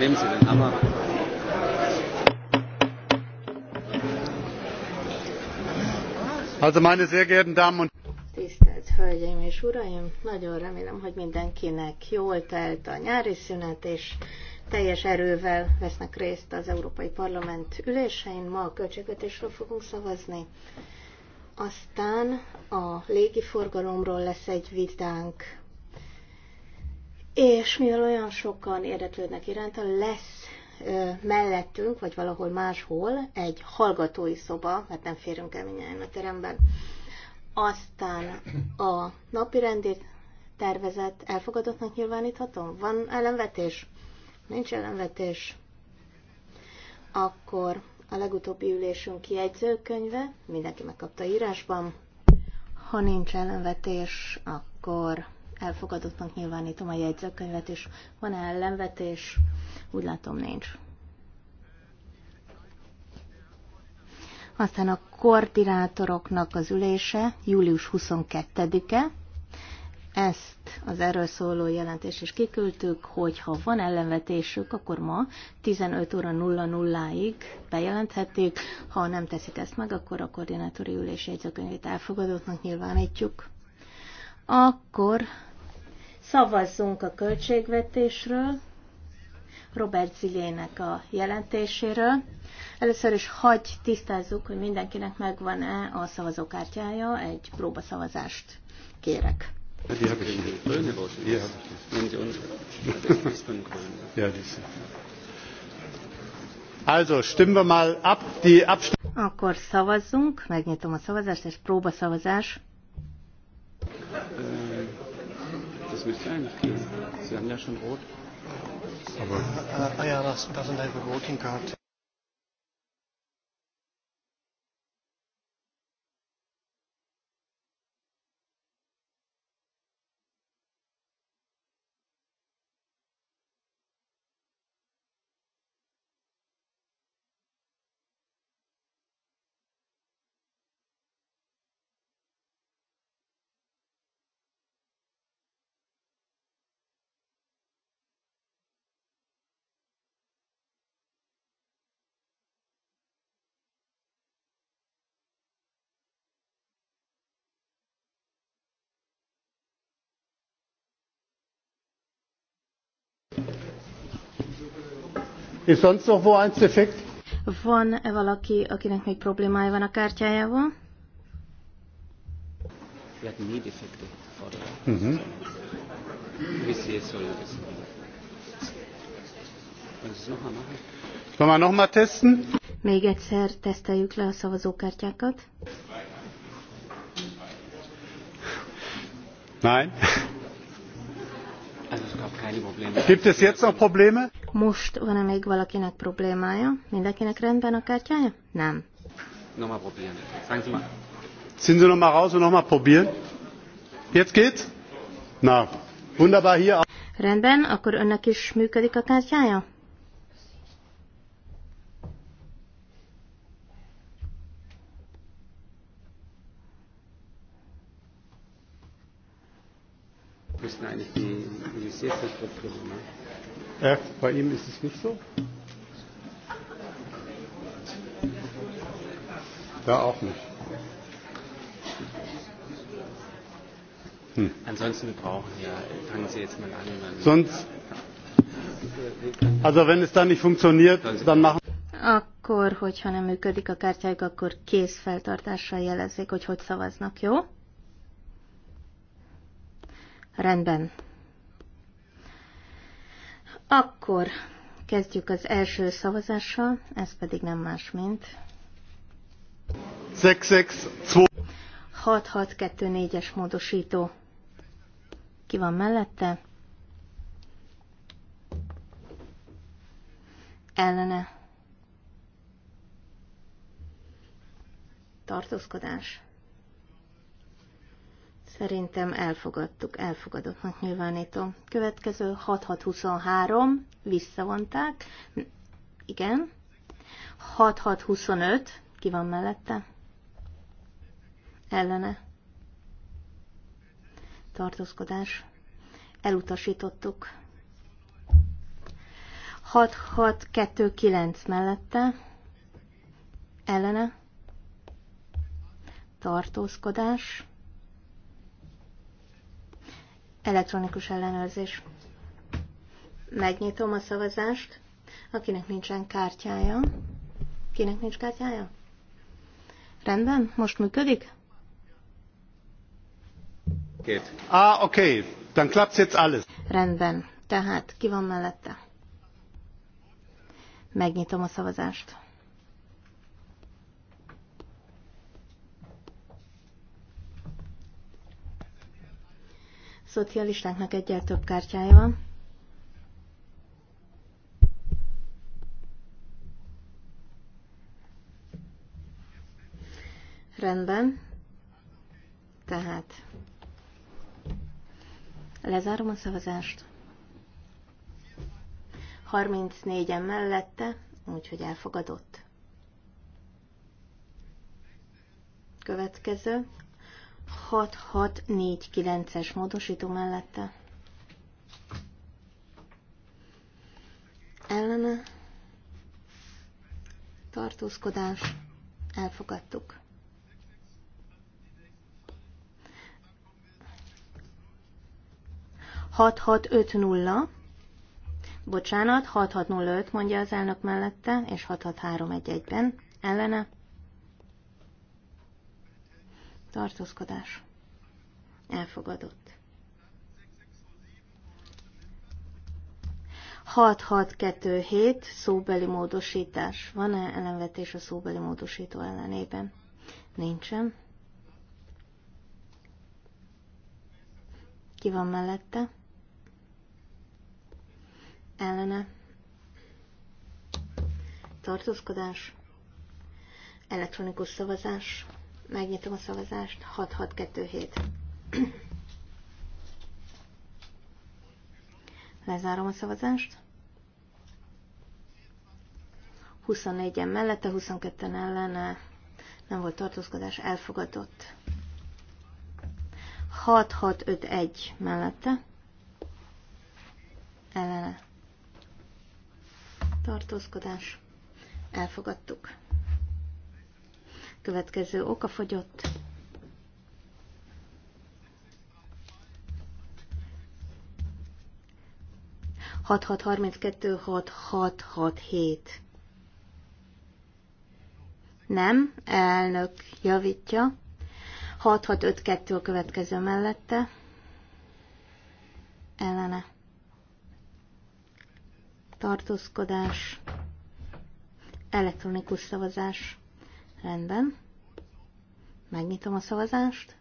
Nehmen Sie den Hammer. Also meine sehr geehrten Damen und Tisztelt Hölgyeim és Uraim, nagyon remélem, hogy mindenkinek jól telt a nyári szünet, és teljes erővel vesznek részt az Európai Parlament ülésein. Ma a költségvetésről fogunk szavazni. Aztán a légiforgalomról lesz egy vitánk és mivel olyan sokan érdeklődnek iránta, lesz mellettünk, vagy valahol máshol egy hallgatói szoba, mert nem férünk el mindjárt a teremben. Aztán a napi rendét tervezett elfogadottnak nyilváníthatom? Van ellenvetés? Nincs ellenvetés. Akkor a legutóbbi ülésünk jegyzőkönyve, mindenki megkapta írásban. Ha nincs ellenvetés, akkor elfogadottnak nyilvánítom a jegyzőkönyvet, és van -e ellenvetés? Úgy látom nincs. Aztán a koordinátoroknak az ülése július 22-e. Ezt az erről szóló jelentés is kiküldtük, hogy ha van ellenvetésük, akkor ma 15 óra 00-ig bejelenthetik. Ha nem teszik ezt meg, akkor a koordinátori ülés jegyzőkönyvét elfogadottnak nyilvánítjuk. Akkor Szavazzunk a költségvetésről, Robert Zilének a jelentéséről. Először is hagy tisztázzuk, hogy mindenkinek megvan-e a szavazókártyája, egy próbaszavazást kérek. Die habe ich nicht. Grüne Botschaft. Die habe ich nicht. Und die unsere. ist von Grün. Ja, die ist. Also, stimmen wir mal ab. Die Abstimmung. Akkor szavazzunk, megnyitom a szavazást, és próbaszavazás. Uh. Das eigentlich gehen. Sie haben ja schon rot. Aber. Uh, I asked, doesn't have a voting card. Ist sonst noch wo eins defekt? Van-e valaki, akinek még problémája van a kártyájával? Mhm. Wir hatten nie defekte Forderungen. Mhm. testen? Még egyszer teszteljük le a szavazókártyákat. Nein. Gibt es jetzt noch Probleme? Most van-e még valakinek problémája? Mindenkinek rendben a kártyája? Nem. Nochmal probieren. Sagen Sie mal. Ziehen Sie nochmal raus und mal probieren. Jetzt geht's? Na, wunderbar hier. Rendben, akkor önnek is működik a kártyája? Müssen eigentlich die Bis bei ihm ist es nicht so? Da auch nicht. Hm. Ansonsten wir brauchen ja, fangen Sie jetzt mal an. Sonst, also wenn es dann nicht funktioniert, dann machen Akkor, hogyha nem működik a kártyájuk, akkor kész feltartással jelezzék, hogy hogy szavaznak, jó? Rendben. Akkor kezdjük az első szavazással, ez pedig nem más, mint 6624-es módosító. Ki van mellette? Ellene. Tartózkodás. Szerintem elfogadtuk, elfogadottnak nyilvánítom. Következő 6623, visszavonták. Igen. 6625, ki van mellette? Ellene. Tartózkodás. Elutasítottuk. 6629 mellette. Ellene. Tartózkodás Elektronikus ellenőrzés. Megnyitom a szavazást. Akinek nincsen kártyája. Kinek nincs kártyája? Rendben, most működik? Két. Ah, oké. Okay. Dann klappt's jetzt alles. Rendben. Tehát ki van mellette? Megnyitom a szavazást. szocialistáknak egyel több kártyája van. Rendben. Tehát lezárom a szavazást. 34-en mellette, úgyhogy elfogadott. Következő 6649-es módosító mellette. Ellene tartózkodás elfogadtuk. Hat hat öt nulla, bocsánat, hat hat nulla öt mondja az elnök mellette, és hat hat három egy egyben, ellene tartózkodás elfogadott. 6627 szóbeli módosítás. Van-e ellenvetés a szóbeli módosító ellenében? Nincsen. Ki van mellette? Ellene. Tartózkodás. Elektronikus szavazás. Megnyitom a szavazást. 6627. Lezárom a szavazást. 24-en mellette, 22-en ellene nem volt tartózkodás, elfogadott. 6651 mellette ellene tartózkodás, elfogadtuk. Következő oka fogyott. Hat hat harminc kettő hat hat hat hét. Nem, elnök javítja. hat hat kettő a következő mellette. Ellene. Tartózkodás. Elektronikus szavazás. Rendben. Megnyitom a szavazást.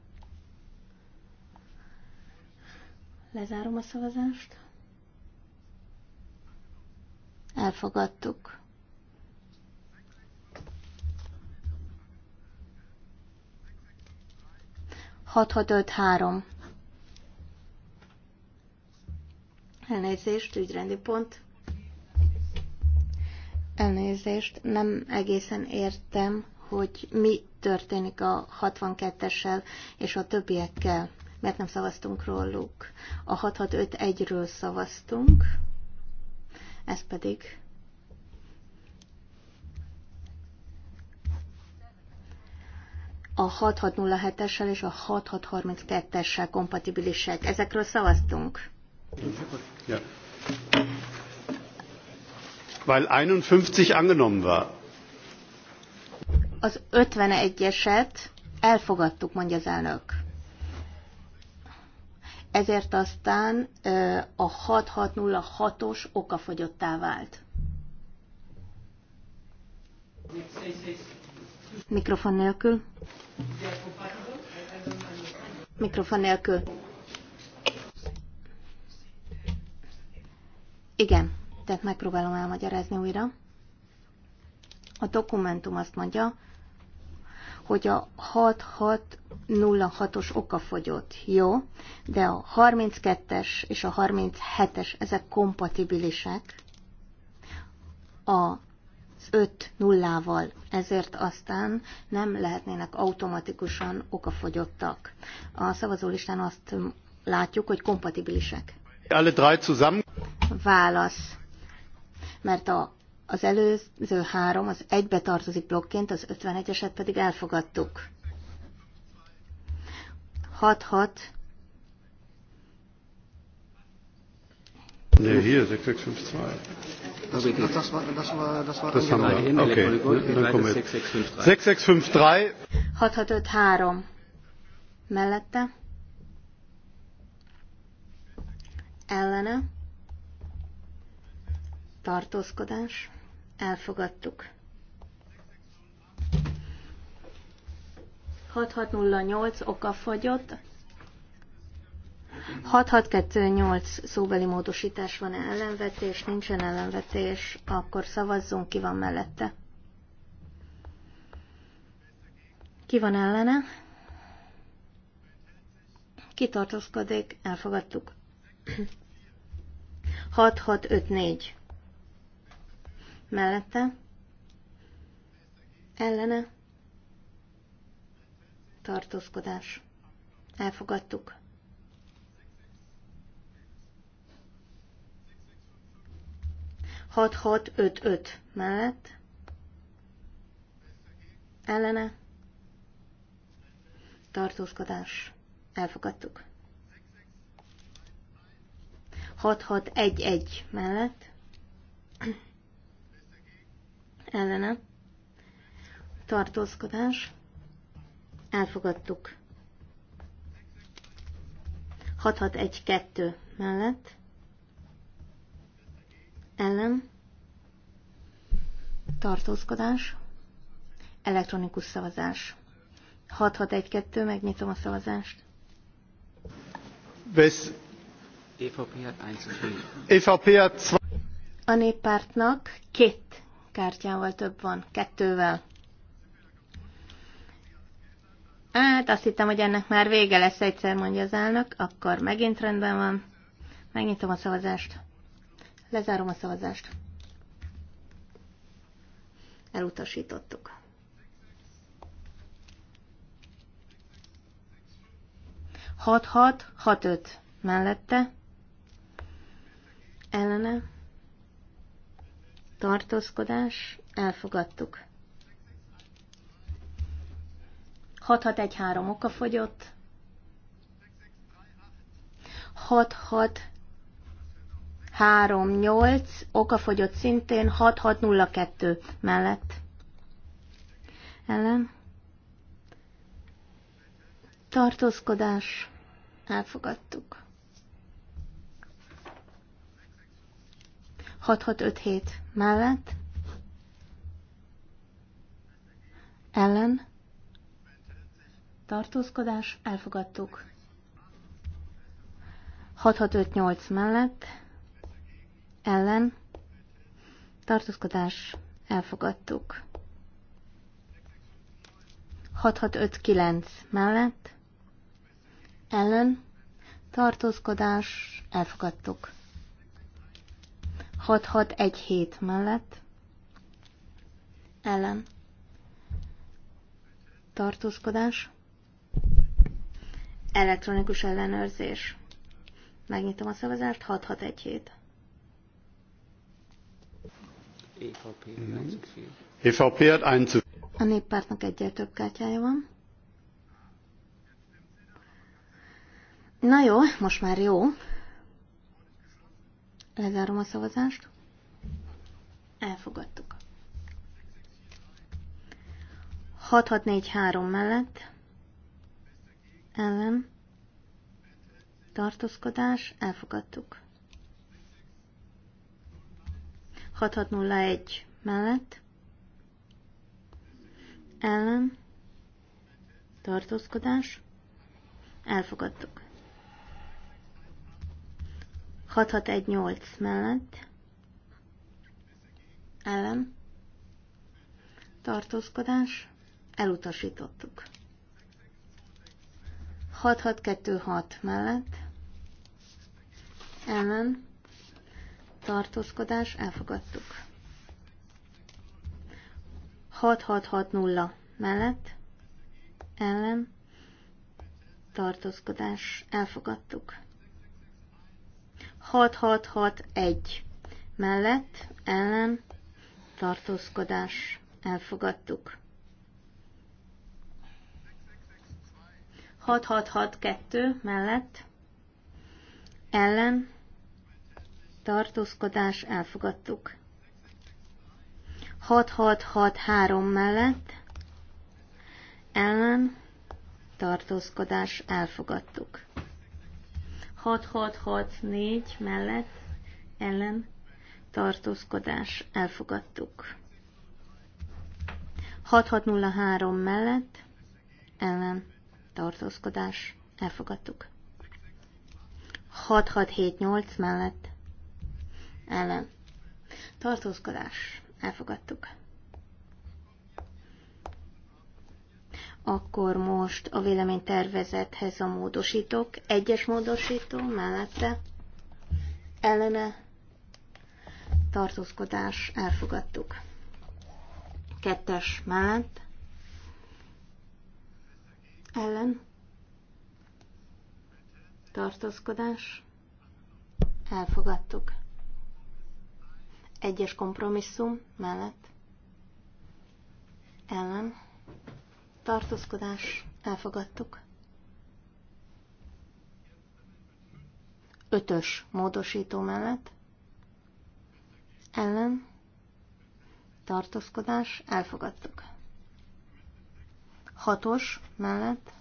Lezárom a szavazást. Elfogadtuk. Hat, hat, öt, három. Elnézést, ügyrendi pont. Elnézést, nem egészen értem, hogy mi történik a 62-essel és a többiekkel, mert nem szavaztunk róluk. A 6651-ről szavaztunk, ez pedig a 6607-essel és a 6632-essel kompatibilisek. Ezekről szavaztunk. Ja. Weil 51 angenommen war. Az 51-eset elfogadtuk, mondja az elnök. Ezért aztán a 6606-os okafogyottá vált. Mikrofon nélkül. Mikrofon nélkül. Igen, tehát megpróbálom elmagyarázni újra. A dokumentum azt mondja, hogy a 6606-os okafogyott, jó, de a 32-es és a 37-es, ezek kompatibilisek az 5 nullával, ezért aztán nem lehetnének automatikusan okafogyottak. A szavazólistán azt látjuk, hogy kompatibilisek. Alle drei zusammen? Válasz. Mert a az előző három az egybe tartozik blokként, az 51-eset pedig elfogadtuk. 6-6. Ne, hier 652. Das, das, war, das, war, das, war das haben wir. Mellette. Ellene. Tartózkodás elfogadtuk. 6608 okafagyott, 6628 szóbeli módosítás van -e ellenvetés, nincsen ellenvetés, akkor szavazzunk, ki van mellette. Ki van ellene? Ki tartózkodik? Elfogadtuk. 6654 mellette, ellene, tartózkodás. Elfogadtuk. Hat, hat, öt, öt mellett, ellene, tartózkodás. Elfogadtuk. egy mellett ellene tartózkodás elfogadtuk. 6612 mellett ellen tartózkodás elektronikus szavazás. 6612 megnyitom a szavazást. Vesz. EVP hat 1 e A néppártnak két kártyával több van, kettővel. Hát azt hittem, hogy ennek már vége lesz egyszer, mondja az elnök, akkor megint rendben van. Megnyitom a szavazást. Lezárom a szavazást. Elutasítottuk. Hat-hat, hat-öt mellette. Ellene tartózkodás, elfogadtuk. 6613 oka fogyott. 6638 oka fogyott szintén, 6602 mellett. Ellen. Tartózkodás. Elfogadtuk. 6657 mellett ellen tartózkodás elfogadtuk. 6658 mellett ellen tartózkodás elfogadtuk. 6659 mellett ellen tartózkodás elfogadtuk. 6617 mellett ellen tartózkodás elektronikus ellenőrzés. Megnyitom a szavazást, 6617. EVP hat einen A néppártnak egyet több kártyája van. Na jó, most már jó. Lezárom a szavazást. Elfogadtuk. 6643 mellett ellen tartózkodás, elfogadtuk. 6601 mellett ellen tartózkodás, elfogadtuk. 6618 mellett ellen tartózkodás elutasítottuk. 6626 mellett ellen tartózkodás elfogadtuk. 6660 mellett ellen tartózkodás elfogadtuk. 6661 mellett ellen tartózkodás elfogadtuk. 6662 mellett ellen tartózkodás elfogadtuk. 6663 mellett ellen tartózkodás elfogadtuk. 6664 mellett ellen tartózkodás elfogadtuk. 6603 mellett ellen tartózkodás elfogadtuk. 6678 mellett ellen tartózkodás elfogadtuk. Akkor most a véleménytervezethez a módosítók. Egyes módosító mellette ellene tartózkodás elfogadtuk. Kettes mellett ellen tartózkodás elfogadtuk. Egyes kompromisszum mellett ellen tartózkodás, elfogadtuk. Ötös módosító mellett, ellen, tartózkodás, elfogadtuk. Hatos mellett,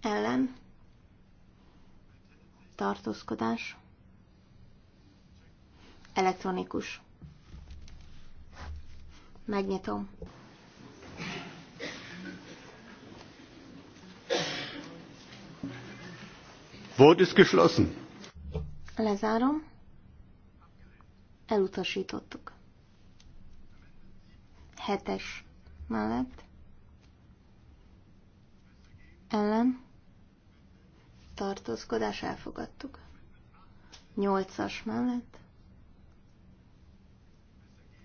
ellen, tartózkodás, elektronikus. Megnyitom. Vote ist geschlossen. Lezárom. Elutasítottuk. Hetes mellett. Ellen. Tartózkodás elfogadtuk. Nyolcas mellett.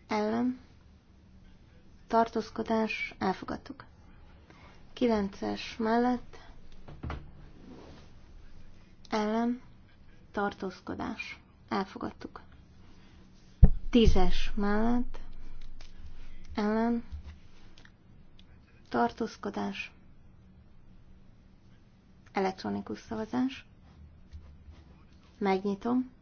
Ellen. Tartózkodás elfogadtuk. Kilences mellett ellen tartózkodás. Elfogadtuk. Tízes mellett ellen tartózkodás. Elektronikus szavazás. Megnyitom.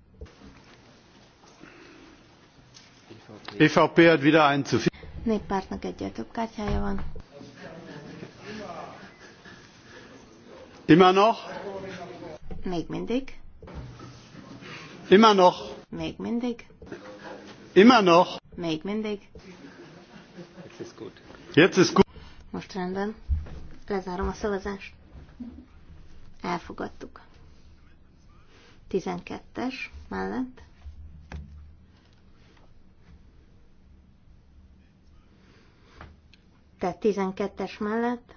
EVP hat wieder einen zu viel. Néppártnak egyel több kártyája van. Immer noch? Még mindig. Immer noch. Még mindig. Immer noch. Még mindig. Jetzt ist gut. Jetzt ist gut. Most rendben. Lezárom a szavazást. Elfogadtuk. 12-es mellett. Tehát 12-es mellett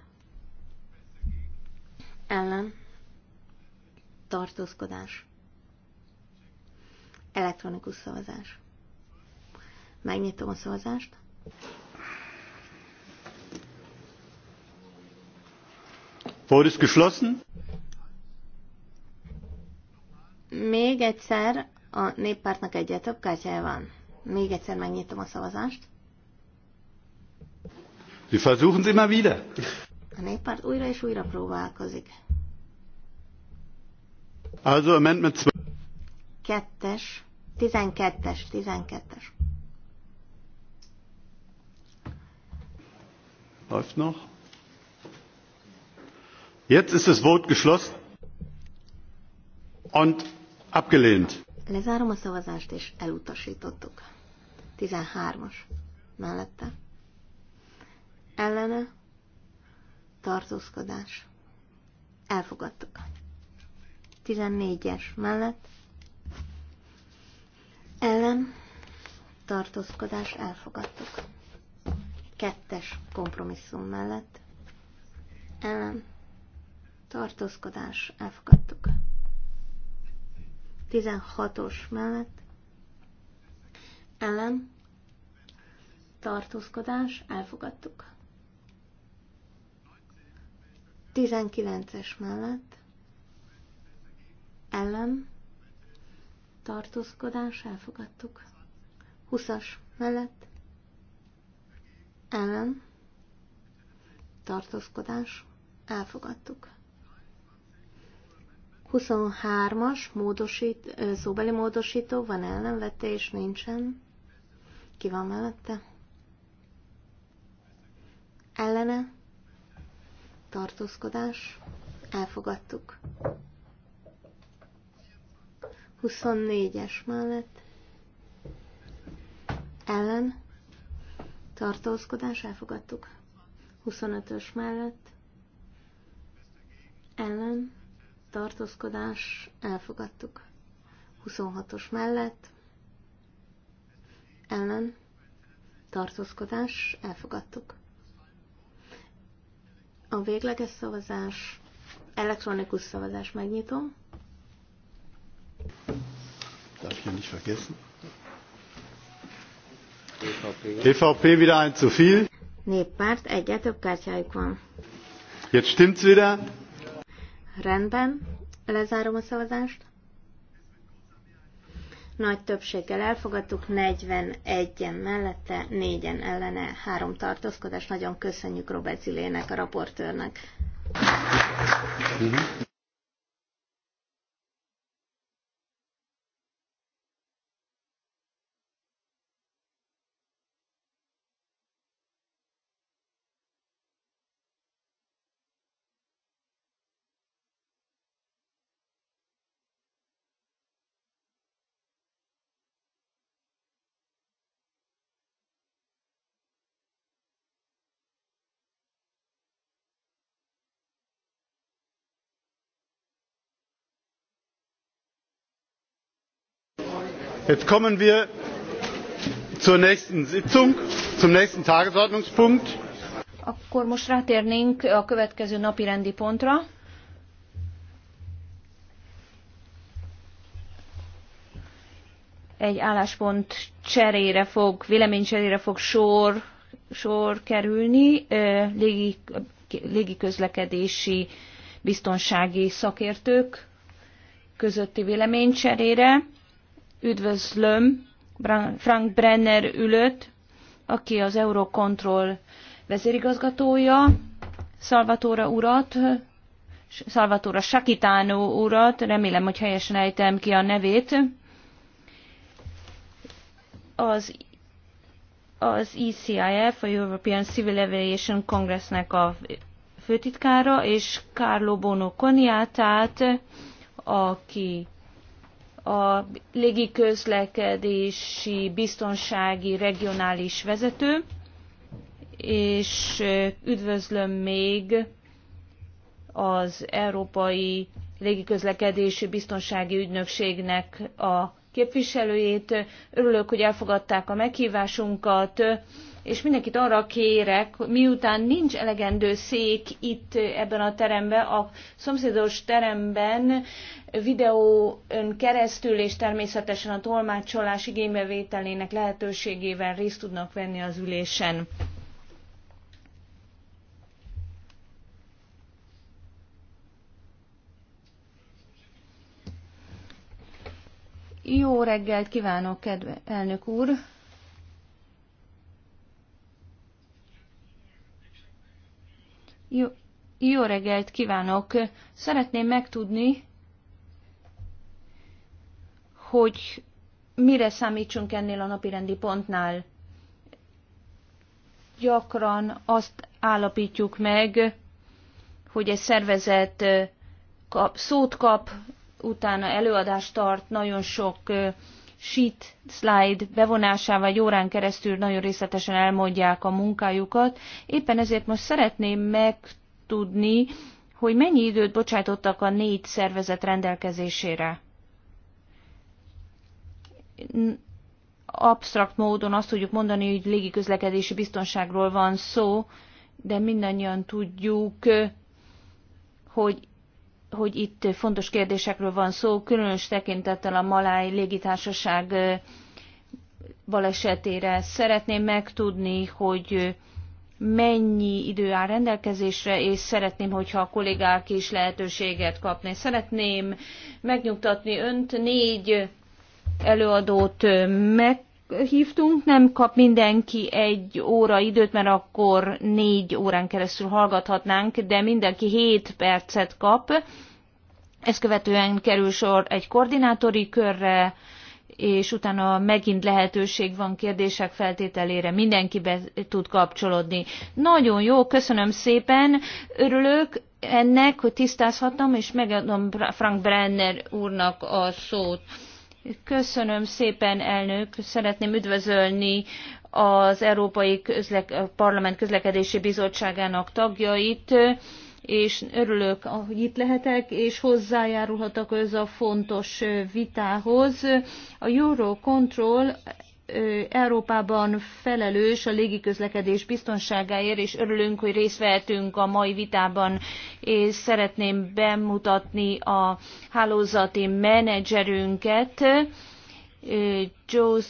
ellen tartózkodás, elektronikus szavazás. Megnyitom a szavazást. Vote is geschlossen. Még egyszer a néppártnak egyet több kártyája van. Még egyszer megnyitom a szavazást. Sie versuchen es immer wieder. A néppárt újra és újra próbálkozik. Also Amendment 12. Kettes. 12-es, 12-es. Läuft noch? Jetzt ist das Vot geschlossen und abgelehnt. Lezárom a szavazást, és elutasítottuk. 13-as. Mellette. Ellene. Tartózkodás. Elfogadtuk. 14-es mellett ellen tartózkodás elfogadtuk. Kettes kompromisszum mellett ellen tartózkodás elfogadtuk. 16-os mellett ellen tartózkodás elfogadtuk. 19-es mellett ellen tartózkodás elfogadtuk. 20-as mellett ellen tartózkodás elfogadtuk. 23-as módosít, szóbeli módosító van ellenvetés, nincsen. Ki van mellette? Ellene tartózkodás elfogadtuk. 24-es mellett ellen tartózkodás elfogadtuk. 25-ös mellett ellen tartózkodás elfogadtuk. 26-os mellett ellen tartózkodás elfogadtuk. A végleges szavazás, elektronikus szavazás megnyitom. Darf ich nicht vergessen? EVP wieder ein zu viel. Néppárt, egyre több kártyájuk van. Jetzt stimmt's wieder. Rendben, lezárom a szavazást. Nagy többséggel elfogadtuk, 41-en mellette, 4-en ellene, 3 tartózkodás. Nagyon köszönjük Robert Zilének, a raportőrnek. Mm-hmm. jetzt kommen wir zur nächsten sitzung zum nächsten tagesordnungspunkt. akkor most rátérnénk a következő napi rendi pontra. Egy álláspont cserére fog, véleménycserére fog sor, sor kerülni légi, légi közlekedési biztonsági szakértők közötti véleménycserére üdvözlöm Frank Brenner ülőt, aki az Eurocontrol vezérigazgatója, Salvatore urat, Salvatore Sakitánó urat, remélem, hogy helyesen ejtem ki a nevét, az, az ECIF, a European Civil Aviation Congressnek a főtitkára, és Carlo Bono Koniátát, aki a légiközlekedési biztonsági regionális vezető, és üdvözlöm még az Európai Légiközlekedési Biztonsági Ügynökségnek a képviselőjét. Örülök, hogy elfogadták a meghívásunkat és mindenkit arra kérek, miután nincs elegendő szék itt ebben a teremben, a szomszédos teremben videón keresztül és természetesen a tolmácsolás igénybevételének lehetőségével részt tudnak venni az ülésen. Jó reggelt kívánok, kedve elnök úr! Jó, jó reggelt kívánok! Szeretném megtudni, hogy mire számítsunk ennél a napirendi pontnál. Gyakran azt állapítjuk meg, hogy egy szervezet kap, szót kap, utána előadást tart, nagyon sok sheet slide bevonásával egy órán keresztül nagyon részletesen elmondják a munkájukat. Éppen ezért most szeretném megtudni, hogy mennyi időt bocsátottak a négy szervezet rendelkezésére. Absztrakt módon azt tudjuk mondani, hogy légiközlekedési biztonságról van szó, de mindannyian tudjuk, hogy hogy itt fontos kérdésekről van szó, különös tekintettel a Maláj légitársaság balesetére. Szeretném megtudni, hogy mennyi idő áll rendelkezésre, és szeretném, hogyha a kollégák is lehetőséget kapni. Szeretném megnyugtatni önt, négy előadót meg hívtunk, nem kap mindenki egy óra időt, mert akkor négy órán keresztül hallgathatnánk, de mindenki hét percet kap. Ezt követően kerül sor egy koordinátori körre, és utána megint lehetőség van kérdések feltételére, mindenki be tud kapcsolódni. Nagyon jó, köszönöm szépen, örülök ennek, hogy tisztázhatom és megadom Frank Brenner úrnak a szót. Köszönöm szépen, elnök. Szeretném üdvözölni az Európai Közlek- Parlament Közlekedési Bizottságának tagjait, és örülök, hogy itt lehetek, és hozzájárulhatok ez a fontos vitához. A Eurocontrol Európában felelős a légiközlekedés biztonságáért, és örülünk, hogy részt vehetünk a mai vitában, és szeretném bemutatni a hálózati menedzserünket, Joe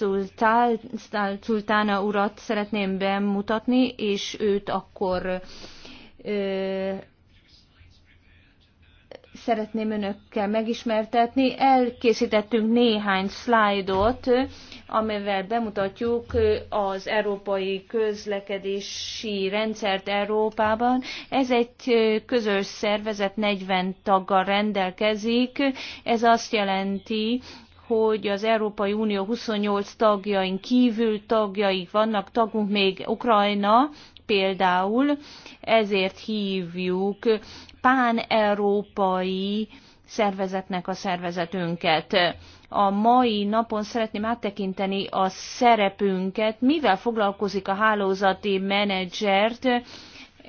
Sultana urat szeretném bemutatni, és őt akkor szeretném önökkel megismertetni. Elkészítettünk néhány szlájdot, amivel bemutatjuk az európai közlekedési rendszert Európában. Ez egy közös szervezet, 40 taggal rendelkezik. Ez azt jelenti, hogy az Európai Unió 28 tagjain kívül tagjaik vannak, tagunk még Ukrajna, például, ezért hívjuk pán-európai szervezetnek a szervezetünket. A mai napon szeretném áttekinteni a szerepünket, mivel foglalkozik a hálózati menedzsert,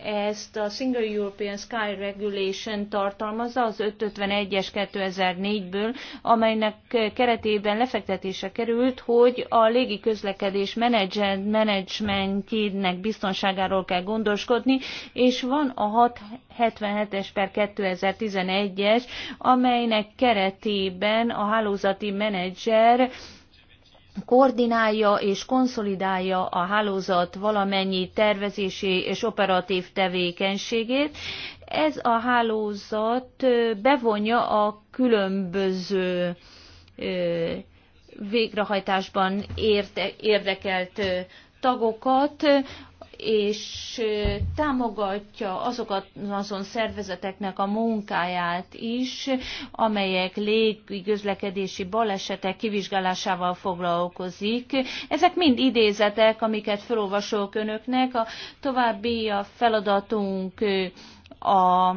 ezt a Single European Sky Regulation tartalmazza, az 551-es 2004-ből, amelynek keretében lefektetése került, hogy a légi közlekedés menedzsmentjének biztonságáról kell gondoskodni, és van a 677-es per 2011-es, amelynek keretében a hálózati menedzser koordinálja és konszolidálja a hálózat valamennyi tervezési és operatív tevékenységét. Ez a hálózat bevonja a különböző végrehajtásban érdekelt tagokat és támogatja azokat azon szervezeteknek a munkáját is, amelyek légközlekedési balesetek kivizsgálásával foglalkozik. Ezek mind idézetek, amiket felolvasok önöknek. A további a feladatunk a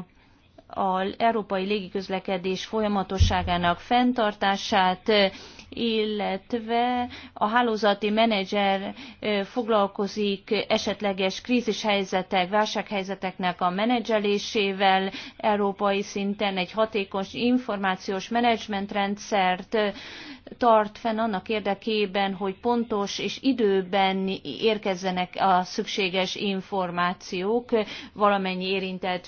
az európai légiközlekedés folyamatosságának fenntartását, illetve a hálózati menedzser foglalkozik esetleges krízishelyzetek, válsághelyzeteknek a menedzselésével európai szinten, egy hatékony információs menedzsmentrendszert tart fenn annak érdekében, hogy pontos és időben érkezzenek a szükséges információk valamennyi érintett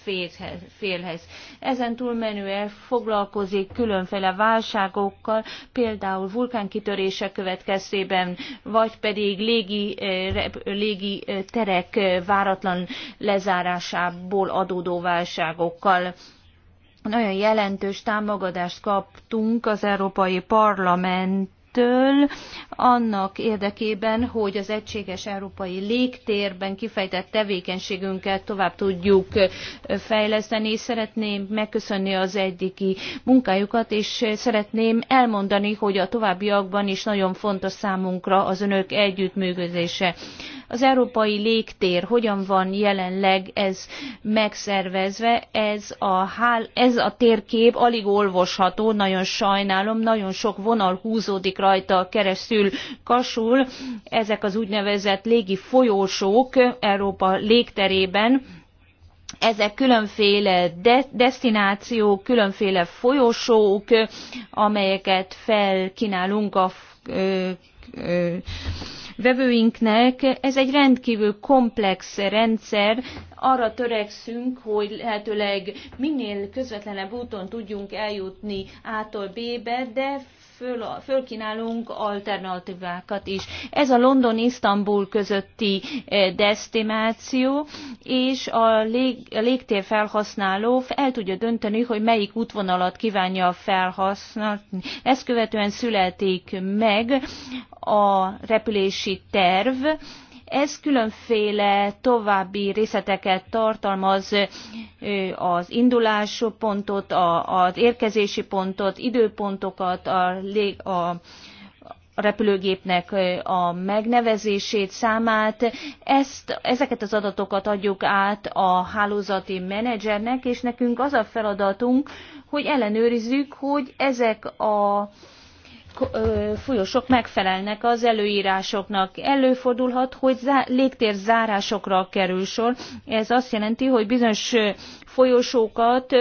félhez. Ezen túlmenően foglalkozik különféle válságokkal, például vulkánkitörések következtében, vagy pedig légi, eh, légi eh, terek eh, váratlan lezárásából adódó válságokkal nagyon jelentős támogatást kaptunk az Európai Parlamenttől annak érdekében, hogy az egységes európai légtérben kifejtett tevékenységünket tovább tudjuk fejleszteni. És szeretném megköszönni az egyiki munkájukat, és szeretném elmondani, hogy a továbbiakban is nagyon fontos számunkra az önök együttműködése. Az európai légtér hogyan van jelenleg ez megszervezve, ez a, hál, ez a térkép alig olvasható, nagyon sajnálom, nagyon sok vonal húzódik rajta keresztül kasul, ezek az úgynevezett légi folyósók Európa légterében, ezek különféle de- destinációk, különféle folyosók, amelyeket felkínálunk a vevőinknek. Ez egy rendkívül komplex rendszer, arra törekszünk, hogy lehetőleg minél közvetlenebb úton tudjunk eljutni A-tól B-be, de föl, fölkínálunk alternatívákat is. Ez a London-Isztambul közötti eh, destináció, és a, lég, a légtér felhasználó el tudja dönteni, hogy melyik útvonalat kívánja felhasználni. Ezt követően születik meg a repülési terv, ez különféle további részleteket tartalmaz, az indulás pontot, az érkezési pontot, időpontokat, a, a a repülőgépnek a megnevezését, számát. Ezt, ezeket az adatokat adjuk át a hálózati menedzsernek, és nekünk az a feladatunk, hogy ellenőrizzük, hogy ezek a folyosok megfelelnek az előírásoknak. Előfordulhat, hogy zá- légtérzárásokra kerül sor. Ez azt jelenti, hogy bizonyos folyosókat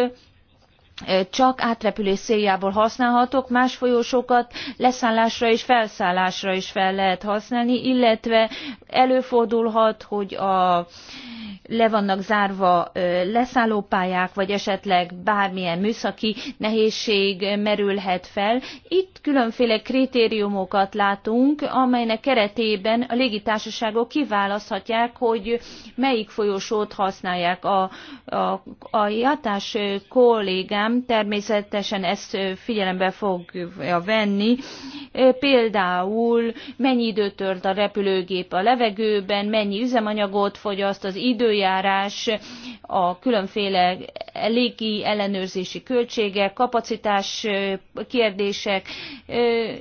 csak átrepülés céljából használhatók, más folyósokat leszállásra és felszállásra is fel lehet használni, illetve előfordulhat, hogy a le vannak zárva leszállópályák, vagy esetleg bármilyen műszaki nehézség merülhet fel. Itt különféle kritériumokat látunk, amelynek keretében a légitársaságok kiválaszthatják, hogy melyik folyosót használják. A, a, a játás kollégám nem. természetesen ezt figyelembe fogja venni. Például mennyi időt tölt a repülőgép a levegőben, mennyi üzemanyagot fogyaszt, az időjárás, a különféle légi ellenőrzési költségek, kapacitás kérdések.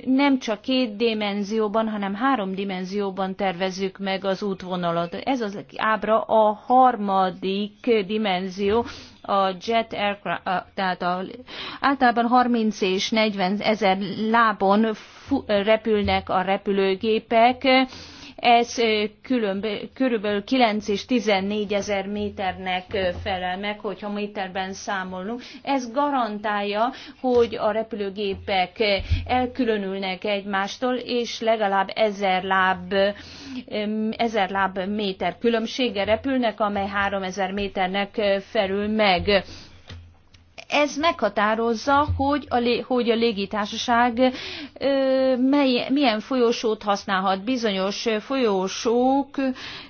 Nem csak két dimenzióban, hanem három dimenzióban tervezzük meg az útvonalat. Ez az ábra a harmadik dimenzió, a jet aircraft, tehát a, általában 30 és 40 ezer lábon repülnek a repülőgépek, ez körülbelül 9 és 14 ezer méternek felel meg, hogyha méterben számolunk. Ez garantálja, hogy a repülőgépek elkülönülnek egymástól, és legalább ezer láb, ezer láb méter különbséggel repülnek, amely 3000 méternek felül meg ez meghatározza, hogy a, lé, hogy a légitársaság ö, mely, milyen folyosót használhat. Bizonyos folyosók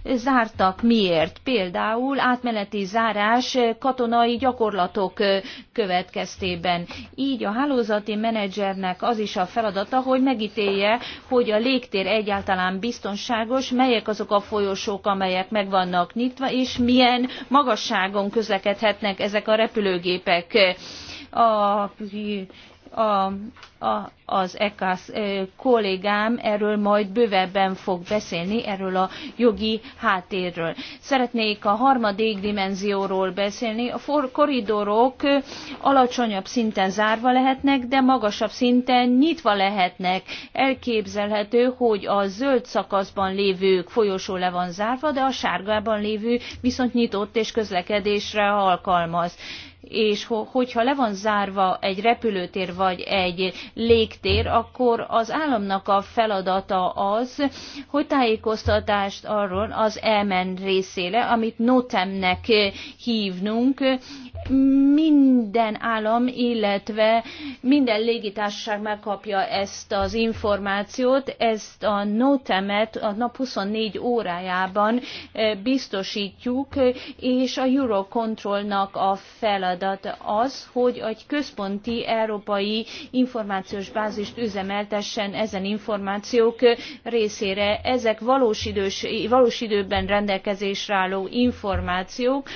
zártak miért? Például átmeneti zárás katonai gyakorlatok következtében. Így a hálózati menedzsernek az is a feladata, hogy megítélje, hogy a légtér egyáltalán biztonságos, melyek azok a folyosók, amelyek meg vannak nyitva, és milyen magasságon közlekedhetnek ezek a repülőgépek a, a, a, az EKASZ kollégám erről majd bővebben fog beszélni, erről a jogi háttérről. Szeretnék a harmadik dimenzióról beszélni. A for, koridorok alacsonyabb szinten zárva lehetnek, de magasabb szinten nyitva lehetnek. Elképzelhető, hogy a zöld szakaszban lévők folyosó le van zárva, de a sárgában lévő viszont nyitott és közlekedésre alkalmaz és hogyha le van zárva egy repülőtér vagy egy légtér, akkor az államnak a feladata az, hogy tájékoztatást arról az elmen részére, amit notemnek hívnunk, minden állam, illetve minden légitársaság megkapja ezt az információt, ezt a notemet a nap 24 órájában eh, biztosítjuk, és a Eurocontrolnak a feladat feladat az, hogy egy központi európai információs bázist üzemeltessen ezen információk részére. Ezek valós, idős, valós időben rendelkezésre álló információk,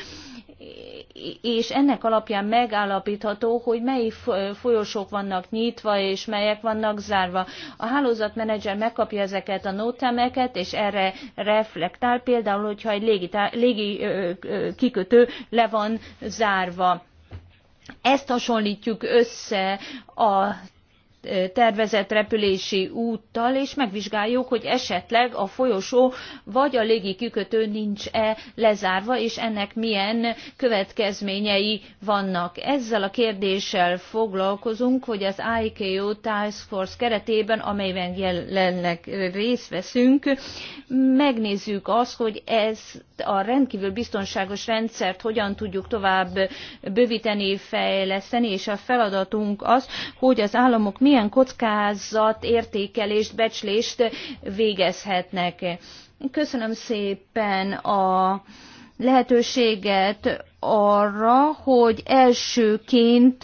és ennek alapján megállapítható, hogy mely folyosók vannak nyitva és melyek vannak zárva. A hálózatmenedzser megkapja ezeket a nótemeket, és erre reflektál például, hogyha egy légi, légi kikötő le van zárva ezt hasonlítjuk össze a tervezett repülési úttal, és megvizsgáljuk, hogy esetleg a folyosó vagy a légi kikötő nincs-e lezárva, és ennek milyen következményei vannak. Ezzel a kérdéssel foglalkozunk, hogy az ICAO Task Force keretében, amelyben jelenleg részt veszünk, megnézzük azt, hogy ez a rendkívül biztonságos rendszert hogyan tudjuk tovább bővíteni, fejleszteni, és a feladatunk az, hogy az államok milyen milyen kockázat értékelést, becslést végezhetnek. Köszönöm szépen a lehetőséget arra, hogy elsőként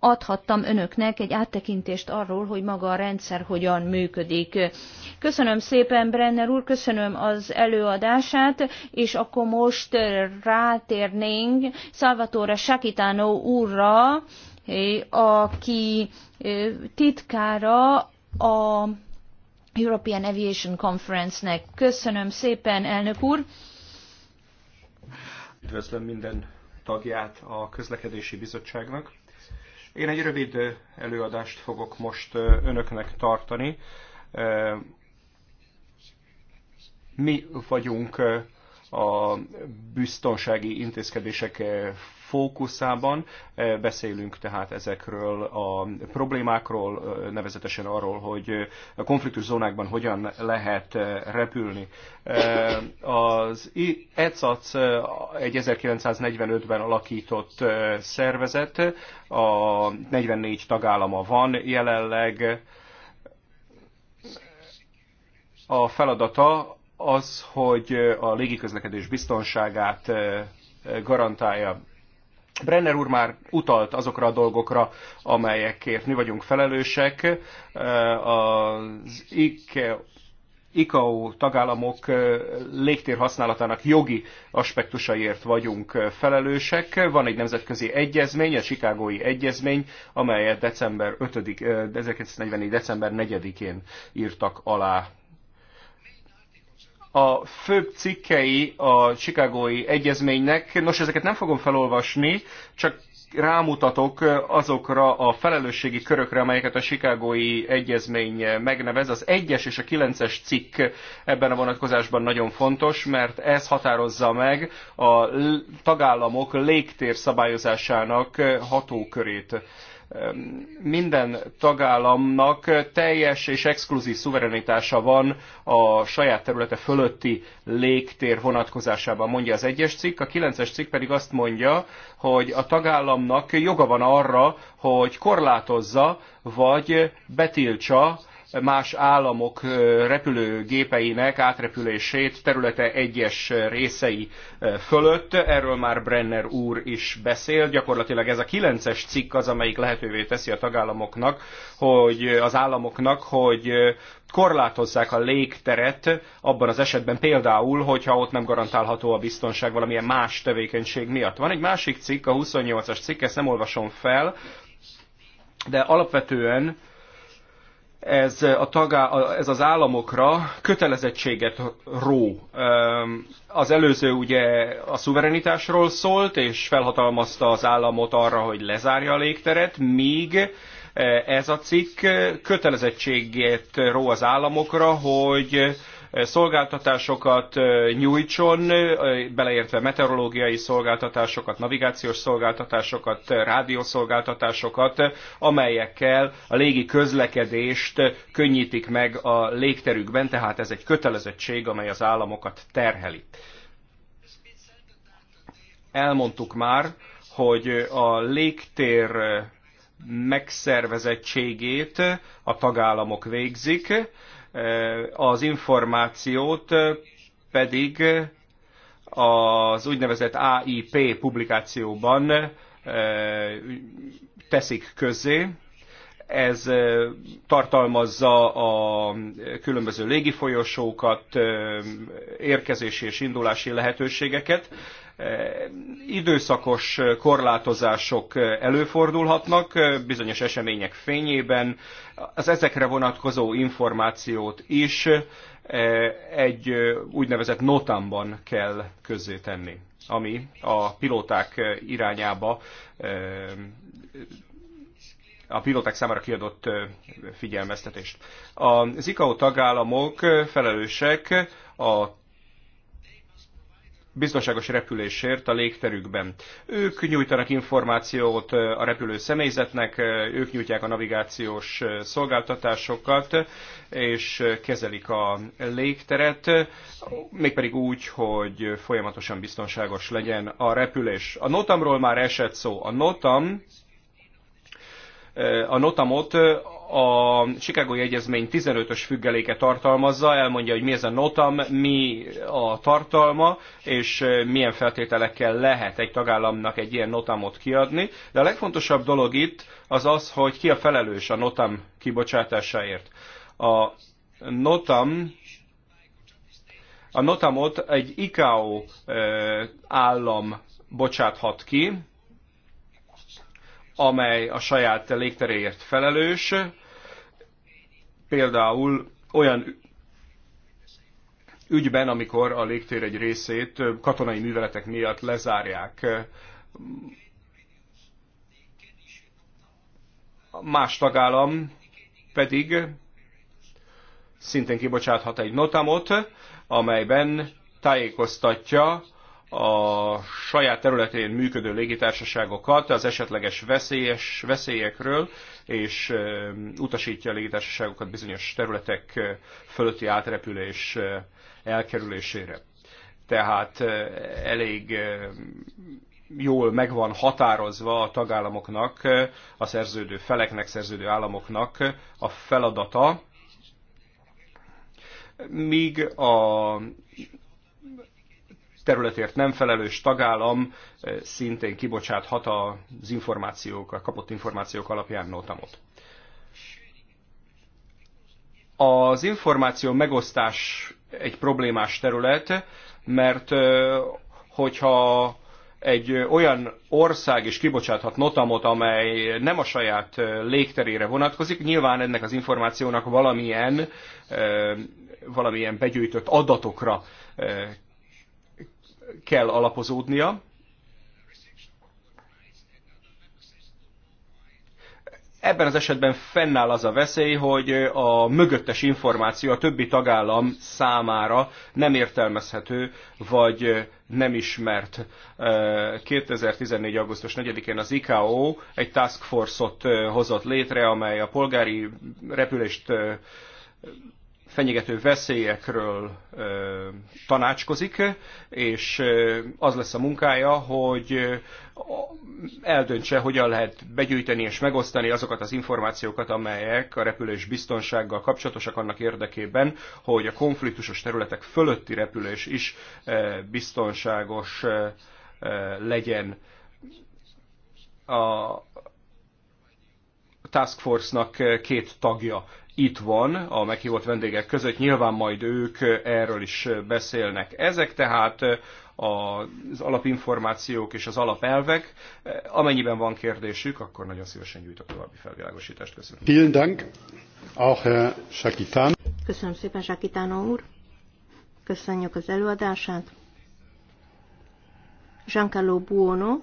adhattam önöknek egy áttekintést arról, hogy maga a rendszer hogyan működik. Köszönöm szépen, Brenner úr, köszönöm az előadását, és akkor most rátérnénk Salvatore Sakitano úrra, aki titkára a European Aviation Conference-nek. Köszönöm szépen, elnök úr! Üdvözlöm minden tagját a közlekedési bizottságnak. Én egy rövid előadást fogok most önöknek tartani. Mi vagyunk a biztonsági intézkedések fókuszában. Eh, beszélünk tehát ezekről a problémákról, eh, nevezetesen arról, hogy eh, a konfliktus zónákban hogyan lehet repülni. Az ECAC egy 1945-ben alakított szervezet, a 44 tagállama van jelenleg, a feladata az, hogy a légiközlekedés biztonságát garantálja. Brenner úr már utalt azokra a dolgokra, amelyekért mi vagyunk felelősek. Eh, az ICAO tagállamok eh, légtér használatának jogi aspektusaiért vagyunk eh, felelősek. Van egy nemzetközi egyezmény, a Chicagói Egyezmény, amelyet december 5 1944. december 4-én írtak alá a főbb cikkei a Chicagói Egyezménynek. Nos, ezeket nem fogom felolvasni, csak rámutatok azokra a felelősségi körökre, amelyeket a Chicagói Egyezmény megnevez. Az 1-es és a 9-es cikk ebben a vonatkozásban nagyon fontos, mert ez határozza meg a tagállamok légtér szabályozásának hatókörét minden tagállamnak teljes és exkluzív szuverenitása van a saját területe fölötti légtér vonatkozásában, mondja az egyes cikk. A kilences cikk pedig azt mondja, hogy a tagállamnak joga van arra, hogy korlátozza vagy betiltsa más államok repülőgépeinek átrepülését területe egyes részei fölött. Erről már Brenner úr is beszél. Gyakorlatilag ez a kilences cikk az, amelyik lehetővé teszi a tagállamoknak, hogy az államoknak, hogy korlátozzák a légteret abban az esetben például, hogyha ott nem garantálható a biztonság valamilyen más tevékenység miatt. Van egy másik cikk, a 28-as cikk, ezt nem olvasom fel, de alapvetően ez, a tagá, ez az államokra kötelezettséget ró. Az előző ugye a szuverenitásról szólt, és felhatalmazta az államot arra, hogy lezárja a légteret, míg eh, ez a cikk eh, kötelezettséget ró az államokra, hogy szolgáltatásokat nyújtson, beleértve meteorológiai szolgáltatásokat, navigációs szolgáltatásokat, rádiószolgáltatásokat, amelyekkel a légi közlekedést könnyítik meg a légterükben, tehát ez egy kötelezettség, amely az államokat terheli. Elmondtuk már, hogy a légtér megszervezettségét a tagállamok végzik, Eh, az információt eh, pedig az úgynevezett AIP publikációban eh, teszik közzé. Ez tartalmazza a különböző légifolyosókat, érkezési és indulási lehetőségeket, Eh, időszakos korlátozások előfordulhatnak eh, bizonyos események fényében. Az ezekre vonatkozó információt is eh, egy úgynevezett notamban kell tenni, ami a pilóták irányába a pilóták számára kiadott figyelmeztetést. Az ICAO tagállamok felelősek a biztonságos repülésért a légterükben. Ők nyújtanak információt a repülő személyzetnek, ők nyújtják a navigációs szolgáltatásokat, és kezelik a légteret, mégpedig úgy, hogy folyamatosan biztonságos legyen a repülés. A notamról már esett szó. A notam a notamot a Chicagói Egyezmény 15-ös függeléke tartalmazza, elmondja, hogy mi ez a notam, mi a tartalma, és milyen feltételekkel lehet egy tagállamnak egy ilyen notamot kiadni. De a legfontosabb dolog itt az az, hogy ki a felelős a notam kibocsátásáért. A notam a notamot egy ICAO állam bocsáthat ki, amely a saját légteréért felelős, például olyan ügyben, amikor a légtér egy részét katonai műveletek miatt lezárják. Más tagállam pedig szintén kibocsáthat egy notamot, amelyben tájékoztatja a saját területén működő légitársaságokat az esetleges veszélyes, veszélyekről, és utasítja a légitársaságokat bizonyos területek fölötti átrepülés elkerülésére. Tehát elég jól megvan határozva a tagállamoknak, a szerződő feleknek, szerződő államoknak a feladata, míg a területért nem felelős tagállam eh, szintén kibocsáthat az információk, a kapott információk alapján notamot. Az információ megosztás egy problémás terület, mert eh, hogyha egy olyan ország is kibocsáthat notamot, amely nem a saját eh, légterére vonatkozik, nyilván ennek az információnak valamilyen, valamilyen begyűjtött adatokra kell alapozódnia. Ebben az esetben fennáll az a veszély, hogy a mögöttes információ a többi tagállam számára nem értelmezhető, vagy nem ismert. 2014. augusztus 4-én az ICAO egy task force-ot eh, hozott létre, amely a polgári repülést eh, fenyegető veszélyekről tanácskozik, és az lesz a munkája, hogy eldöntse, hogyan lehet begyűjteni és megosztani azokat az információkat, amelyek a repülés biztonsággal kapcsolatosak annak érdekében, hogy a konfliktusos területek fölötti repülés is biztonságos legyen. A Task Force-nak két tagja itt van a meghívott vendégek között, nyilván majd ők erről is beszélnek. Ezek tehát az alapinformációk és az alapelvek. Amennyiben van kérdésük, akkor nagyon szívesen gyűjtök további felvilágosítást. Köszönöm. Vielen Dank. Auch Herr Sakitán. Köszönöm szépen, Sakitánó úr. Köszönjük az előadását. Giancarlo Buono,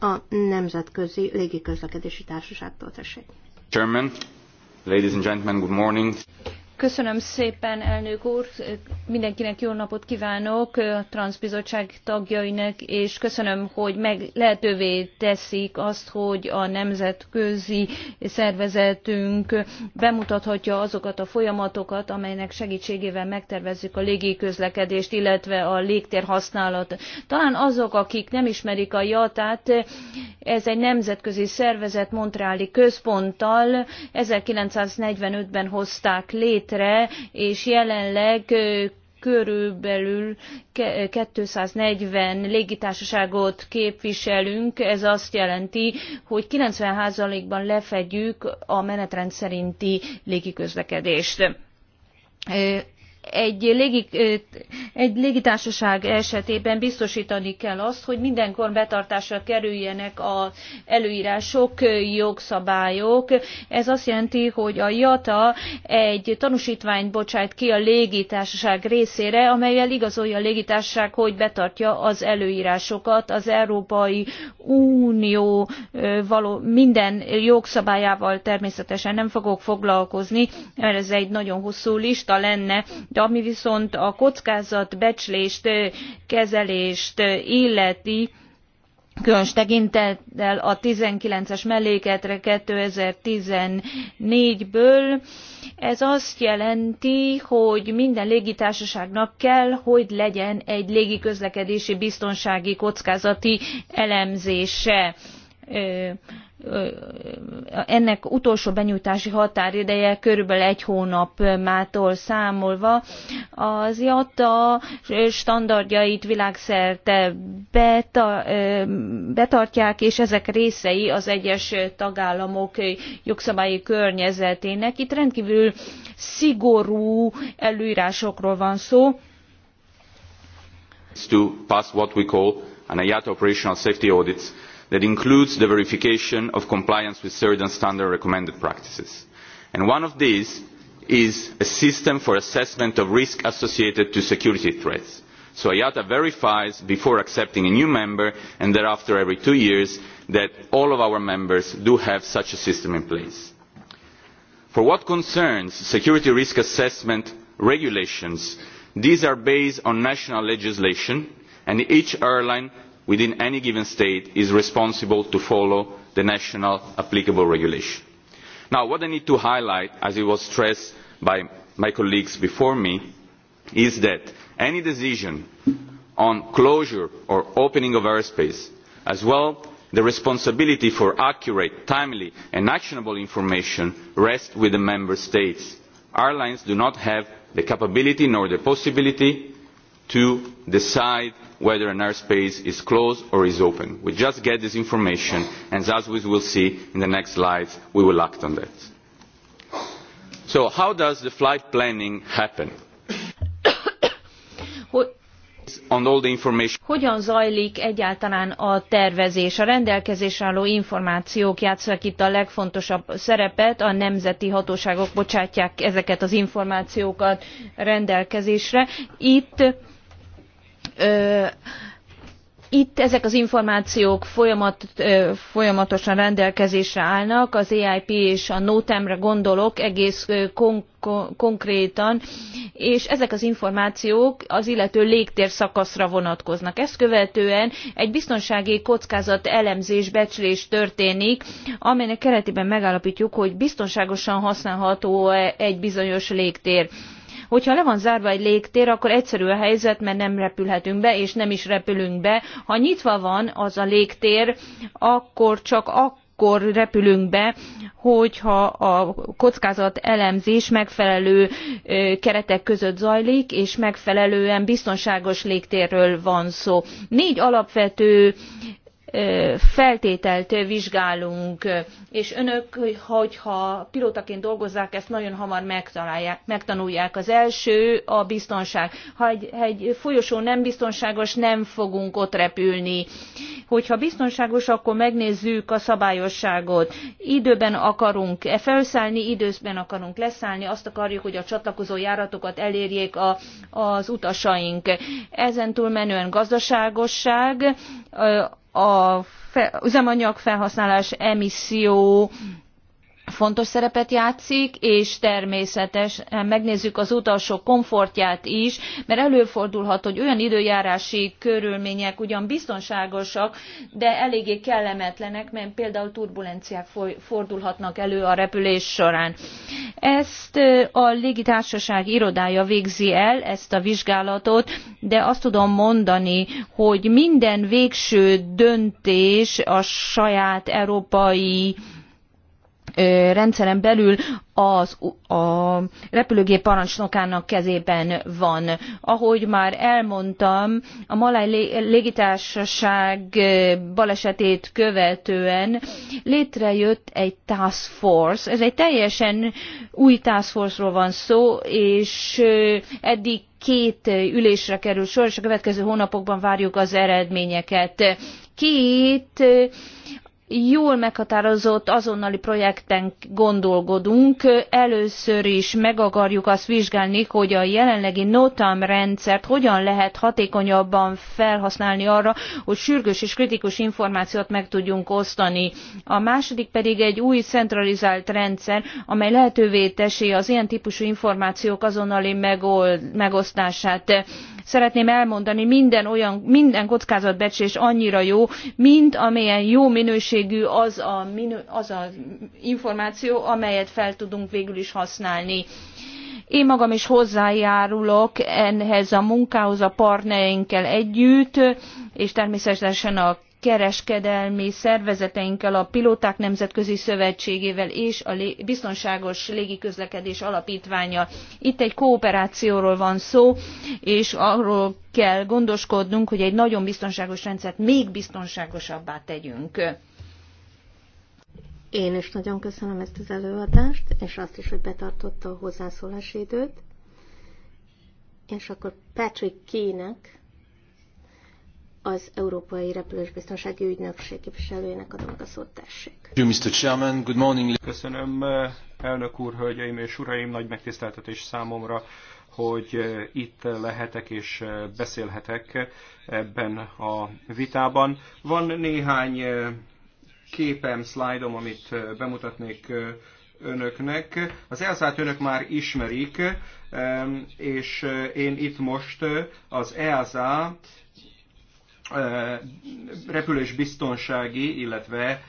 a Nemzetközi Légiközlekedési Társaságtól tessék. Chairman, Ladies and gentlemen, good morning. Köszönöm szépen, elnök úr! Mindenkinek jó napot kívánok, a Transzbizottság tagjainak, és köszönöm, hogy meg lehetővé teszik azt, hogy a nemzetközi szervezetünk bemutathatja azokat a folyamatokat, amelynek segítségével megtervezzük a légiközlekedést, illetve a légtér Talán azok, akik nem ismerik a JATÁT, ez egy nemzetközi szervezet Montreali központtal 1945-ben hozták létre, létre, és jelenleg körülbelül 240 légitársaságot képviselünk, ez azt jelenti, hogy 90%-ban lefedjük a menetrend szerinti légiközlekedést egy, légi, egy légitársaság esetében biztosítani kell azt, hogy mindenkor betartásra kerüljenek az előírások, jogszabályok. Ez azt jelenti, hogy a JATA egy tanúsítványt bocsát ki a légitársaság részére, amelyel igazolja a légitársaság, hogy betartja az előírásokat az Európai Unió való minden jogszabályával természetesen nem fogok foglalkozni, mert ez egy nagyon hosszú lista lenne, de ami viszont a kockázatbecslést, kezelést illeti, különös tekintettel a 19-es melléketre 2014-ből. Ez azt jelenti, hogy minden légitársaságnak kell, hogy legyen egy légiközlekedési biztonsági kockázati elemzése ennek utolsó benyújtási határideje körülbelül egy hónap mától számolva. Az IATA standardjait világszerte betartják, és ezek részei az egyes tagállamok jogszabályi környezetének. Itt rendkívül szigorú előírásokról van szó. to pass what we call an IATA operational safety audits that includes the verification of compliance with certain standard recommended practices. And one of these is a system for assessment of risk associated to security threats. So IATA verifies before accepting a new member and thereafter every two years that all of our members do have such a system in place. For what concerns security risk assessment regulations, these are based on national legislation and each airline within any given state is responsible to follow the national applicable regulation. Now, what I need to highlight, as it was stressed by my colleagues before me, is that any decision on closure or opening of airspace, as well the responsibility for accurate, timely and actionable information rests with the Member States. Airlines do not have the capability nor the possibility to decide whether an airspace is closed or is open. We just get this information, and as we will see in the next slides, we will act on that. So how does the flight planning happen? on all the information. Hogyan zajlik egyáltalán a tervezés? A rendelkezésre álló információk játszanak itt a legfontosabb szerepet, a nemzeti hatóságok bocsátják ezeket az információkat rendelkezésre. Itt itt ezek az információk folyamat, folyamatosan rendelkezésre állnak, az EIP és a NOTEM-re gondolok egész kon kon konkrétan, és ezek az információk az illető légtér szakaszra vonatkoznak. Ezt követően egy biztonsági kockázat elemzés, becslés történik, amelynek keretében megállapítjuk, hogy biztonságosan használható -e egy bizonyos légtér Hogyha le van zárva egy légtér, akkor egyszerű a helyzet, mert nem repülhetünk be, és nem is repülünk be. Ha nyitva van az a légtér, akkor csak akkor akkor repülünk be, hogyha a kockázat elemzés megfelelő keretek között zajlik, és megfelelően biztonságos légtérről van szó. Négy alapvető feltételt vizsgálunk, és önök, hogyha pilótaként dolgozzák, ezt nagyon hamar megtalálják, megtanulják. Az első a biztonság. Ha egy, egy folyosó nem biztonságos, nem fogunk ott repülni. Hogyha biztonságos, akkor megnézzük a szabályosságot. Időben akarunk e felszállni, időben akarunk leszállni, azt akarjuk, hogy a csatlakozó járatokat elérjék a, az utasaink. Ezen túlmenően gazdaságosság, a üzemanyag felhasználás, emisszió, fontos szerepet játszik, és természetes, megnézzük az utasok komfortját is, mert előfordulhat, hogy olyan időjárási körülmények ugyan biztonságosak, de eléggé kellemetlenek, mert például turbulenciák fordulhatnak elő a repülés során. Ezt a légitársaság irodája végzi el, ezt a vizsgálatot, de azt tudom mondani, hogy minden végső döntés a saját európai rendszeren belül az, a repülőgép parancsnokának kezében van. Ahogy már elmondtam, a Malaj légitársaság balesetét követően létrejött egy task force. Ez egy teljesen új task force-ról van szó, és eddig két ülésre kerül sor, és a következő hónapokban várjuk az eredményeket. Két jól meghatározott azonnali projekten gondolkodunk. Először is meg akarjuk azt vizsgálni, hogy a jelenlegi NOTAM rendszert hogyan lehet hatékonyabban felhasználni arra, hogy sürgős és kritikus információt meg tudjunk osztani. A második pedig egy új centralizált rendszer, amely lehetővé teszi az ilyen típusú információk azonnali megosztását szeretném elmondani minden olyan minden kockázatbecslés annyira jó mint amilyen jó minőségű az az információ amelyet fel tudunk végül is használni én magam is hozzájárulok ehhez a munkához a partnereinkkel együtt és természetesen a kereskedelmi szervezeteinkkel, a Pilóták Nemzetközi Szövetségével és a Biztonságos Légiközlekedés Alapítványa. Itt egy kooperációról van szó, és arról kell gondoskodnunk, hogy egy nagyon biztonságos rendszert még biztonságosabbá tegyünk. Én is nagyon köszönöm ezt az előadást, és azt is, hogy betartotta a hozzászólási időt. És akkor Patrick Kének az Európai Biztonsági Ügynökség képviselőjének adom a szót, tessék. Köszönöm, elnök úr, hölgyeim és uraim, nagy megtiszteltetés számomra, hogy itt lehetek és beszélhetek ebben a vitában. Van néhány képem, szlájdom, amit bemutatnék önöknek. Az elszállt önök már ismerik, és én itt most az EASA repülős biztonsági, illetve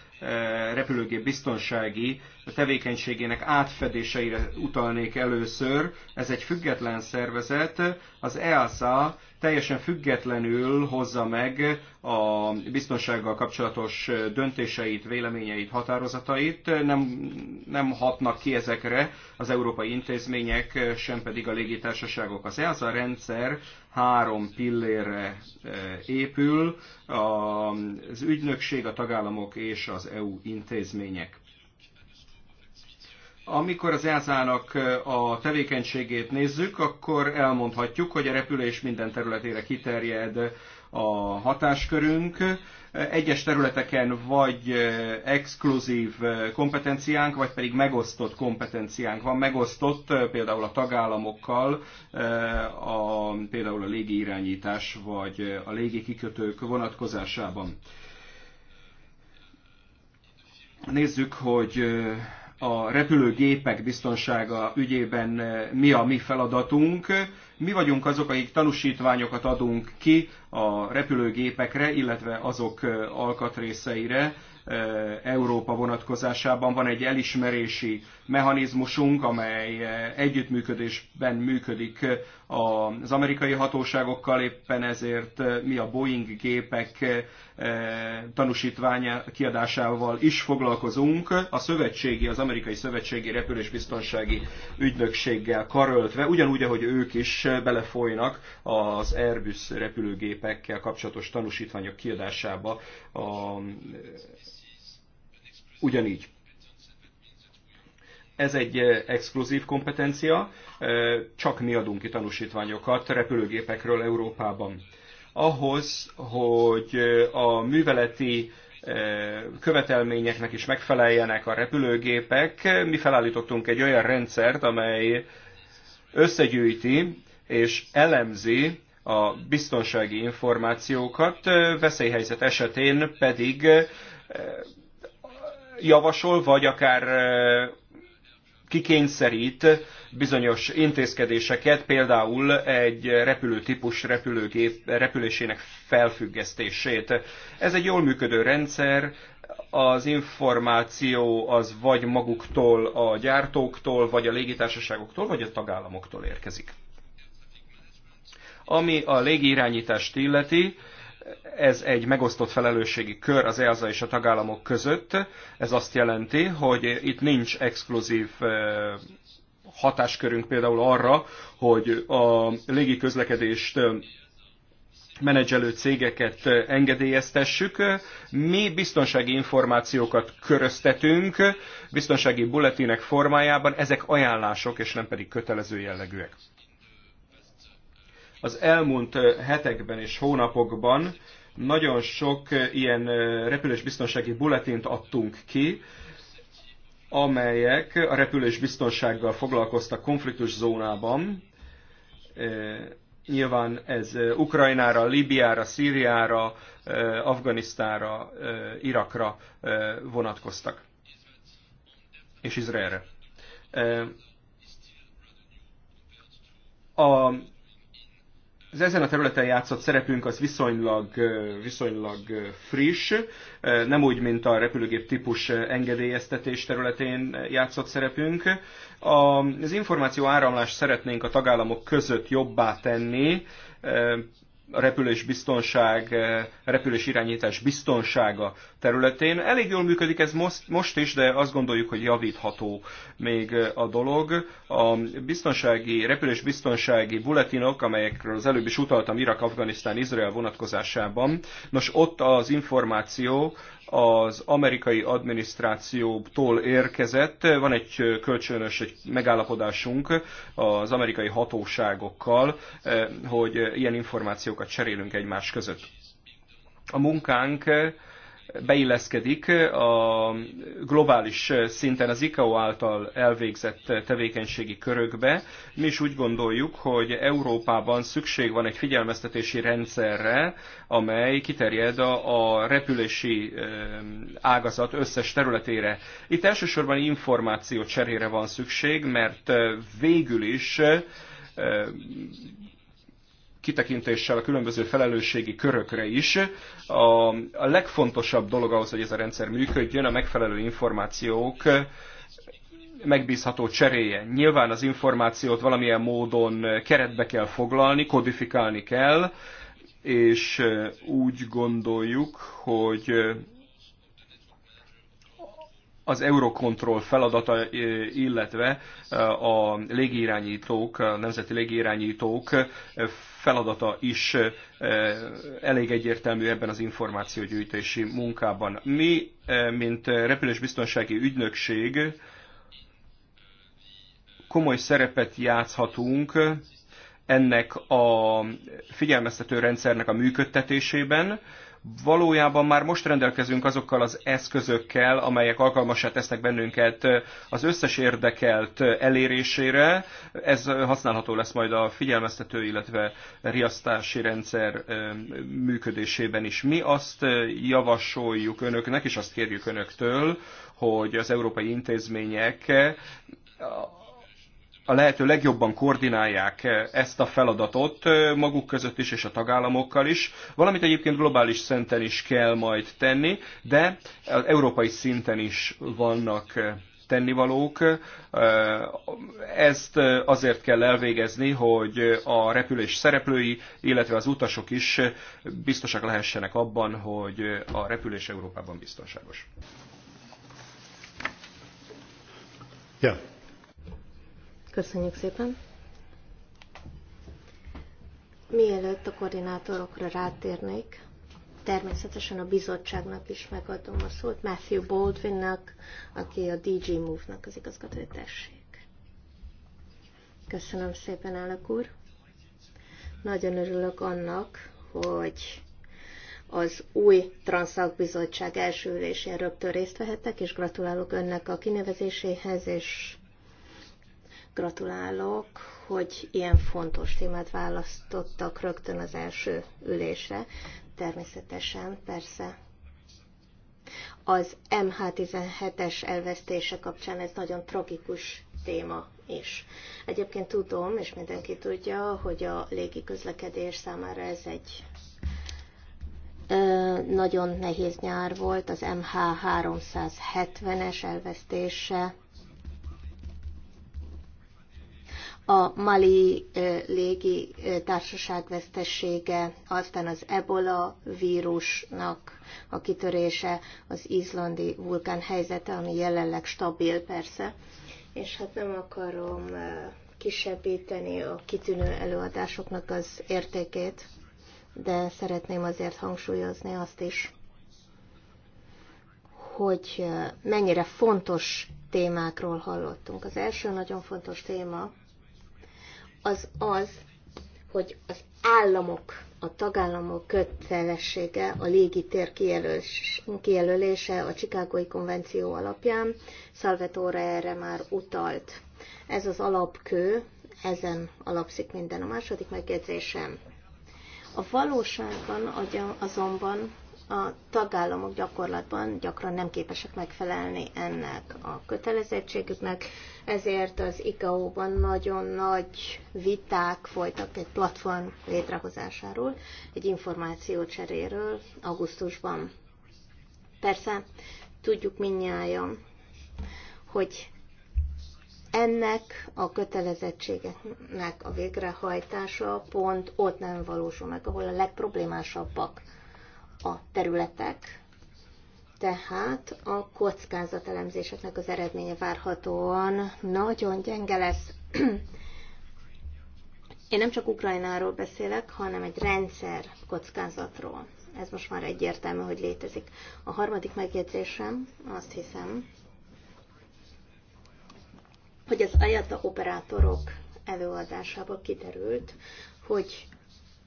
repülőgép biztonsági tevékenységének átfedéseire utalnék először. Ez egy független szervezet, az EASA teljesen függetlenül hozza meg a biztonsággal kapcsolatos döntéseit, véleményeit, határozatait. Nem, nem hatnak ki ezekre az európai intézmények, sem pedig a légitársaságok. Az EASA rendszer három pillérre e, épül, az ügynökség, a tagállamok és az EU intézmények. Amikor az EASA-nak a tevékenységét nézzük, akkor elmondhatjuk, hogy a repülés minden területére kiterjed a hatáskörünk. Egyes területeken vagy exkluzív kompetenciánk, vagy pedig megosztott kompetenciánk van. Megosztott például a tagállamokkal, a, például a légirányítás vagy a kikötők vonatkozásában. Nézzük, hogy a repülőgépek biztonsága ügyében eh, mi a mi feladatunk. Mi vagyunk azok, akik tanúsítványokat adunk ki a repülőgépekre, illetve azok eh, alkatrészeire, Eh, Európa vonatkozásában. Van egy elismerési mechanizmusunk, amely eh, együttműködésben működik eh, az amerikai hatóságokkal, éppen ezért mi a Boeing gépek tanúsítványa kiadásával is foglalkozunk. A szövetségi, az amerikai szövetségi repülésbiztonsági ügynökséggel karöltve, ugyanúgy, ahogy ők is belefolynak az Airbus repülőgépekkel kapcsolatos tanúsítványok kiadásába a ugyanígy. Ez egy eh, exkluzív kompetencia, eh, csak mi adunk ki tanúsítványokat repülőgépekről Európában. Ahhoz, hogy eh, a műveleti követelményeknek is megfeleljenek a repülőgépek, mi felállítottunk egy olyan rendszert, amely összegyűjti és elemzi a biztonsági információkat, veszélyhelyzet esetén pedig javasol, vagy akár kikényszerít bizonyos intézkedéseket, például egy repülőtípus repülőgép repülésének felfüggesztését. Ez egy jól működő rendszer, az információ az vagy maguktól, a gyártóktól, vagy a légitársaságoktól, vagy a tagállamoktól érkezik. Ami a légirányítást illeti, ez egy megosztott felelősségi kör az EASA és a tagállamok között. Ez azt jelenti, hogy itt nincs exkluzív hatáskörünk például arra, hogy a légiközlekedést menedzselő cégeket engedélyeztessük. Mi biztonsági információkat köröztetünk, biztonsági bulletinek formájában, ezek ajánlások és nem pedig kötelező jellegűek. Az elmúlt hetekben és hónapokban nagyon sok ilyen repülésbiztonsági bulletint adtunk ki, amelyek a repülésbiztonsággal foglalkoztak konfliktus zónában. Nyilván ez Ukrajnára, Libiára, Szíriára, Afganisztára, Irakra vonatkoztak. És Izraelre. A az ezen a területen játszott szerepünk az viszonylag, viszonylag friss, nem úgy, mint a repülőgép típus engedélyeztetés területén játszott szerepünk. Az információ áramlást szeretnénk a tagállamok között jobbá tenni, a repülés biztonság, a repülés irányítás biztonsága területén. Elég jól működik ez most, most is, de azt gondoljuk, hogy javítható még a dolog. A biztonsági, repülésbiztonsági bulletinok, amelyekről az előbb is utaltam Irak, Afganisztán, Izrael vonatkozásában, nos ott az információ az amerikai adminisztrációtól érkezett. Van egy kölcsönös egy megállapodásunk az amerikai hatóságokkal, eh, hogy ilyen információkat cserélünk egymás között. A munkánk beilleszkedik a globális szinten az ICAO által elvégzett tevékenységi körökbe. Mi is úgy gondoljuk, hogy Európában szükség van egy figyelmeztetési rendszerre, amely kiterjed a repülési ágazat összes területére. Itt elsősorban információ cserére van szükség, mert végül is kitekintéssel a különböző felelősségi körökre is. A, a legfontosabb dolog ahhoz, hogy ez a rendszer működjön, a megfelelő információk megbízható cseréje. Nyilván az információt valamilyen módon keretbe kell foglalni, kodifikálni kell, és úgy gondoljuk, hogy az Eurocontrol feladata, illetve a légirányítók, a nemzeti légirányítók feladata is elég egyértelmű ebben az információgyűjtési munkában. Mi, mint repülésbiztonsági ügynökség, komoly szerepet játszhatunk ennek a figyelmeztető rendszernek a működtetésében, valójában már most rendelkezünk azokkal az eszközökkel, amelyek alkalmasá tesznek bennünket az összes érdekelt elérésére. Ez használható lesz majd a figyelmeztető, illetve riasztási rendszer működésében is. Mi azt javasoljuk önöknek, és azt kérjük önöktől, hogy az európai intézmények a lehető legjobban koordinálják eh, ezt a feladatot eh, maguk között is és a tagállamokkal is. Valamit egyébként globális szinten is kell majd tenni, de az európai szinten is vannak eh, tennivalók. Ezt azért kell elvégezni, hogy a repülés szereplői, illetve az utasok is biztosak lehessenek abban, hogy a repülés Európában biztonságos. Yeah. Köszönjük szépen. Mielőtt a koordinátorokra rátérnék, természetesen a bizottságnak is megadom a szót, Matthew Baldwinnak, aki a DG Move-nak az igazgatója tessék. Köszönöm szépen, elnök úr. Nagyon örülök annak, hogy az új Bizottság első ülésén rögtön részt vehettek, és gratulálok önnek a kinevezéséhez, és Gratulálok, hogy ilyen fontos témát választottak rögtön az első ülésre. Természetesen, persze. Az MH17-es elvesztése kapcsán ez nagyon tragikus téma is. Egyébként tudom, és mindenki tudja, hogy a légi közlekedés számára ez egy ö, nagyon nehéz nyár volt, az MH370-es elvesztése a Mali légi társaság vesztessége, aztán az ebola vírusnak a kitörése, az izlandi vulkán helyzete, ami jelenleg stabil persze, és hát nem akarom kisebbíteni a kitűnő előadásoknak az értékét, de szeretném azért hangsúlyozni azt is, hogy mennyire fontos témákról hallottunk. Az első nagyon fontos téma, az az, hogy az államok, a tagállamok kötelessége a légitér kijelölése a Csikágoi konvenció alapján. Salvatore erre már utalt. Ez az alapkő, ezen alapszik minden. A második megjegyzésem. A valóságban azonban a tagállamok gyakorlatban gyakran nem képesek megfelelni ennek a kötelezettségüknek, ezért az ICAO-ban nagyon nagy viták folytak egy platform létrehozásáról, egy információcseréről augusztusban. Persze, tudjuk minnyáján, hogy ennek a kötelezettségeknek a végrehajtása pont ott nem valósul meg, ahol a legproblémásabbak a területek. Tehát a kockázatelemzéseknek az eredménye várhatóan nagyon gyenge lesz. Én nem csak Ukrajnáról beszélek, hanem egy rendszer kockázatról. Ez most már egyértelmű, hogy létezik. A harmadik megjegyzésem, azt hiszem, hogy az Ayata operátorok előadásából kiderült, hogy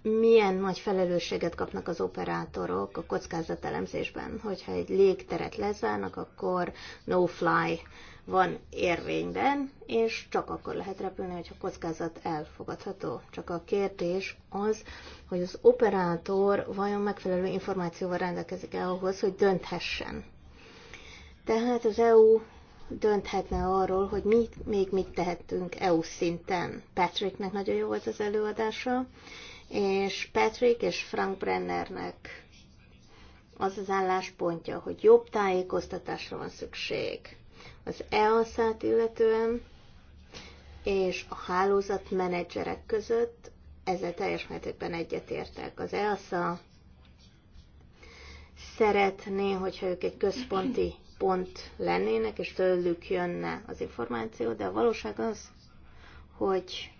milyen nagy felelősséget kapnak az operátorok a kockázatelemzésben. Hogyha egy légteret lezárnak, akkor no-fly van érvényben, és csak akkor lehet repülni, hogyha kockázat elfogadható. Csak a kérdés az, hogy az operátor vajon megfelelő információval rendelkezik el ahhoz, hogy dönthessen. Tehát az EU dönthetne arról, hogy mi még mit tehetünk EU szinten. Patricknek nagyon jó volt az előadása, és Patrick és Frank Brennernek az az álláspontja, hogy jobb tájékoztatásra van szükség az EASZ-át illetően, és a hálózat menedzserek között ezzel teljes mértékben egyetértek. Az EASZ szeretné, hogyha ők egy központi pont lennének, és tőlük jönne az információ, de a valóság az, hogy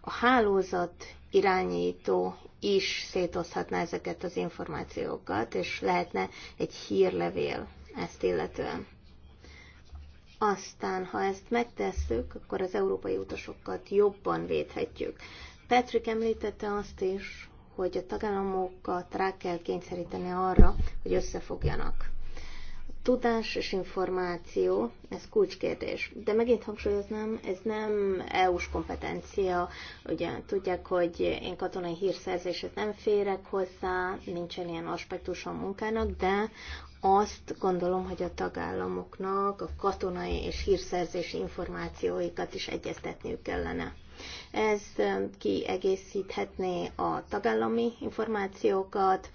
a hálózat irányító is szétozhatná ezeket az információkat, és lehetne egy hírlevél ezt illetően. Aztán, ha ezt megtesszük, akkor az európai utasokat jobban védhetjük. Patrick említette azt is, hogy a tagállamokat rá kell kényszeríteni arra, hogy összefogjanak tudás és információ, ez kulcskérdés. De megint hangsúlyoznám, ez nem EU-s kompetencia. Ugye tudják, hogy én katonai hírszerzéshez nem férek hozzá, nincsen ilyen aspektus a munkának, de azt gondolom, hogy a tagállamoknak a katonai és hírszerzési információikat is egyeztetniük kellene. Ez kiegészíthetné a tagállami információkat,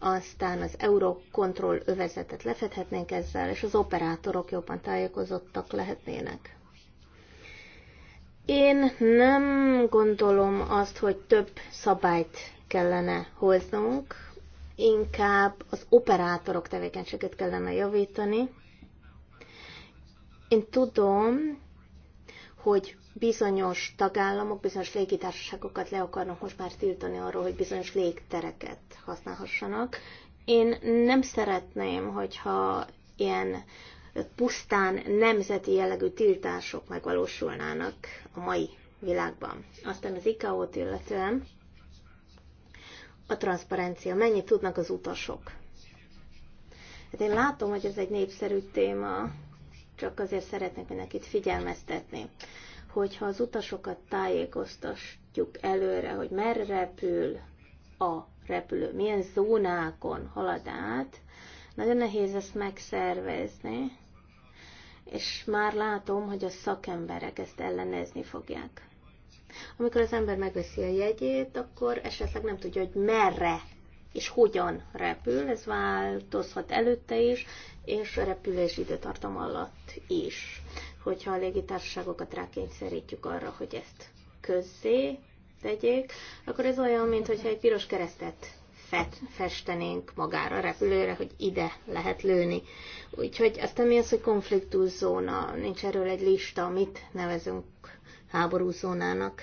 aztán az Eurocontrol övezetet lefedhetnénk ezzel, és az operátorok jobban tájékozottak lehetnének. Én nem gondolom azt, hogy több szabályt kellene hoznunk, inkább az operátorok tevékenységet kellene javítani. Én tudom, hogy bizonyos tagállamok, bizonyos légitársaságokat le akarnak most már tiltani arról, hogy bizonyos légtereket használhassanak. Én nem szeretném, hogyha ilyen pusztán nemzeti jellegű tiltások megvalósulnának a mai világban. Aztán az ICAO-t illetően a transzparencia, mennyit tudnak az utasok. Hát én látom, hogy ez egy népszerű téma, csak azért szeretnék mindenkit figyelmeztetni, hogyha az utasokat tájékoztatjuk előre, hogy merre repül a repülő, milyen zónákon halad át, nagyon nehéz ezt megszervezni, és már látom, hogy a szakemberek ezt ellenezni fogják. Amikor az ember megveszi a jegyét, akkor esetleg nem tudja, hogy merre és hogyan repül, ez változhat előtte is, és a repülés időtartam alatt is. Hogyha a légitársaságokat rákényszerítjük arra, hogy ezt közzé tegyék, akkor ez olyan, mintha egy piros keresztet festenénk magára a repülőre, hogy ide lehet lőni. Úgyhogy aztán mi az, hogy konfliktuszóna, nincs erről egy lista, mit nevezünk háborúzónának.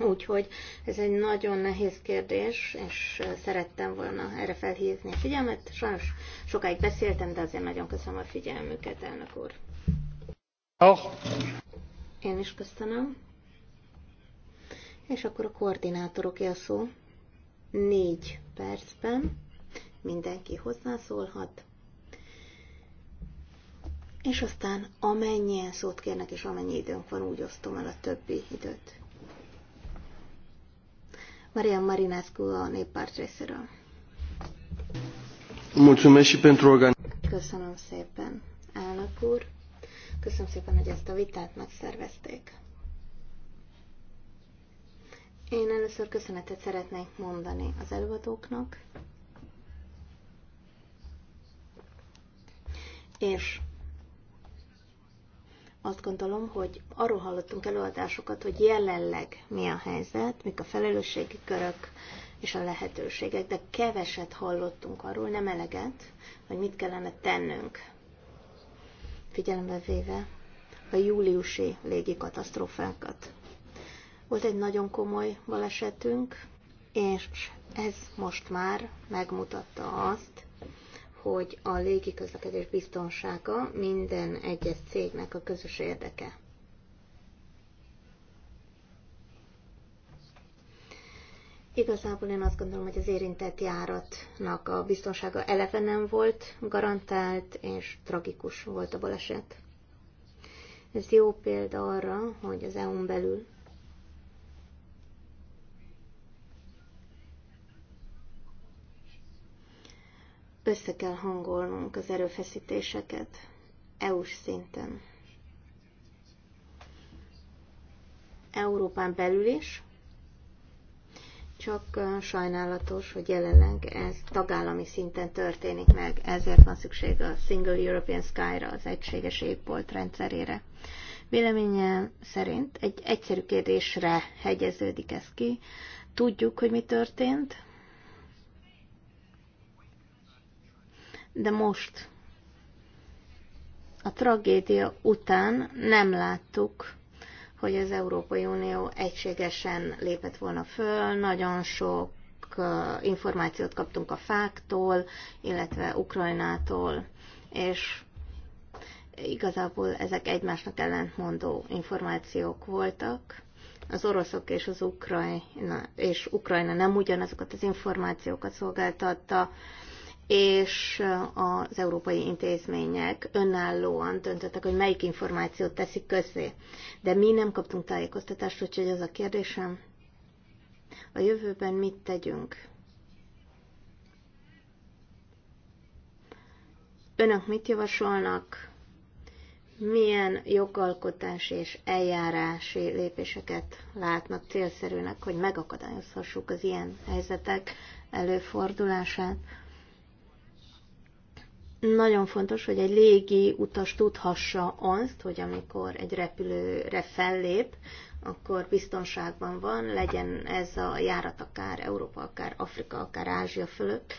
Úgyhogy ez egy nagyon nehéz kérdés, és szerettem volna erre felhívni a figyelmet. Sajnos sokáig beszéltem, de azért nagyon köszönöm a figyelmüket, elnök úr. Oh. Én is köszönöm. És akkor a koordinátoroké a szó. Négy percben mindenki hozzászólhat. És aztán amennyien szót kérnek, és amennyi időnk van, úgy osztom el a többi időt. Maria Marinescu a néppárt részéről. Mulțumesc și pentru organ... Köszönöm szépen, elnök úr. Köszönöm szépen, hogy ezt a vitát megszervezték. Én először köszönetet szeretnék mondani az előadóknak, és azt gondolom, hogy arról hallottunk előadásokat, hogy jelenleg mi a helyzet, mik a felelősségi körök és a lehetőségek, de keveset hallottunk arról, nem eleget, hogy mit kellene tennünk. Figyelembe véve a júliusi légi katasztrófákat. Volt egy nagyon komoly balesetünk, és ez most már megmutatta azt, hogy a légi közlekedés biztonsága minden egyes cégnek a közös érdeke. Igazából én azt gondolom, hogy az érintett járatnak a biztonsága eleve nem volt garantált, és tragikus volt a baleset. Ez jó példa arra, hogy az EU-n belül össze kell hangolnunk az erőfeszítéseket EU-s szinten. Európán belül is, csak sajnálatos, hogy jelenleg ez tagállami szinten történik meg, ezért van szükség a Single European Sky-ra, az egységes égbolt rendszerére. Véleményem szerint egy egyszerű kérdésre hegyeződik ez ki. Tudjuk, hogy mi történt, de most a tragédia után nem láttuk, hogy az Európai Unió egységesen lépett volna föl, nagyon sok uh, információt kaptunk a fáktól, illetve Ukrajnától, és igazából ezek egymásnak ellentmondó információk voltak. Az oroszok és az Ukrajna, és Ukrajna nem ugyanazokat az információkat szolgáltatta, és az európai intézmények önállóan döntöttek, hogy melyik információt teszik közzé. De mi nem kaptunk tájékoztatást, úgyhogy az a kérdésem, a jövőben mit tegyünk? Önök mit javasolnak? Milyen jogalkotás és eljárási lépéseket látnak célszerűnek, hogy megakadályozhassuk az ilyen helyzetek előfordulását? nagyon fontos, hogy egy légi utas tudhassa azt, hogy amikor egy repülőre fellép, akkor biztonságban van, legyen ez a járat akár Európa, akár Afrika, akár Ázsia fölött.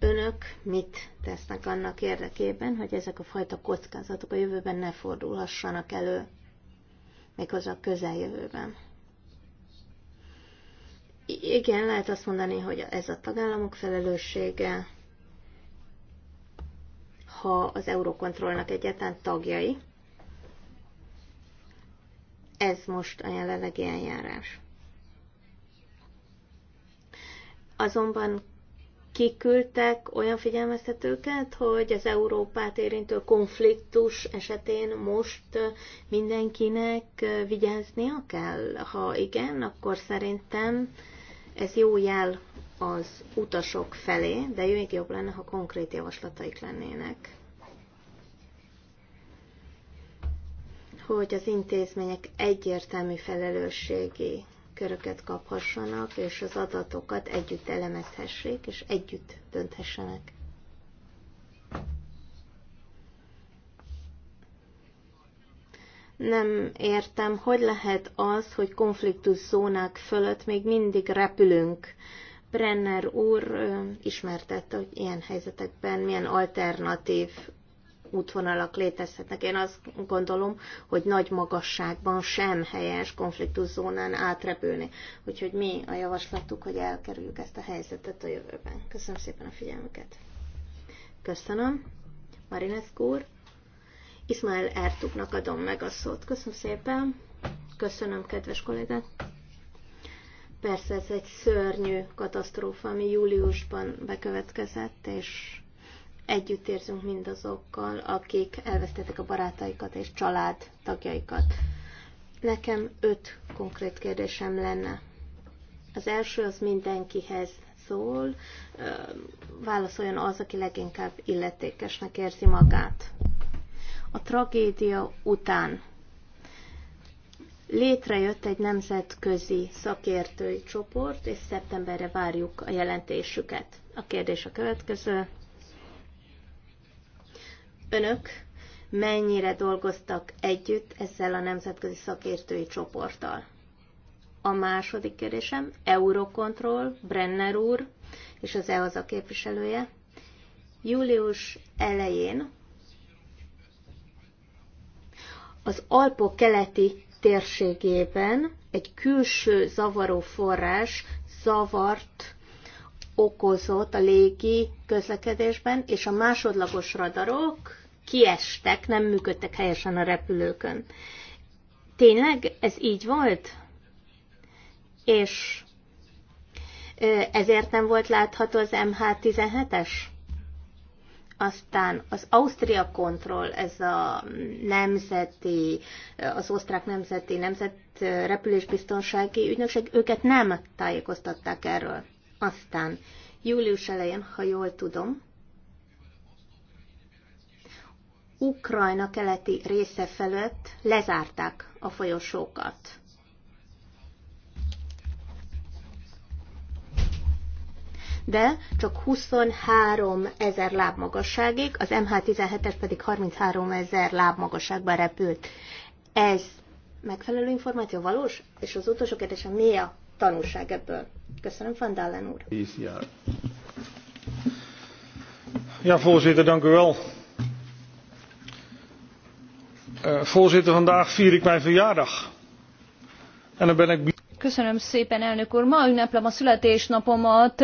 Önök mit tesznek annak érdekében, hogy ezek a fajta kockázatok a jövőben ne fordulhassanak elő, méghozzá a közeljövőben? Igen, lehet azt mondani, hogy ez a tagállamok felelőssége, ha az Eurókontrollnak egyetlen tagjai. Ez most a jelenlegi eljárás. Azonban kiküldtek olyan figyelmeztetőket, hogy az Európát érintő konfliktus esetén most mindenkinek vigyáznia kell? Ha igen, akkor szerintem ez jó jel az utasok felé, de még jobb lenne, ha konkrét javaslataik lennének. Hogy az intézmények egyértelmű felelősségi köröket kaphassanak, és az adatokat együtt elemezhessék, és együtt dönthessenek. nem értem, hogy lehet az, hogy konfliktus zónák fölött még mindig repülünk Brenner úr ismertette, hogy ilyen helyzetekben milyen alternatív útvonalak létezhetnek. Én azt gondolom, hogy nagy magasságban sem helyes konfliktuszónán átrepülni. Úgyhogy mi a javaslatuk, hogy elkerüljük ezt a helyzetet a jövőben. Köszönöm szépen a figyelmüket. Köszönöm. Marinescu úr. Ismael Ertuknak adom meg a szót. Köszönöm szépen. Köszönöm, kedves kollégák. Persze ez egy szörnyű katasztrófa, ami júliusban bekövetkezett, és együtt érzünk mindazokkal, akik elvesztettek a barátaikat és család tagjaikat. Nekem öt konkrét kérdésem lenne. Az első az mindenkihez szól, válaszoljon az, aki leginkább illetékesnek érzi magát. A tragédia után Létrejött egy nemzetközi szakértői csoport, és szeptemberre várjuk a jelentésüket. A kérdés a következő. Önök mennyire dolgoztak együtt ezzel a nemzetközi szakértői csoporttal? A második kérdésem, Eurocontrol, Brenner úr és az EHAZA képviselője. Július elején az Alpok keleti térségében egy külső zavaró forrás zavart okozott a légi közlekedésben, és a másodlagos radarok kiestek, nem működtek helyesen a repülőkön. Tényleg ez így volt? És ezért nem volt látható az MH17-es? Aztán az Ausztria Control, ez a nemzeti, az osztrák nemzeti, nemzet repülésbiztonsági ügynökség, őket nem tájékoztatták erről. Aztán július elején, ha jól tudom, Ukrajna keleti része felett lezárták a folyosókat. de csak 23 ezer lábmagasságig, az MH17-es pedig 33 ezer lábmagasságban repült. Ez megfelelő információ valós? És az utolsó kérdésem, mi a tanulság ebből? Köszönöm, Van Dallen úr. Ja, voorzitter, dank u wel. Uh, voorzitter, vandaag vier ik mijn verjaardag. En dan ben ik... Köszönöm szépen, elnök úr. Ma ünneplem a születésnapomat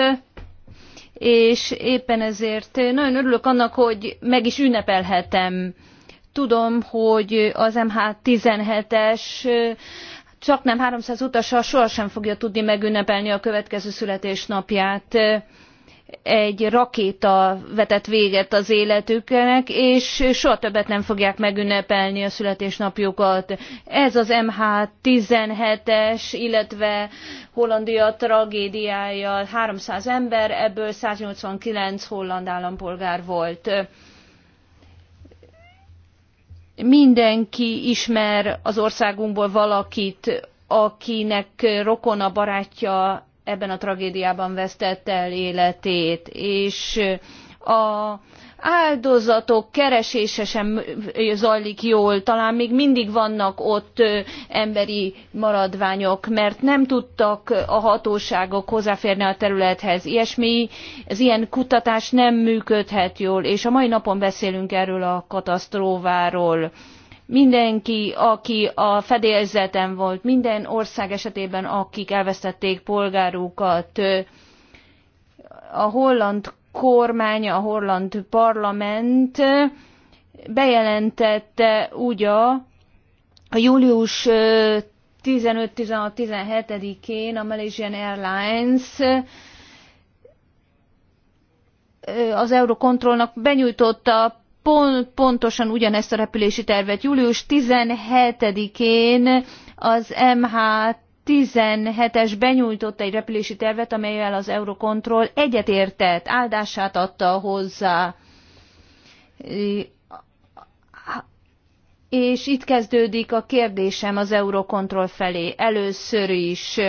és éppen ezért nagyon örülök annak, hogy meg is ünnepelhetem. Tudom, hogy az MH17-es csak nem 300 utasa sohasem fogja tudni megünnepelni a következő születésnapját egy rakéta vetett véget az életüknek, és soha többet nem fogják megünnepelni a születésnapjukat. Ez az MH17-es, illetve Hollandia tragédiája, 300 ember, ebből 189 holland állampolgár volt mindenki ismer az országunkból valakit, akinek rokona, barátja ebben a tragédiában vesztette el életét, és a áldozatok keresése sem zajlik jól, talán még mindig vannak ott emberi maradványok, mert nem tudtak a hatóságok hozzáférni a területhez. Ilyesmi, az ilyen kutatás nem működhet jól, és a mai napon beszélünk erről a katasztrófáról mindenki, aki a fedélzeten volt, minden ország esetében, akik elvesztették polgárukat, a holland kormány, a holland parlament bejelentette ugye a július 15-16-17-én a Malaysian Airlines az Eurocontrolnak benyújtotta pont, pontosan ugyanezt a repülési tervet július 17-én az MH 17-es benyújtotta egy repülési tervet, amelyel az Eurocontrol egyetértett, áldását adta hozzá. És itt kezdődik a kérdésem az Eurocontrol felé. Először is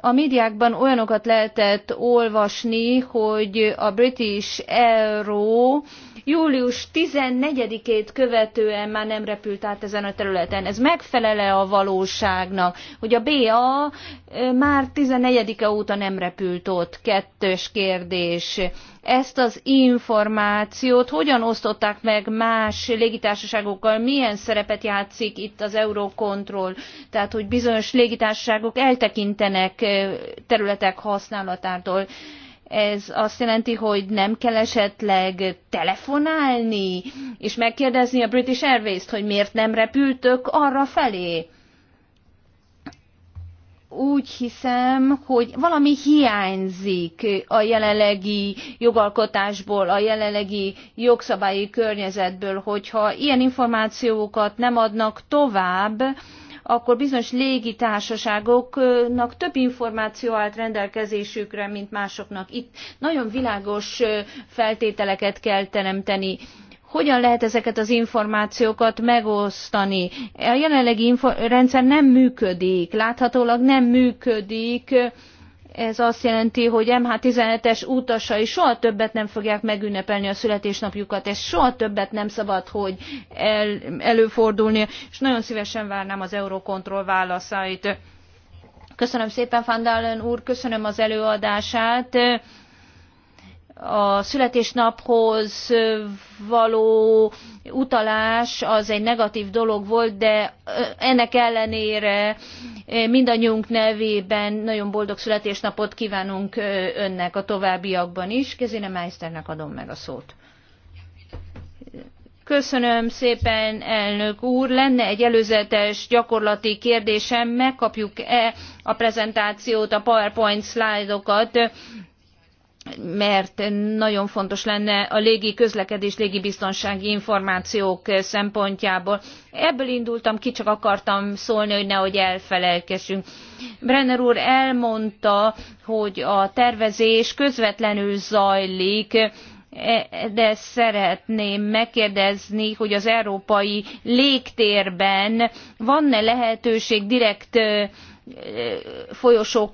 a médiákban olyanokat lehetett olvasni, hogy a British Aero július 14-ét követően már nem repült át ezen a területen. Ez megfelele a valóságnak, hogy a BA már 14-e óta nem repült ott. Kettős kérdés ezt az információt hogyan osztották meg más légitársaságokkal, milyen szerepet játszik itt az Eurocontrol, tehát hogy bizonyos légitársaságok eltekintenek területek használatától. Ez azt jelenti, hogy nem kell esetleg telefonálni, és megkérdezni a British Airways-t, hogy miért nem repültök arra felé úgy hiszem, hogy valami hiányzik a jelenlegi jogalkotásból, a jelenlegi jogszabályi környezetből, hogyha ilyen információkat nem adnak tovább, akkor bizonyos légitársaságoknak több információ állt rendelkezésükre, mint másoknak. Itt nagyon világos feltételeket kell teremteni hogyan lehet ezeket az információkat megosztani. A jelenlegi rendszer nem működik, láthatólag nem működik, ez azt jelenti, hogy MH17-es utasai soha többet nem fogják megünnepelni a születésnapjukat, és soha többet nem szabad, hogy el, előfordulni, és nagyon szívesen várnám az Eurocontrol válaszait. Köszönöm szépen, fandalen úr, köszönöm az előadását a születésnaphoz való utalás az egy negatív dolog volt, de ennek ellenére mindannyiunk nevében nagyon boldog születésnapot kívánunk önnek a továbbiakban is. Kezine Meisternek adom meg a szót. Köszönöm szépen, elnök úr. Lenne egy előzetes gyakorlati kérdésem, megkapjuk-e a prezentációt, a PowerPoint szlájdokat, mert nagyon fontos lenne a légi közlekedés, légi biztonsági információk szempontjából. Ebből indultam ki, csak akartam szólni, hogy nehogy elfelelkesünk. Brenner úr elmondta, hogy a tervezés közvetlenül zajlik, de szeretném megkérdezni, hogy az európai légtérben van-e lehetőség direkt folyosók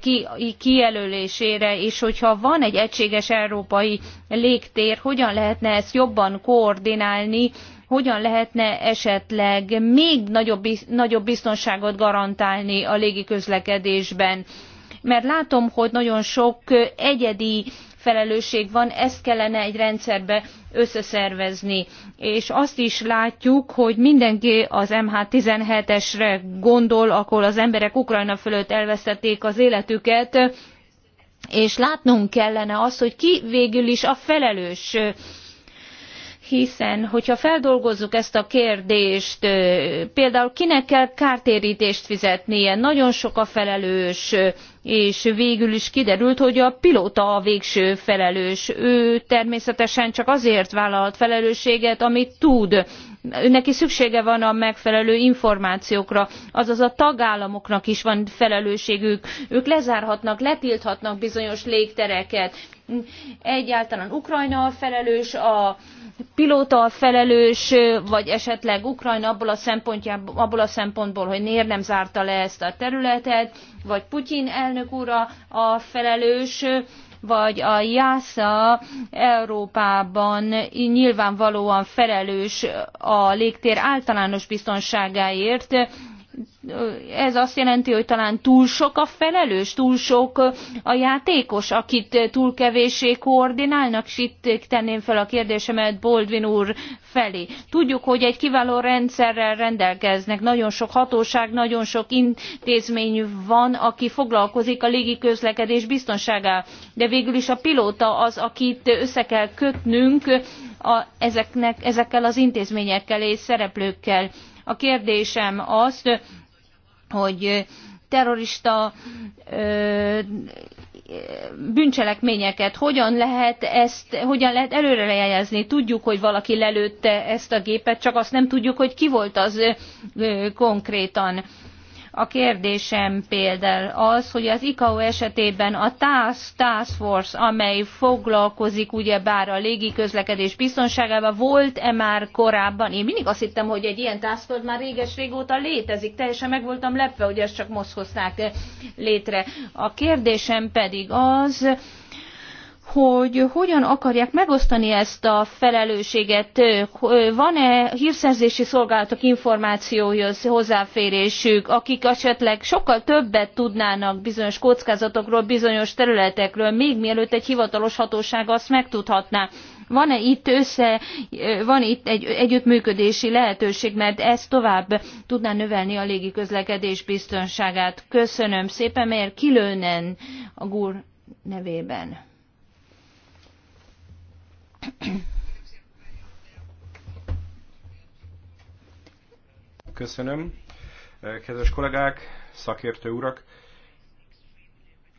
kijelölésére, és hogyha van egy egységes európai légtér, hogyan lehetne ezt jobban koordinálni, hogyan lehetne esetleg még nagyobb, nagyobb biztonságot garantálni a légiközlekedésben. Mert látom, hogy nagyon sok egyedi felelősség van, ezt kellene egy rendszerbe összeszervezni. És azt is látjuk, hogy mindenki az MH17-esre gondol, akkor az emberek Ukrajna fölött elvesztették az életüket, és látnunk kellene azt, hogy ki végül is a felelős hiszen hogyha feldolgozzuk ezt a kérdést, például kinek kell kártérítést fizetnie, nagyon sok a felelős, és végül is kiderült, hogy a pilóta a végső felelős. Ő természetesen csak azért vállalt felelősséget, amit tud. Neki szüksége van a megfelelő információkra, azaz a tagállamoknak is van felelősségük. Ők lezárhatnak, letilthatnak bizonyos légtereket. Egyáltalán Ukrajna a felelős, a pilóta a felelős, vagy esetleg Ukrajna abból a, abból a szempontból, hogy miért nem zárta le ezt a területet, vagy Putyin elnök ura a felelős, vagy a JASA Európában nyilvánvalóan felelős a légtér általános biztonságáért, ez azt jelenti, hogy talán túl sok a felelős, túl sok a játékos, akit túl kevéssé koordinálnak, és itt tenném fel a kérdésemet Boldvin úr felé. Tudjuk, hogy egy kiváló rendszerrel rendelkeznek, nagyon sok hatóság, nagyon sok intézmény van, aki foglalkozik a légi közlekedés biztonságával, de végül is a pilóta az, akit össze kell kötnünk a, ezeknek, ezekkel az intézményekkel és szereplőkkel a kérdésem az, hogy terrorista bűncselekményeket, hogyan lehet ezt, hogyan lehet előrejelezni. Tudjuk, hogy valaki lelőtte ezt a gépet, csak azt nem tudjuk, hogy ki volt az konkrétan. A kérdésem például az, hogy az ICAO esetében a Task, Task Force, amely foglalkozik ugyebár a légiközlekedés biztonságával, volt-e már korábban? Én mindig azt hittem, hogy egy ilyen Task Force már réges-régóta létezik. Teljesen meg voltam lepve, hogy ezt csak most hozták eh, létre. A kérdésem pedig az, hogy hogyan akarják megosztani ezt a felelősséget, van-e hírszerzési szolgálatok információhoz hozzáférésük, akik esetleg sokkal többet tudnának bizonyos kockázatokról, bizonyos területekről, még mielőtt egy hivatalos hatóság azt megtudhatná van e itt össze van itt egy együttműködési lehetőség mert ez tovább tudná növelni a légiközlekedés biztonságát. köszönöm szépen mert kilőnen a gur nevében. Köszönöm. Kedves kollégák, szakértő urak,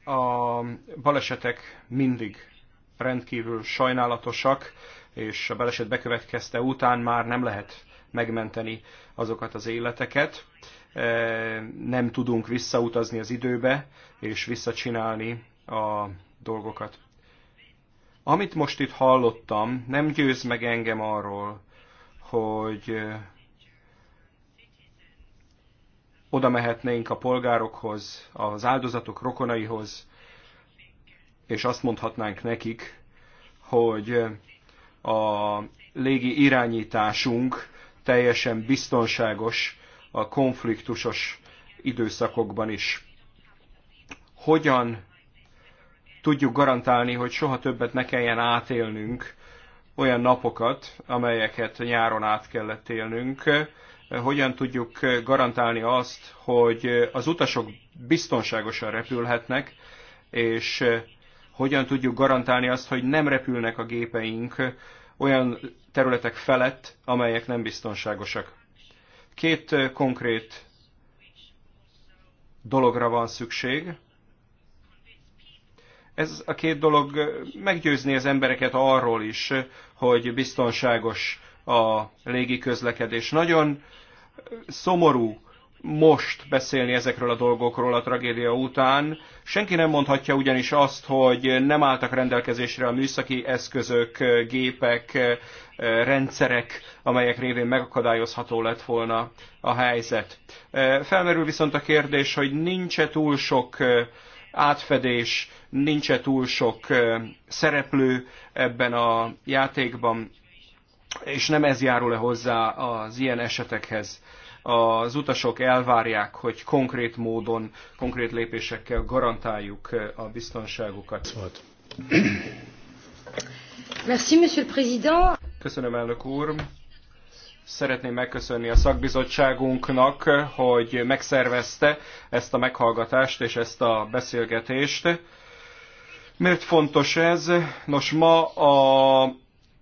a balesetek mindig rendkívül sajnálatosak, és a baleset bekövetkezte után már nem lehet megmenteni azokat az életeket. E, nem tudunk visszautazni az időbe, és visszacsinálni a dolgokat. Amit most itt hallottam, nem győz meg engem arról, hogy oda mehetnénk a polgárokhoz, az áldozatok rokonaihoz, és azt mondhatnánk nekik, hogy a légi irányításunk teljesen biztonságos a konfliktusos időszakokban is. Hogyan tudjuk garantálni, hogy soha többet ne kelljen átélnünk olyan napokat, amelyeket nyáron át kellett élnünk, hogyan tudjuk garantálni azt, hogy az utasok biztonságosan repülhetnek, és hogyan tudjuk garantálni azt, hogy nem repülnek a gépeink olyan területek felett, amelyek nem biztonságosak. Két konkrét dologra van szükség ez a két dolog meggyőzni az embereket arról is, hogy biztonságos a légi közlekedés. Nagyon szomorú most beszélni ezekről a dolgokról a tragédia után. Senki nem mondhatja ugyanis azt, hogy nem álltak rendelkezésre a műszaki eszközök, gépek, rendszerek, amelyek révén megakadályozható lett volna a helyzet. Felmerül viszont a kérdés, hogy nincs-e túl sok átfedés, nincs -e túl sok szereplő ebben a játékban, és nem ez járul -e hozzá az ilyen esetekhez. Az utasok elvárják, hogy konkrét módon, konkrét lépésekkel garantáljuk a biztonságukat. Köszönöm, elnök úr. Szeretném megköszönni a szakbizottságunknak, hogy megszervezte ezt a meghallgatást és ezt a beszélgetést. Miért fontos ez? Nos, ma a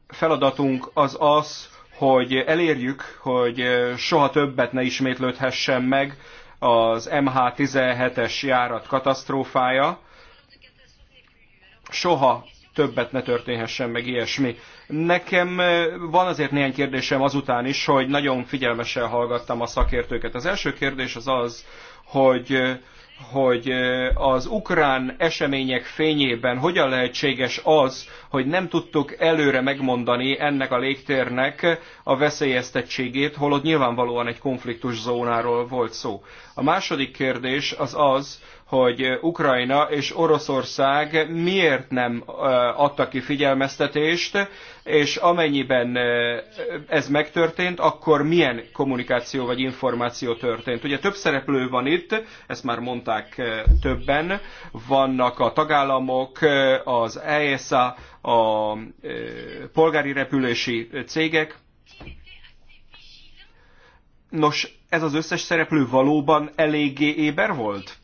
feladatunk az az, hogy elérjük, hogy soha többet ne ismétlődhessen meg az MH17-es járat katasztrófája. Soha többet ne történhessen meg ilyesmi. Nekem eh, van azért néhány kérdésem azután is, hogy nagyon figyelmesen hallgattam a szakértőket. Az első kérdés az az, hogy eh, hogy eh, az ukrán események fényében hogyan lehetséges az, hogy nem tudtuk előre megmondani ennek a légtérnek a veszélyeztettségét, holott nyilvánvalóan egy konfliktus zónáról volt szó. A második kérdés az az, hogy Ukrajna és Oroszország miért nem adta ki figyelmeztetést, és amennyiben ez megtörtént, akkor milyen kommunikáció vagy információ történt. Ugye több szereplő van itt, ezt már mondták többen, vannak a tagállamok, az ESA, a polgári repülési cégek. Nos, ez az összes szereplő valóban eléggé éber volt?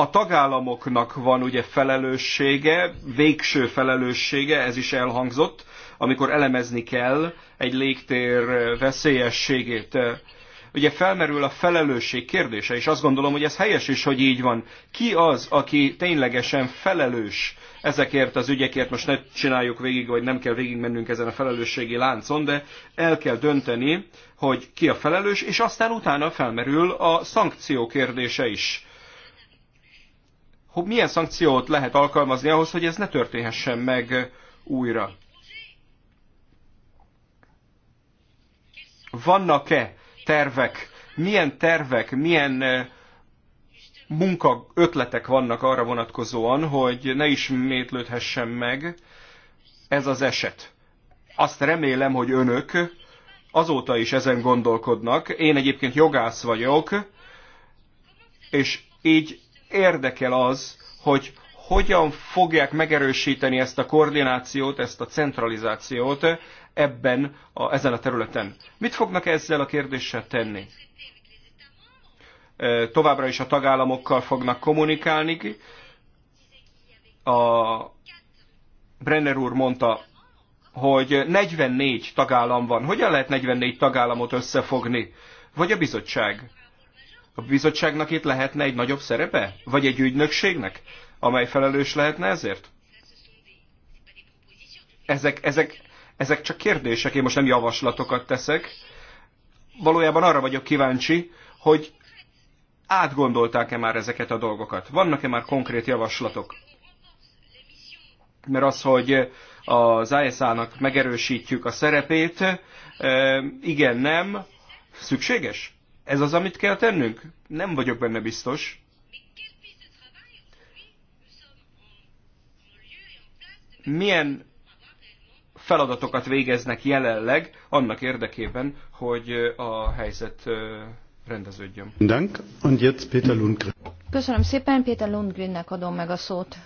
a tagállamoknak van ugye felelőssége, végső felelőssége, ez is elhangzott, amikor elemezni kell egy légtér veszélyességét. Ugye felmerül a felelősség kérdése, és azt gondolom, hogy ez helyes is, hogy így van. Ki az, aki ténylegesen felelős ezekért az ügyekért? Most ne csináljuk végig, vagy nem kell végigmennünk ezen a felelősségi láncon, de el kell dönteni, hogy ki a felelős, és aztán utána felmerül a szankció kérdése is milyen szankciót lehet alkalmazni ahhoz, hogy ez ne történhessen meg újra? Vannak-e tervek, milyen tervek, milyen munka ötletek vannak arra vonatkozóan, hogy ne ismétlődhessen meg ez az eset? Azt remélem, hogy önök azóta is ezen gondolkodnak. Én egyébként jogász vagyok, és így érdekel az, hogy hogyan fogják megerősíteni ezt a koordinációt, ezt a centralizációt ebben, a, ezen a területen. Mit fognak ezzel a kérdéssel tenni? Továbbra is a tagállamokkal fognak kommunikálni. A Brenner úr mondta, hogy 44 tagállam van. Hogyan lehet 44 tagállamot összefogni? Vagy a bizottság? A bizottságnak itt lehetne egy nagyobb szerepe? Vagy egy ügynökségnek, amely felelős lehetne ezért? Ezek, ezek, ezek csak kérdések, én most nem javaslatokat teszek. Valójában arra vagyok kíváncsi, hogy átgondolták-e már ezeket a dolgokat? Vannak-e már konkrét javaslatok? Mert az, hogy az ISA-nak megerősítjük a szerepét, igen, nem, szükséges? Ez az, amit kell tennünk? Nem vagyok benne biztos. Milyen feladatokat végeznek jelenleg annak érdekében, hogy a helyzet rendeződjön. Dank, und jetzt Peter Lundgren. Köszönöm szépen, Péter Lundgrennek adom meg a szót.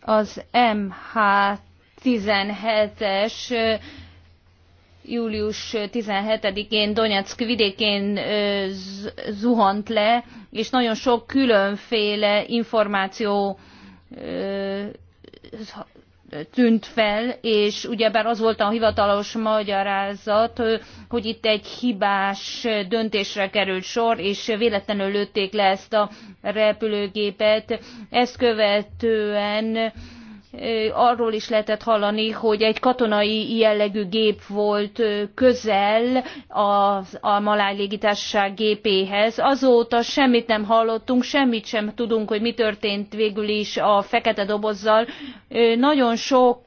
Az MHT 17-es július 17-én Donetsk vidékén zuhant le, és nagyon sok különféle információ tűnt fel, és ugyebár az volt a hivatalos magyarázat, hogy itt egy hibás döntésre került sor, és véletlenül lőtték le ezt a repülőgépet. Ezt követően arról is lehetett hallani, hogy egy katonai jellegű gép volt közel a, a maláj légitársaság gépéhez. Azóta semmit nem hallottunk, semmit sem tudunk, hogy mi történt végül is a fekete dobozzal. Nagyon sok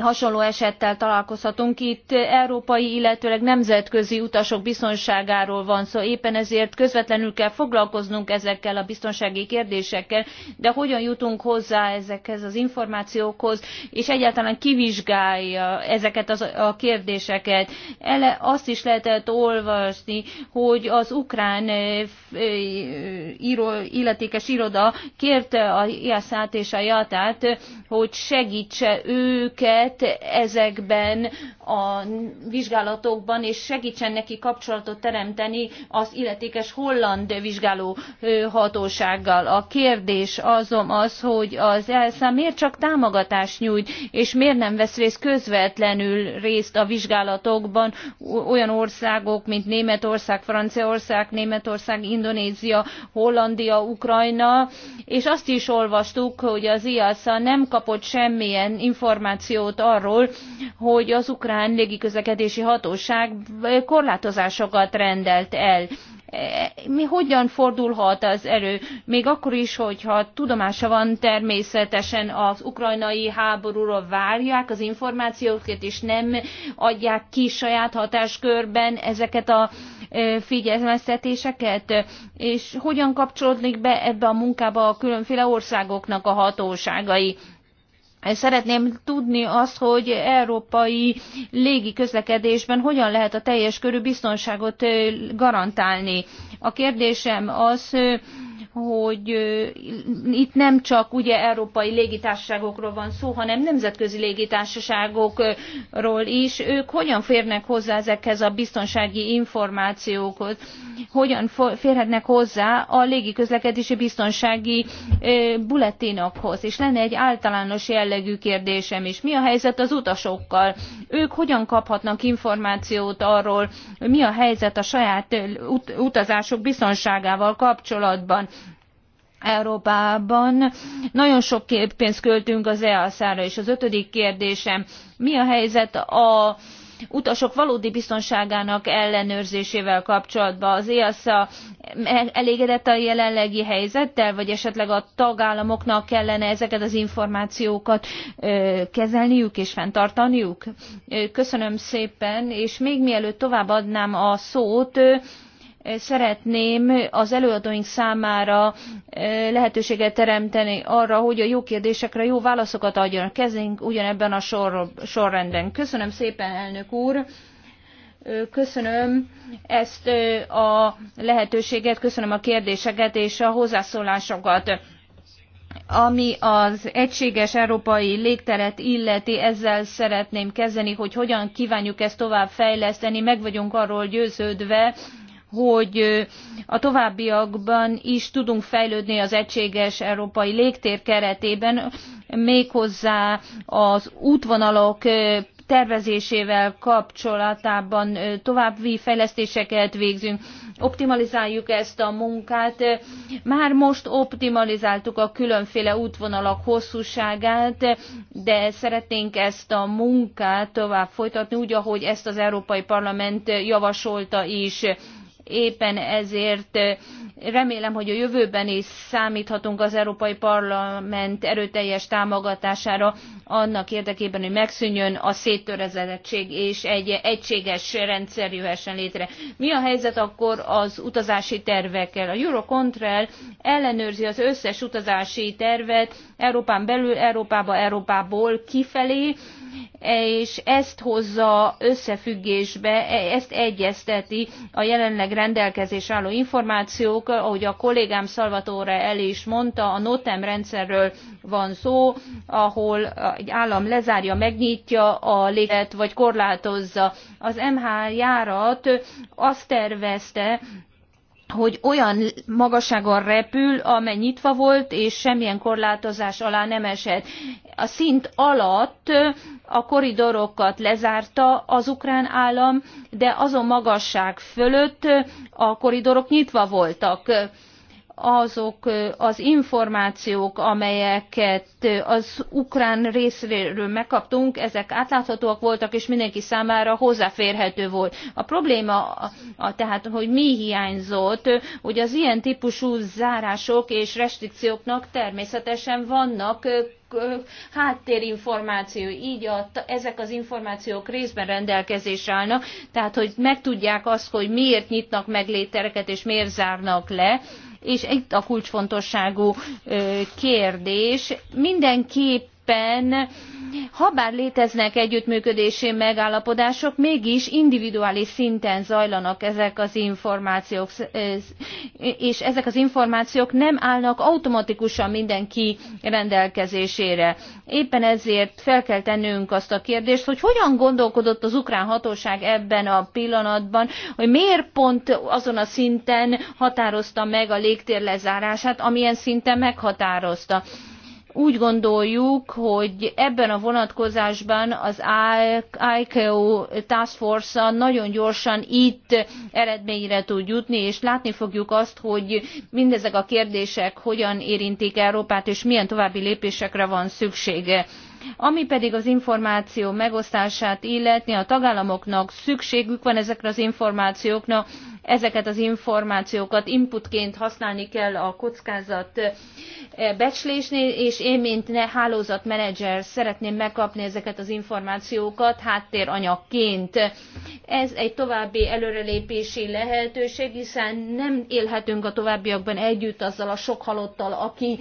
hasonló esettel találkozhatunk itt európai illetőleg nemzetközi utasok biztonságáról van szó éppen ezért közvetlenül kell foglalkoznunk ezekkel a biztonsági kérdésekkel de hogyan jutunk hozzá ezekhez az információkhoz és egyáltalán kivizsgálja ezeket a kérdéseket. Ele azt is lehetett olvasni hogy az ukrán eh, eh, illetékes iroda kérte a iaszát és a jatát hogy segítse őket részt ezekben a vizsgálatokban, és segítsen neki kapcsolatot teremteni az illetékes holland vizsgáló hatósággal. A kérdés azom az, hogy az elszám. miért csak támogatást nyújt, és miért nem vesz részt közvetlenül részt a vizsgálatokban olyan országok, mint Németország, Franciaország, Németország, Indonézia, Hollandia, Ukrajna, és azt is olvastuk, hogy az IASZA nem kapott semmilyen információt tájékoztatott arról, hogy az ukrán légiközlekedési hatóság korlátozásokat rendelt el mi hogyan fordulhat az erő, még akkor is, hogyha tudomása van természetesen az ukrajnai háborúról várják az információkat, és nem adják ki saját hatáskörben ezeket a figyelmeztetéseket, és hogyan kapcsolódik be ebbe a munkába a különféle országoknak a hatóságai Szeretném tudni azt, hogy európai légi közlekedésben hogyan lehet a teljes körű biztonságot garantálni. A kérdésem az, hogy itt nem csak ugye európai légitársaságokról van szó, hanem nemzetközi légitársaságokról is. Ők hogyan férnek hozzá ezekhez a biztonsági információkhoz? Hogyan férhetnek hozzá a légiközlekedési biztonsági bulletinokhoz? És lenne egy általános jellegű kérdésem is. Mi a helyzet az utasokkal? Ők hogyan kaphatnak információt arról, mi a helyzet a saját utazások biztonságával kapcsolatban? Európában. Nagyon sok pénzt költünk az EASZ-ra, és az ötödik kérdésem, mi a helyzet a utasok valódi biztonságának ellenőrzésével kapcsolatban. Az EASA elégedett a jelenlegi helyzettel, vagy esetleg a tagállamoknak kellene ezeket az információkat kezelniük és fenntartaniuk? Köszönöm szépen, és még mielőtt továbbadnám a szót, szeretném az előadóink számára lehetőséget teremteni arra, hogy a jó kérdésekre jó válaszokat adjanak. Kezdjünk ugyanebben a sor, sorrendben. Köszönöm szépen, elnök úr! Köszönöm ezt a lehetőséget, köszönöm a kérdéseket és a hozzászólásokat ami az egységes európai légteret illeti, ezzel szeretném kezdeni, hogy hogyan kívánjuk ezt tovább fejleszteni. Meg vagyunk arról győződve, hogy a továbbiakban is tudunk fejlődni az egységes európai légtér keretében, méghozzá az útvonalok tervezésével kapcsolatában további fejlesztéseket végzünk, optimalizáljuk ezt a munkát. Már most optimalizáltuk a különféle útvonalak hosszúságát, de szeretnénk ezt a munkát tovább folytatni, úgy, ahogy ezt az Európai Parlament javasolta is éppen ezért remélem, hogy a jövőben is számíthatunk az Európai Parlament erőteljes támogatására annak érdekében, hogy megszűnjön a széttörezettség és egy egységes rendszer jöhessen létre. Mi a helyzet akkor az utazási tervekkel? A Eurocontrol ellenőrzi az összes utazási tervet Európán belül, Európába, Európából kifelé, és ezt hozza összefüggésbe, ezt egyezteti a jelenleg rendelkezés álló információk, ahogy a kollégám Szalvatóra el is mondta, a NOTEM rendszerről van szó, ahol egy állam lezárja, megnyitja a léget, vagy korlátozza. Az MH járat azt tervezte, hogy olyan magasságon repül, amely nyitva volt, és semmilyen korlátozás alá nem esett. A szint alatt a koridorokat lezárta az ukrán állam, de azon magasság fölött a koridorok nyitva voltak azok az információk, amelyeket az ukrán részéről megkaptunk, ezek átláthatóak voltak, és mindenki számára hozzáférhető volt. A probléma a, a, tehát, hogy mi hiányzott, hogy az ilyen típusú zárások és restrikcióknak természetesen vannak háttérinformáció, így a, ezek az információk részben rendelkezésre állnak, tehát hogy megtudják azt, hogy miért nyitnak meg létereket és miért zárnak le, és itt a kulcsfontosságú kérdés. Mindenképp éppen habár léteznek együttműködési megállapodások mégis individuális szinten zajlanak ezek az információk és ezek az információk nem állnak automatikusan mindenki rendelkezésére. éppen ezért fel kell tennünk azt a kérdést hogy hogyan gondolkodott az ukrán hatóság ebben a pillanatban hogy miért pont azon a szinten határozta meg a légtér lezárását amilyen szinten meghatározta. Úgy gondoljuk, hogy ebben a vonatkozásban az ICAO e Task Force nagyon gyorsan itt eredményre tud jutni, és látni fogjuk azt, hogy mindezek a kérdések hogyan érintik Európát, és milyen további lépésekre van szüksége ami pedig az információ megosztását illeti, a tagállamoknak szükségük van ezekre az információknak, ezeket az információkat inputként használni kell a kockázat eh, becslésnél, és én, mint ne hálózatmenedzser szeretném megkapni ezeket az információkat háttéranyagként. Ez egy további előrelépési lehetőség, hiszen nem élhetünk a továbbiakban együtt azzal a sok halottal, aki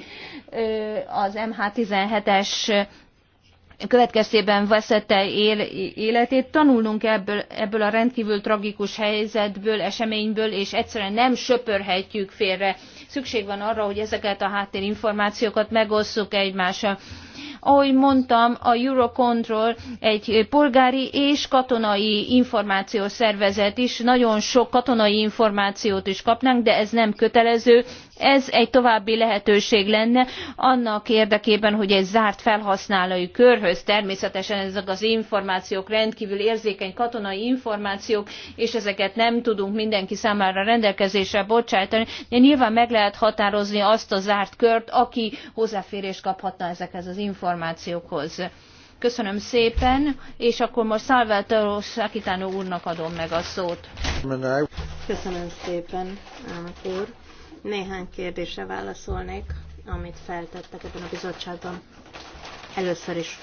eh, az MH17-es következtében veszette él, életét. Tanulnunk ebből, ebből a rendkívül tragikus helyzetből, eseményből, és egyszerűen nem söpörhetjük félre. Szükség van arra, hogy ezeket a háttérinformációkat megosszuk egymással. Ahogy mondtam, a Eurocontrol egy polgári és katonai információs szervezet is, nagyon sok katonai információt is kapnánk, de ez nem kötelező, ez egy további lehetőség lenne annak érdekében, hogy egy zárt felhasználói körhöz természetesen ezek az információk rendkívül érzékeny katonai információk, és ezeket nem tudunk mindenki számára rendelkezésre bocsátani, de nyilván meg lehet határozni azt a zárt kört, aki hozzáférést kaphatna ezekhez az információkhoz. Köszönöm szépen, és akkor most Salvatore Sakitano úrnak adom meg a szót. Köszönöm szépen, elnök úr. Néhány kérdésre válaszolnék, amit feltettek ebben a bizottságban. Először is.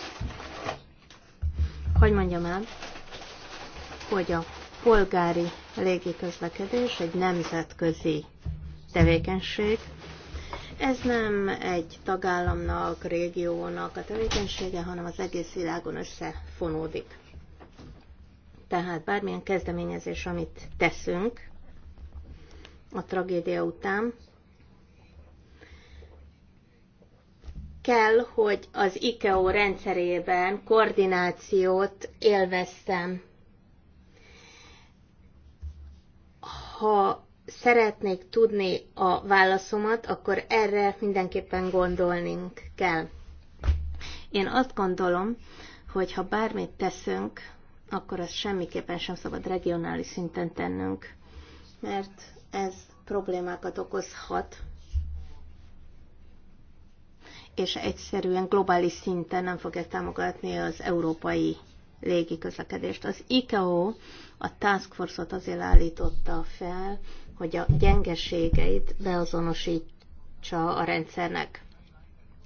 Hogy mondjam el, hogy a polgári légiközlekedés egy nemzetközi tevékenység, ez nem egy tagállamnak, régiónak a tevékenysége, hanem az egész világon összefonódik. Tehát bármilyen kezdeményezés, amit teszünk a tragédia után, kell, hogy az IKEO rendszerében koordinációt élveztem. Ha szeretnék tudni a válaszomat, akkor erre mindenképpen gondolnunk kell. Én azt gondolom, hogy ha bármit teszünk, akkor azt semmiképpen sem szabad regionális szinten tennünk, mert ez problémákat okozhat, és egyszerűen globális szinten nem fogja támogatni az európai légiközlekedést. Az ICAO a Task Force-ot azért állította fel, hogy a gyengeségeit beazonosítsa a rendszernek.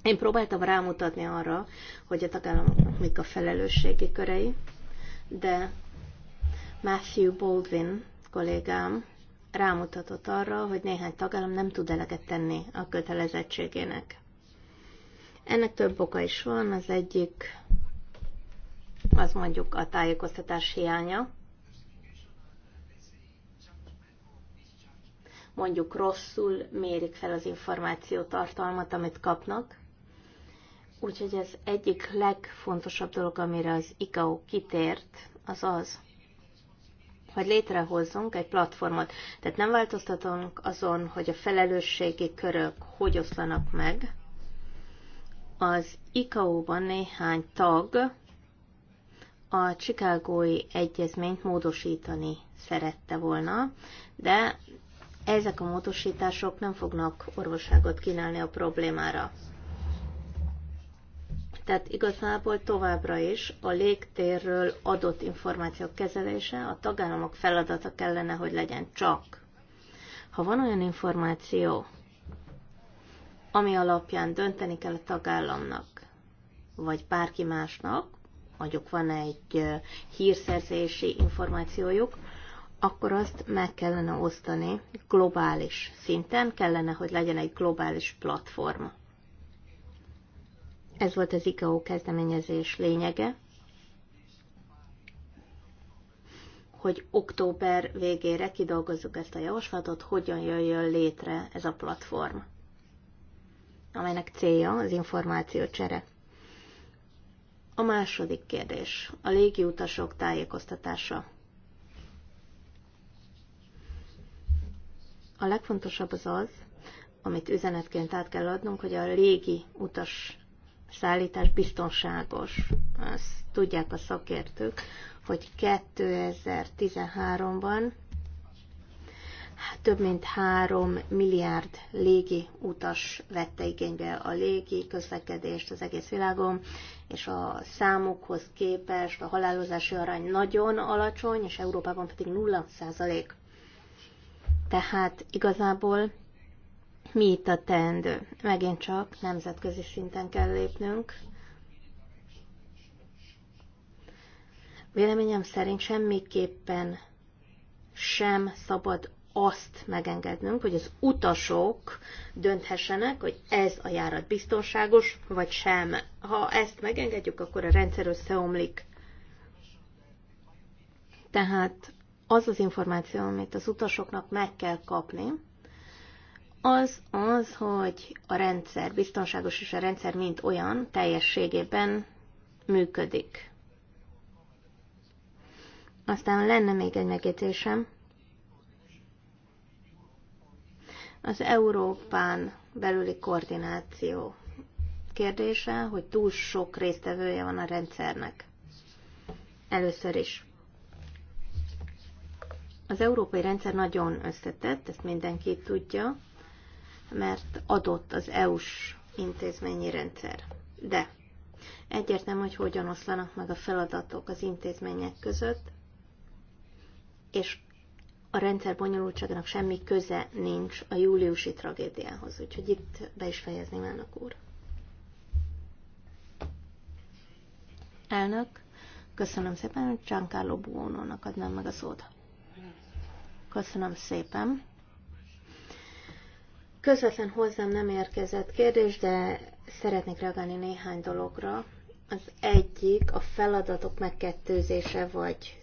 Én próbáltam rámutatni arra, hogy a tagállamoknak mik a felelősségi körei, de Matthew Baldwin kollégám rámutatott arra, hogy néhány tagállam nem tud eleget tenni a kötelezettségének. Ennek több oka is van, az egyik az mondjuk a tájékoztatás hiánya, mondjuk rosszul mérik fel az információ tartalmat, amit kapnak. Úgyhogy az egyik legfontosabb dolog, amire az ICAO kitért, az az, hogy létrehozzunk egy platformot. Tehát nem változtatunk azon, hogy a felelősségi körök hogy oszlanak meg. Az ICAO-ban néhány tag a Csikágói Egyezményt módosítani szerette volna, de ezek a módosítások nem fognak orvosságot kínálni a problémára. Tehát igazából továbbra is a légtérről adott információk kezelése a tagállamok feladata kellene, hogy legyen csak. Ha van olyan információ, ami alapján dönteni kell a tagállamnak, vagy bárki másnak, mondjuk van egy hírszerzési információjuk, akkor azt meg kellene osztani globális szinten, kellene, hogy legyen egy globális platforma. Ez volt az ICAO kezdeményezés lényege, hogy október végére kidolgozzuk ezt a javaslatot, hogyan jöjjön létre ez a platform, amelynek célja az információcsere. A második kérdés, a légiutasok tájékoztatása. A legfontosabb az az, amit üzenetként át kell adnunk, hogy a légi utas szállítás biztonságos. Ezt tudják a szakértők, hogy 2013-ban több mint 3 milliárd légi utas vette igénybe a légi közlekedést az egész világon, és a számokhoz képest a halálozási arány nagyon alacsony, és Európában pedig 0 százalék. Tehát igazából mi itt a teendő? Megint csak nemzetközi szinten kell lépnünk. Véleményem szerint semmiképpen sem szabad azt megengednünk, hogy az utasok dönthessenek, hogy ez a járat biztonságos, vagy sem. Ha ezt megengedjük, akkor a rendszer összeomlik. Tehát az az információ, amit az utasoknak meg kell kapni, az az, hogy a rendszer biztonságos és a rendszer mint olyan teljességében működik. Aztán lenne még egy megjegyzésem. Az Európán belüli koordináció kérdése, hogy túl sok résztvevője van a rendszernek. Először is. Az európai rendszer nagyon összetett, ezt mindenki tudja, mert adott az EU-s intézményi rendszer. De egyértelmű, hogy hogyan oszlanak meg a feladatok az intézmények között, és a rendszer bonyolultságának semmi köze nincs a júliusi tragédiához. Úgyhogy itt be is fejezném, elnök úr. Elnök, köszönöm szépen, Giancarlo Buono-nak adnám meg a szót. Köszönöm szépen. Közvetlen hozzám nem érkezett kérdés, de szeretnék reagálni néhány dologra. Az egyik a feladatok megkettőzése vagy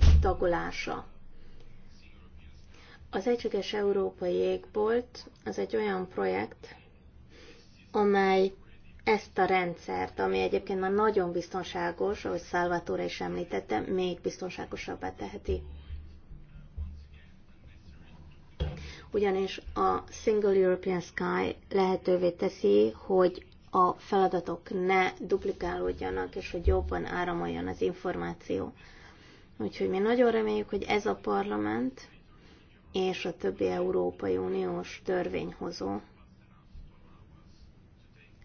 széttagolása. Az Egységes Európai égbolt, az egy olyan projekt, amely ezt a rendszert, ami egyébként már nagyon biztonságos, ahogy Salvatore is említette, még biztonságosabbá teheti. ugyanis a Single European Sky lehetővé teszi, hogy a feladatok ne duplikálódjanak, és hogy jobban áramoljon az információ. Úgyhogy mi nagyon reméljük, hogy ez a parlament és a többi Európai Uniós törvényhozó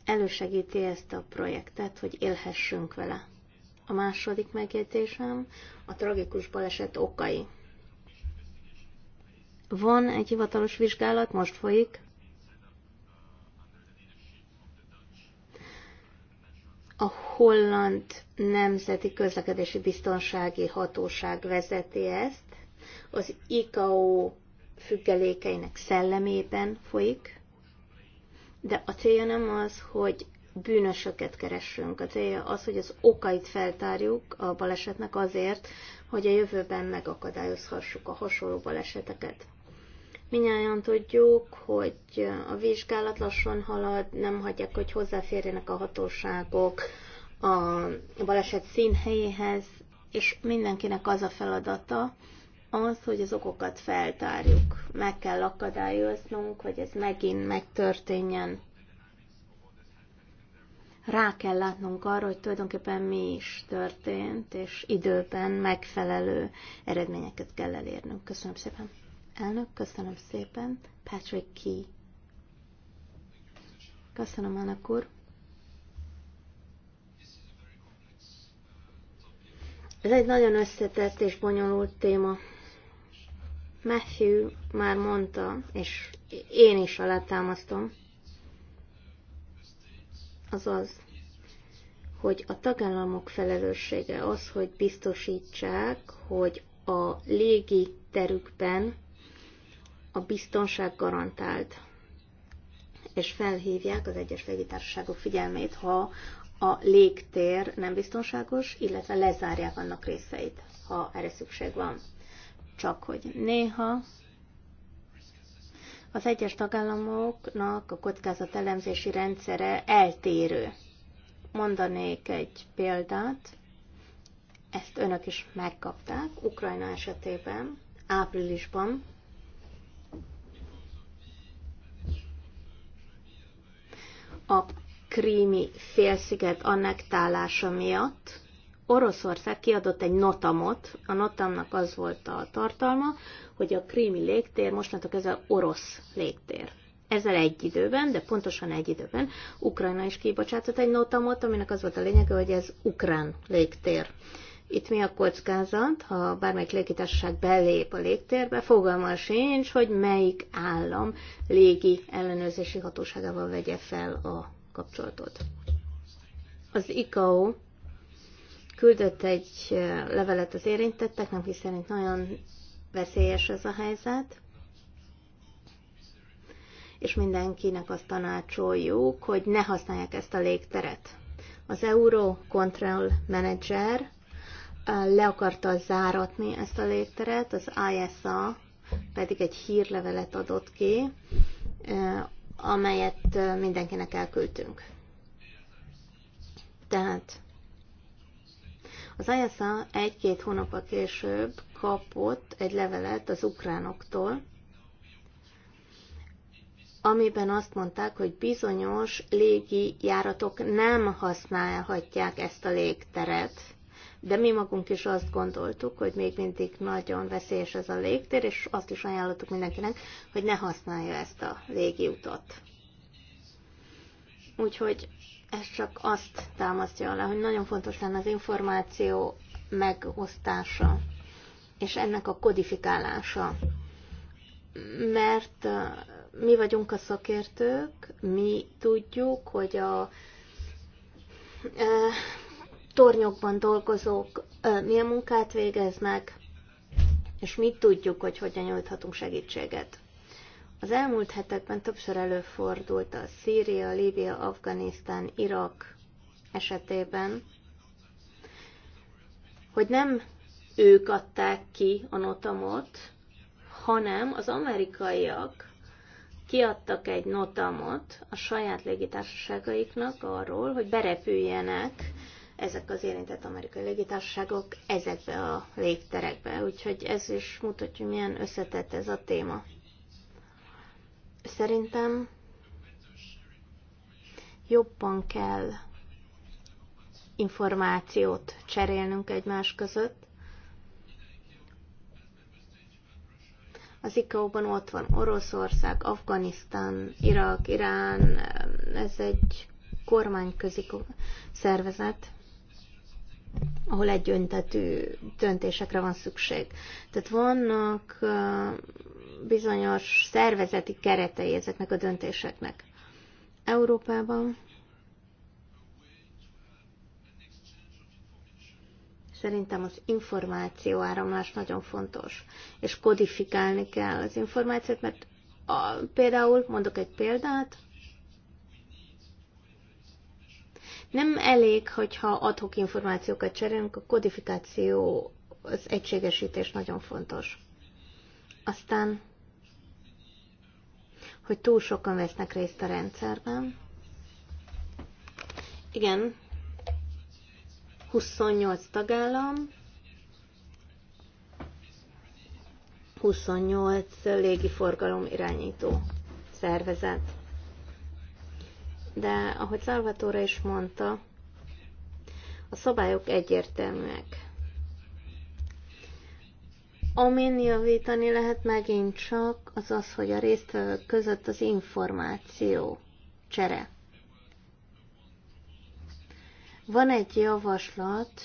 elősegíti ezt a projektet, hogy élhessünk vele. A második megjegyzésem a tragikus baleset okai. Van egy hivatalos vizsgálat, most folyik. A holland nemzeti közlekedési biztonsági hatóság vezeti ezt. Az ICAO függelékeinek szellemében folyik, de a célja nem az, hogy bűnösöket keressünk. A célja az, hogy az okait feltárjuk a balesetnek azért, hogy a jövőben megakadályozhassuk a hasonló baleseteket. Minnyáján tudjuk, hogy a vizsgálat lassan halad, nem hagyják, hogy hozzáférjenek a hatóságok a baleset színhelyéhez, és mindenkinek az a feladata, az, hogy az okokat feltárjuk. Meg kell akadályoznunk, hogy ez megint megtörténjen. Rá kell látnunk arra, hogy tulajdonképpen mi is történt, és időben megfelelő eredményeket kell elérnünk. Köszönöm szépen! Elnök, köszönöm szépen. Patrick Key. Köszönöm, elnök úr. Ez egy nagyon összetett és bonyolult téma. Matthew már mondta, és én is alátámasztom, azaz, hogy a tagállamok felelőssége az, hogy biztosítsák, hogy a légi terükben a biztonság garantált, és felhívják az egyes légitársaságok figyelmét, ha a légtér nem biztonságos, illetve lezárják annak részeit, ha erre szükség van. Csak hogy néha az egyes tagállamoknak a elemzési rendszere eltérő. Mondanék egy példát, ezt önök is megkapták Ukrajna esetében, áprilisban a krími félsziget annektálása miatt Oroszország kiadott egy notamot. A notamnak az volt a tartalma, hogy a krími légtér mostantól kezdve orosz légtér. Ezzel egy időben, de pontosan egy időben Ukrajna is kibocsátott egy notamot, aminek az volt a lényege, hogy ez ukrán légtér. Itt mi a kockázat, ha bármelyik légitársaság belép a légtérbe, fogalma sincs, hogy melyik állam légi ellenőrzési hatóságával vegye fel a kapcsolatot. Az ICAO küldött egy levelet az érintetteknek, miszerint nagyon veszélyes ez a helyzet, és mindenkinek azt tanácsoljuk, hogy ne használják ezt a légteret. Az Euro Control Manager le akarta záratni ezt a légteret, az ISA pedig egy hírlevelet adott ki, amelyet mindenkinek elküldtünk. Tehát az ISA egy-két hónappal később kapott egy levelet az ukránoktól, amiben azt mondták, hogy bizonyos légi járatok nem használhatják ezt a légteret, de mi magunk is azt gondoltuk, hogy még mindig nagyon veszélyes ez a légtér, és azt is ajánlottuk mindenkinek, hogy ne használja ezt a légiutat. Úgyhogy ez csak azt támasztja alá, hogy nagyon fontos lenne az információ megosztása, és ennek a kodifikálása. Mert mi vagyunk a szakértők, mi tudjuk, hogy a tornyokban dolgozók milyen munkát végeznek, és mit tudjuk, hogy hogyan nyújthatunk segítséget. Az elmúlt hetekben többször előfordult a Szíria, Líbia, Afganisztán, Irak esetében, hogy nem ők adták ki a notamot, hanem az amerikaiak kiadtak egy notamot a saját légitársaságaiknak arról, hogy berepüljenek ezek az érintett amerikai légitársaságok ezekbe a légterekbe. Úgyhogy ez is mutatja, hogy milyen összetett ez a téma. Szerintem jobban kell információt cserélnünk egymás között. Az ICAO-ban ott van Oroszország, Afganisztán, Irak, Irán, ez egy kormányközi szervezet, ahol öntetű döntésekre van szükség. Tehát vannak bizonyos szervezeti keretei ezeknek a döntéseknek. Európában szerintem az információ áramlás nagyon fontos, és kodifikálni kell az információt, mert a, például mondok egy példát, Nem elég, hogyha adhok információkat cserélünk, a kodifikáció, az egységesítés nagyon fontos. Aztán, hogy túl sokan vesznek részt a rendszerben. Igen, 28 tagállam, 28 légiforgalom irányító szervezet de ahogy Salvatore is mondta, a szabályok egyértelműek. Amin javítani lehet megint csak, az az, hogy a résztvevők között az információ csere. Van egy javaslat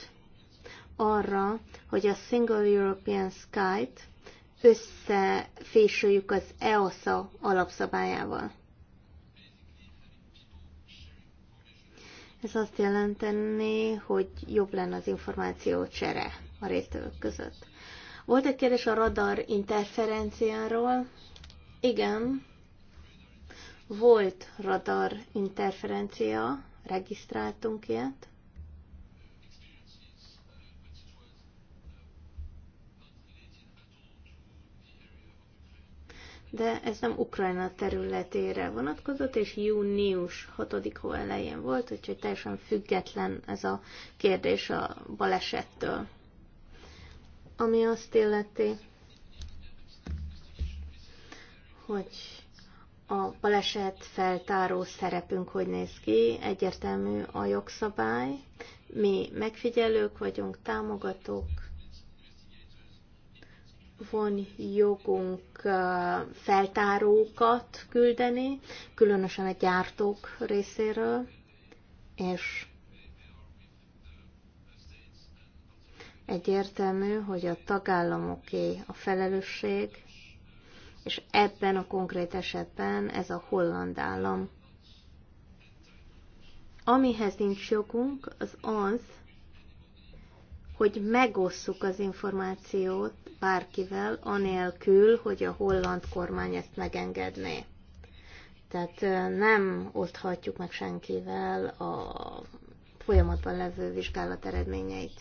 arra, hogy a Single European Skype összefésüljük az EOSA alapszabályával. Ez azt jelenteni, hogy jobb lenne az információ csere a résztvevők között. Volt egy kérdés a radar interferenciáról. Igen, volt radar interferencia, regisztráltunk ilyet. de ez nem Ukrajna területére vonatkozott, és június 6-a elején volt, úgyhogy teljesen független ez a kérdés a balesettől. Ami azt illeti, hogy a baleset feltáró szerepünk hogy néz ki, egyértelmű a jogszabály, mi megfigyelők vagyunk, támogatók, van jogunk feltárókat küldeni, különösen a gyártók részéről, és egyértelmű, hogy a tagállamoké a felelősség, és ebben a konkrét esetben ez a holland állam. Amihez nincs jogunk, az az, hogy megosszuk az információt bárkivel, anélkül, hogy a holland kormány ezt megengedné. Tehát nem oszthatjuk meg senkivel a folyamatban levő vizsgálat eredményeit.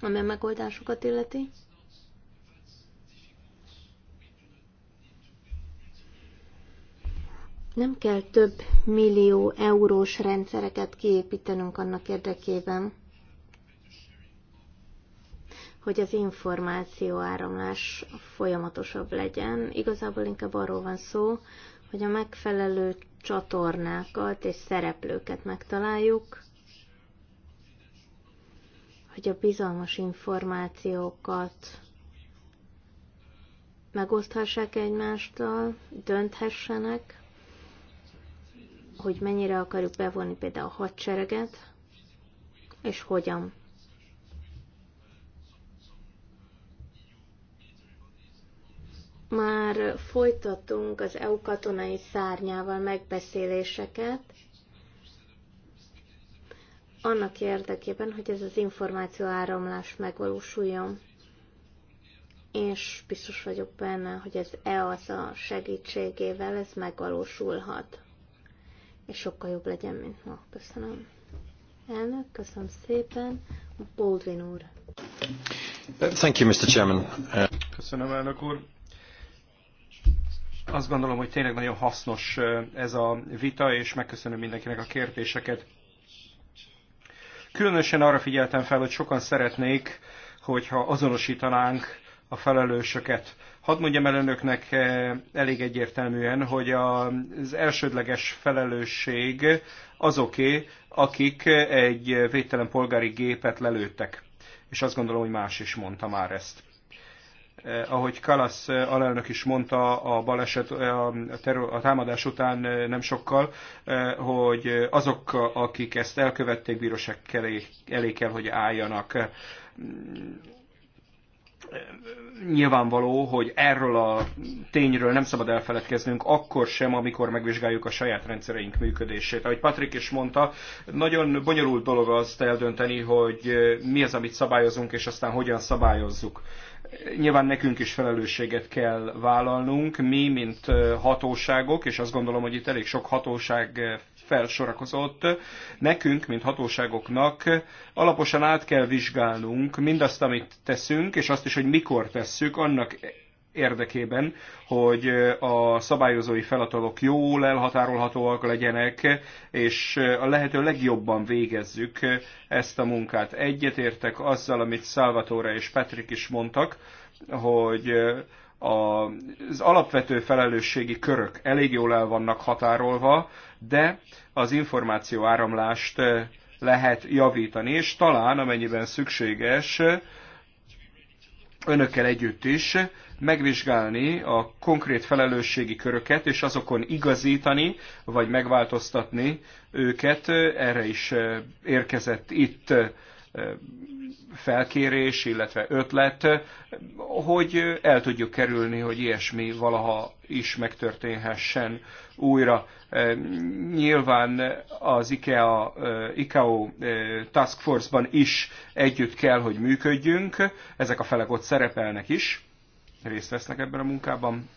Ami a megoldásokat illeti? Nem kell több millió eurós rendszereket kiépítenünk annak érdekében, hogy az információ áramlás folyamatosabb legyen. Igazából inkább arról van szó, hogy a megfelelő csatornákat és szereplőket megtaláljuk, hogy a bizalmas információkat megoszthassák egymástól, dönthessenek, hogy mennyire akarjuk bevonni például a hadsereget, és hogyan. Már folytatunk az EU katonai szárnyával megbeszéléseket, annak érdekében, hogy ez az információ áramlás megvalósuljon. És biztos vagyok benne, hogy az EASA segítségével ez megvalósulhat. És sokkal jobb legyen, mint ma. Köszönöm. Elnök, köszönöm szépen. Baldwin úr. Thank you, Mr. Chairman. Köszönöm, elnök úr. Azt gondolom, hogy tényleg nagyon hasznos ez a vita, és megköszönöm mindenkinek a kérdéseket. Különösen arra figyeltem fel, hogy sokan szeretnék, hogyha azonosítanánk a felelősöket. Hadd mondjam el önöknek elég egyértelműen, hogy az elsődleges felelősség azoké, akik egy védtelen polgári gépet lelőttek. És azt gondolom, hogy más is mondta már ezt. Eh, ahogy Kalasz eh, alelnök is mondta a baleset, eh, a, terror, a támadás után nem sokkal, hogy azok, akik ezt elkövették, bíróság elé, elé kell, hogy álljanak. Mm, nyilvánvaló, hogy erről a tényről nem szabad elfeledkeznünk, akkor sem, amikor megvizsgáljuk a saját rendszereink működését. Ahogy Patrik is mondta, nagyon bonyolult dolog azt eldönteni, hogy mi az, amit szabályozunk, és aztán hogyan szabályozzuk Nyilván nekünk is felelősséget kell vállalnunk, mi, mint hatóságok, és azt gondolom, hogy itt elég sok hatóság felsorakozott, nekünk, mint hatóságoknak alaposan át kell vizsgálnunk mindazt, amit teszünk, és azt is, hogy mikor tesszük, annak érdekében, hogy a szabályozói feladatok jól elhatárolhatóak legyenek, és a lehető legjobban végezzük ezt a munkát. Egyetértek azzal, amit Salvatore és Patrick is mondtak, hogy az alapvető felelősségi körök elég jól el vannak határolva, de az információ áramlást lehet javítani, és talán amennyiben szükséges, önökkel együtt is megvizsgálni a konkrét felelősségi köröket, és azokon igazítani, vagy megváltoztatni őket. Erre is érkezett itt felkérés, illetve ötlet, hogy el tudjuk kerülni, hogy ilyesmi valaha is megtörténhessen újra. Nyilván az IKEA, ICAO Task Force-ban is együtt kell, hogy működjünk, ezek a felek ott szerepelnek is, részt vesznek ebben a munkában.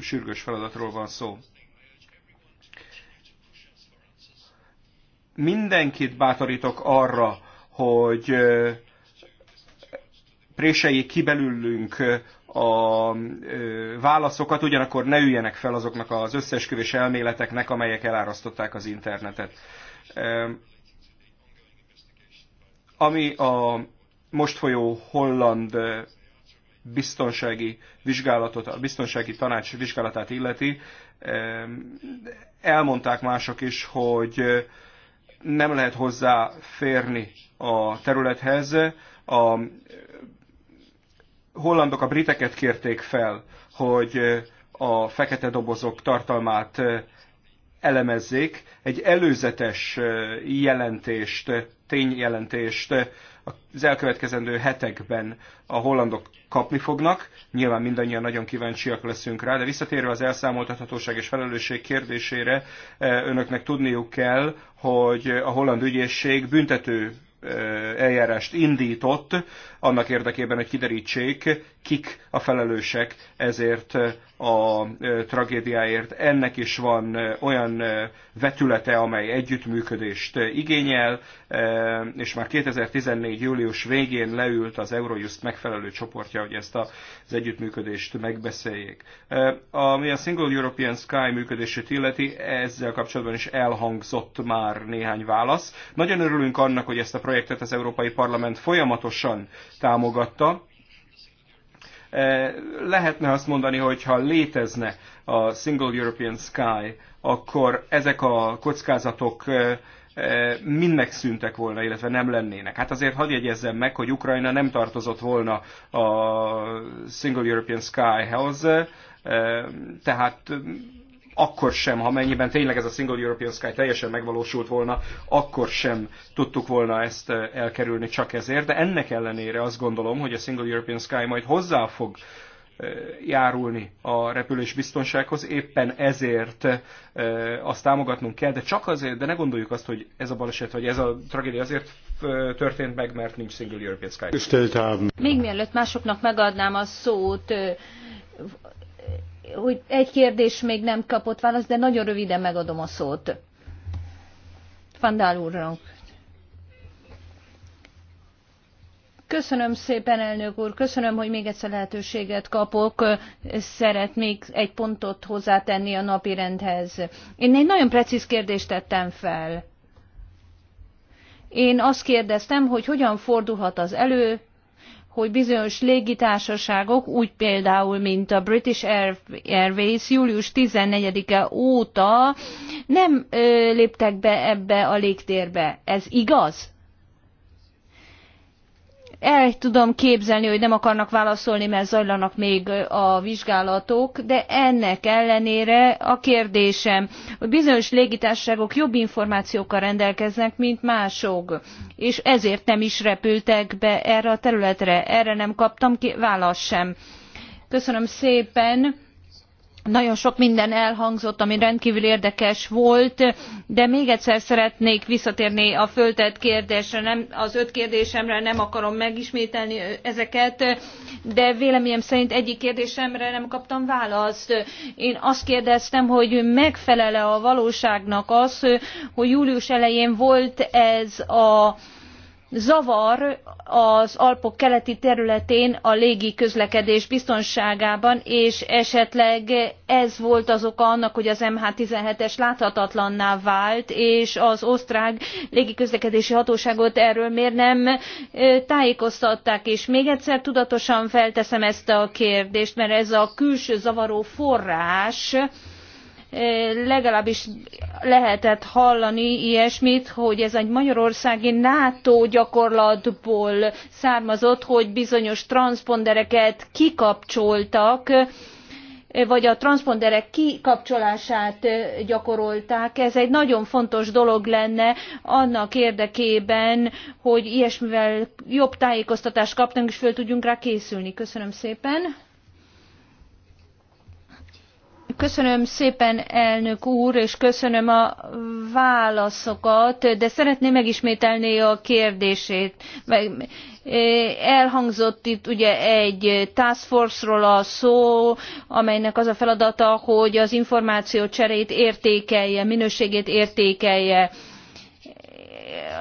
Sürgős feladatról van szó. Mindenkit bátorítok arra, hogy préseljék kibelüllünk a válaszokat, ugyanakkor ne üljenek fel azoknak az összeesküvés elméleteknek, amelyek elárasztották az internetet. Ami a most folyó holland biztonsági vizsgálatot, a biztonsági tanács vizsgálatát illeti, elmondták mások is, hogy nem lehet hozzáférni a területhez. A hollandok a briteket kérték fel, hogy a fekete dobozok tartalmát elemezzék, egy előzetes jelentést, tényjelentést az elkövetkezendő hetekben a hollandok kapni fognak. Nyilván mindannyian nagyon kíváncsiak leszünk rá, de visszatérve az elszámoltathatóság és felelősség kérdésére, eh, önöknek tudniuk kell, hogy a holland ügyészség büntető eljárást indított annak érdekében, hogy kiderítsék, kik a felelősek ezért a tragédiáért. Ennek is van olyan vetülete, amely együttműködést igényel, és már 2014. július végén leült az Eurojust megfelelő csoportja, hogy ezt az együttműködést megbeszéljék. Ami a Single European Sky működését illeti, ezzel kapcsolatban is elhangzott már néhány válasz. Nagyon örülünk annak, hogy ezt a projektet az Európai Parlament folyamatosan támogatta. E, lehetne azt mondani, hogy ha létezne a Single European Sky, akkor ezek a kockázatok e, e, mind megszűntek volna, illetve nem lennének. Hát azért hadd jegyezzem meg, hogy Ukrajna nem tartozott volna a Single European Sky-hez, tehát akkor sem, ha mennyiben tényleg ez a Single European Sky teljesen megvalósult volna, akkor sem tudtuk volna ezt eh, elkerülni csak ezért, de ennek ellenére azt gondolom, hogy a Single European Sky majd hozzá fog eh, járulni a repülés biztonsághoz, éppen ezért eh, azt támogatnunk kell, de csak azért, de ne gondoljuk azt, hogy ez a baleset, vagy ez a tragédia azért történt meg, mert nincs Single European Sky. Még mielőtt másoknak megadnám a szót, hogy egy kérdés még nem kapott választ, de nagyon röviden megadom a szót. Fandál úrnak. Köszönöm szépen, elnök úr, köszönöm, hogy még egyszer lehetőséget kapok. Szeretnék egy pontot hozzátenni a napi rendhez. Én egy nagyon precíz kérdést tettem fel. Én azt kérdeztem, hogy hogyan fordulhat az elő, hogy bizonyos légitársaságok, úgy például, mint a British Airways július 14-e óta nem ö, léptek be ebbe a légtérbe. Ez igaz? El tudom képzelni, hogy nem akarnak válaszolni, mert zajlanak még a vizsgálatok, de ennek ellenére a kérdésem, hogy bizonyos légitársaságok jobb információkkal rendelkeznek, mint mások, és ezért nem is repültek be erre a területre. Erre nem kaptam ki választ sem. Köszönöm szépen nagyon sok minden elhangzott, ami rendkívül érdekes volt, de még egyszer szeretnék visszatérni a föltett kérdésre, nem, az öt kérdésemre nem akarom megismételni ezeket, de véleményem szerint egyik kérdésemre nem kaptam választ. Én azt kérdeztem, hogy megfelele a valóságnak az, hogy július elején volt ez a zavar az Alpok keleti területén a légi közlekedés biztonságában, és esetleg ez volt az oka annak, hogy az mh seventeen es láthatatlanná vált, és az osztrák légiközlekedési hatóságot erről miért nem tájékoztatták. És még egyszer tudatosan felteszem ezt a kérdést, mert ez a külső zavaró forrás, legalábbis lehetett hallani ilyesmit, hogy ez egy magyarországi NATO gyakorlatból származott, hogy bizonyos transpondereket kikapcsoltak, vagy a transponderek kikapcsolását gyakorolták. Ez egy nagyon fontos dolog lenne annak érdekében, hogy ilyesmivel jobb tájékoztatást kaptunk, és föl tudjunk rá készülni. Köszönöm szépen. Köszönöm szépen, elnök úr, és köszönöm a válaszokat, de szeretném megismételni a kérdését. E, elhangzott itt ugye egy task force-ról a szó, amelynek az a feladata, hogy az információ cserét értékelje, minőségét értékelje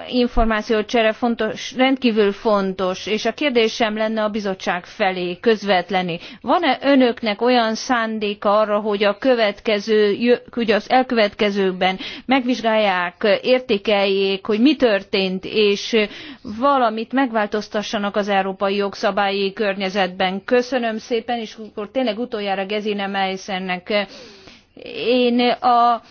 információcsere rendkvül rendkívül fontos, és a kérdésem lenne a bizottság felé közvetleni. Van-e önöknek olyan szándéka arra, hogy a következő, az elkövetkezőkben megvizsgálják, értékeljék, hogy mi történt, és valamit megváltoztassanak az európai jogszabályi környezetben. Köszönöm szépen, és akkor tényleg utoljára gesine Meissennek én a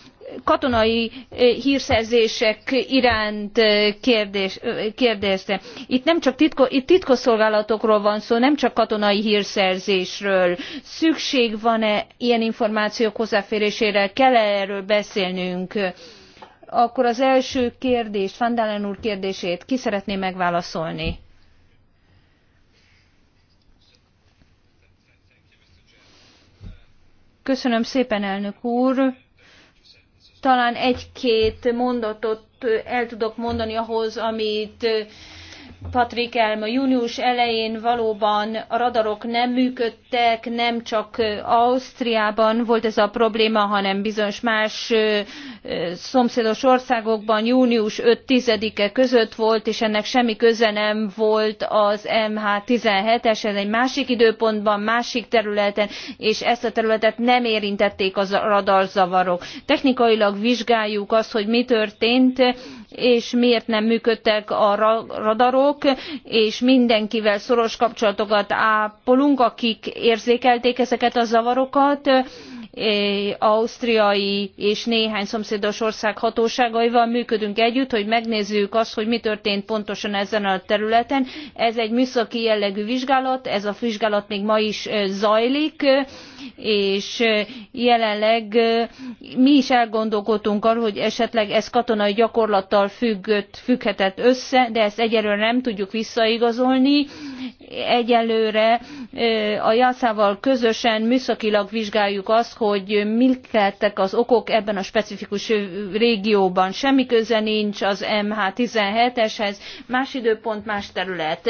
katonai eh, hírszerzések iránt eh, kérdés, eh, kérdezte. Itt nem csak titko, itt titkosszolgálatokról van szó, nem csak katonai hírszerzésről. Szükség van-e ilyen információk hozzáférésére? Kell -e erről beszélnünk? Akkor az első kérdést, Fandalen úr kérdését ki szeretné megválaszolni? Köszönöm szépen, elnök úr! talán egy-két mondatot el tudok mondani ahhoz, amit Patrik Elm, június elején valóban a radarok nem működtek, nem csak Ausztriában volt ez a probléma, hanem bizonyos más szomszédos országokban június 5-10-e között volt, és ennek semmi köze nem volt az MH17-es, ez egy másik időpontban, másik területen, és ezt a területet nem érintették az radarzavarok. Technikailag vizsgáljuk azt, hogy mi történt, és miért nem működtek a radarok, vagyok, és mindenkivel szoros kapcsolatokat ápolunk, akik érzékelték ezeket a zavarokat, ausztriai és néhány szomszédos ország hatóságaival működünk együtt hogy megnézzük azt hogy mi történt pontosan ezen a területen. ez egy műszaki jellegű vizsgálat ez a vizsgálat még ma is zajlik és jelenleg mi is elgondolkodtunk arról hogy esetleg ez katonai gyakorlattal függött, függhetett össze de ezt egyelőre nem tudjuk visszaigazolni egyelőre a jaszával közösen műszakilag vizsgáljuk azt hogy mik lehettek az okok ebben a specifikus régióban. semmi köze nincs az mh seventeen eshez más időpont más terület.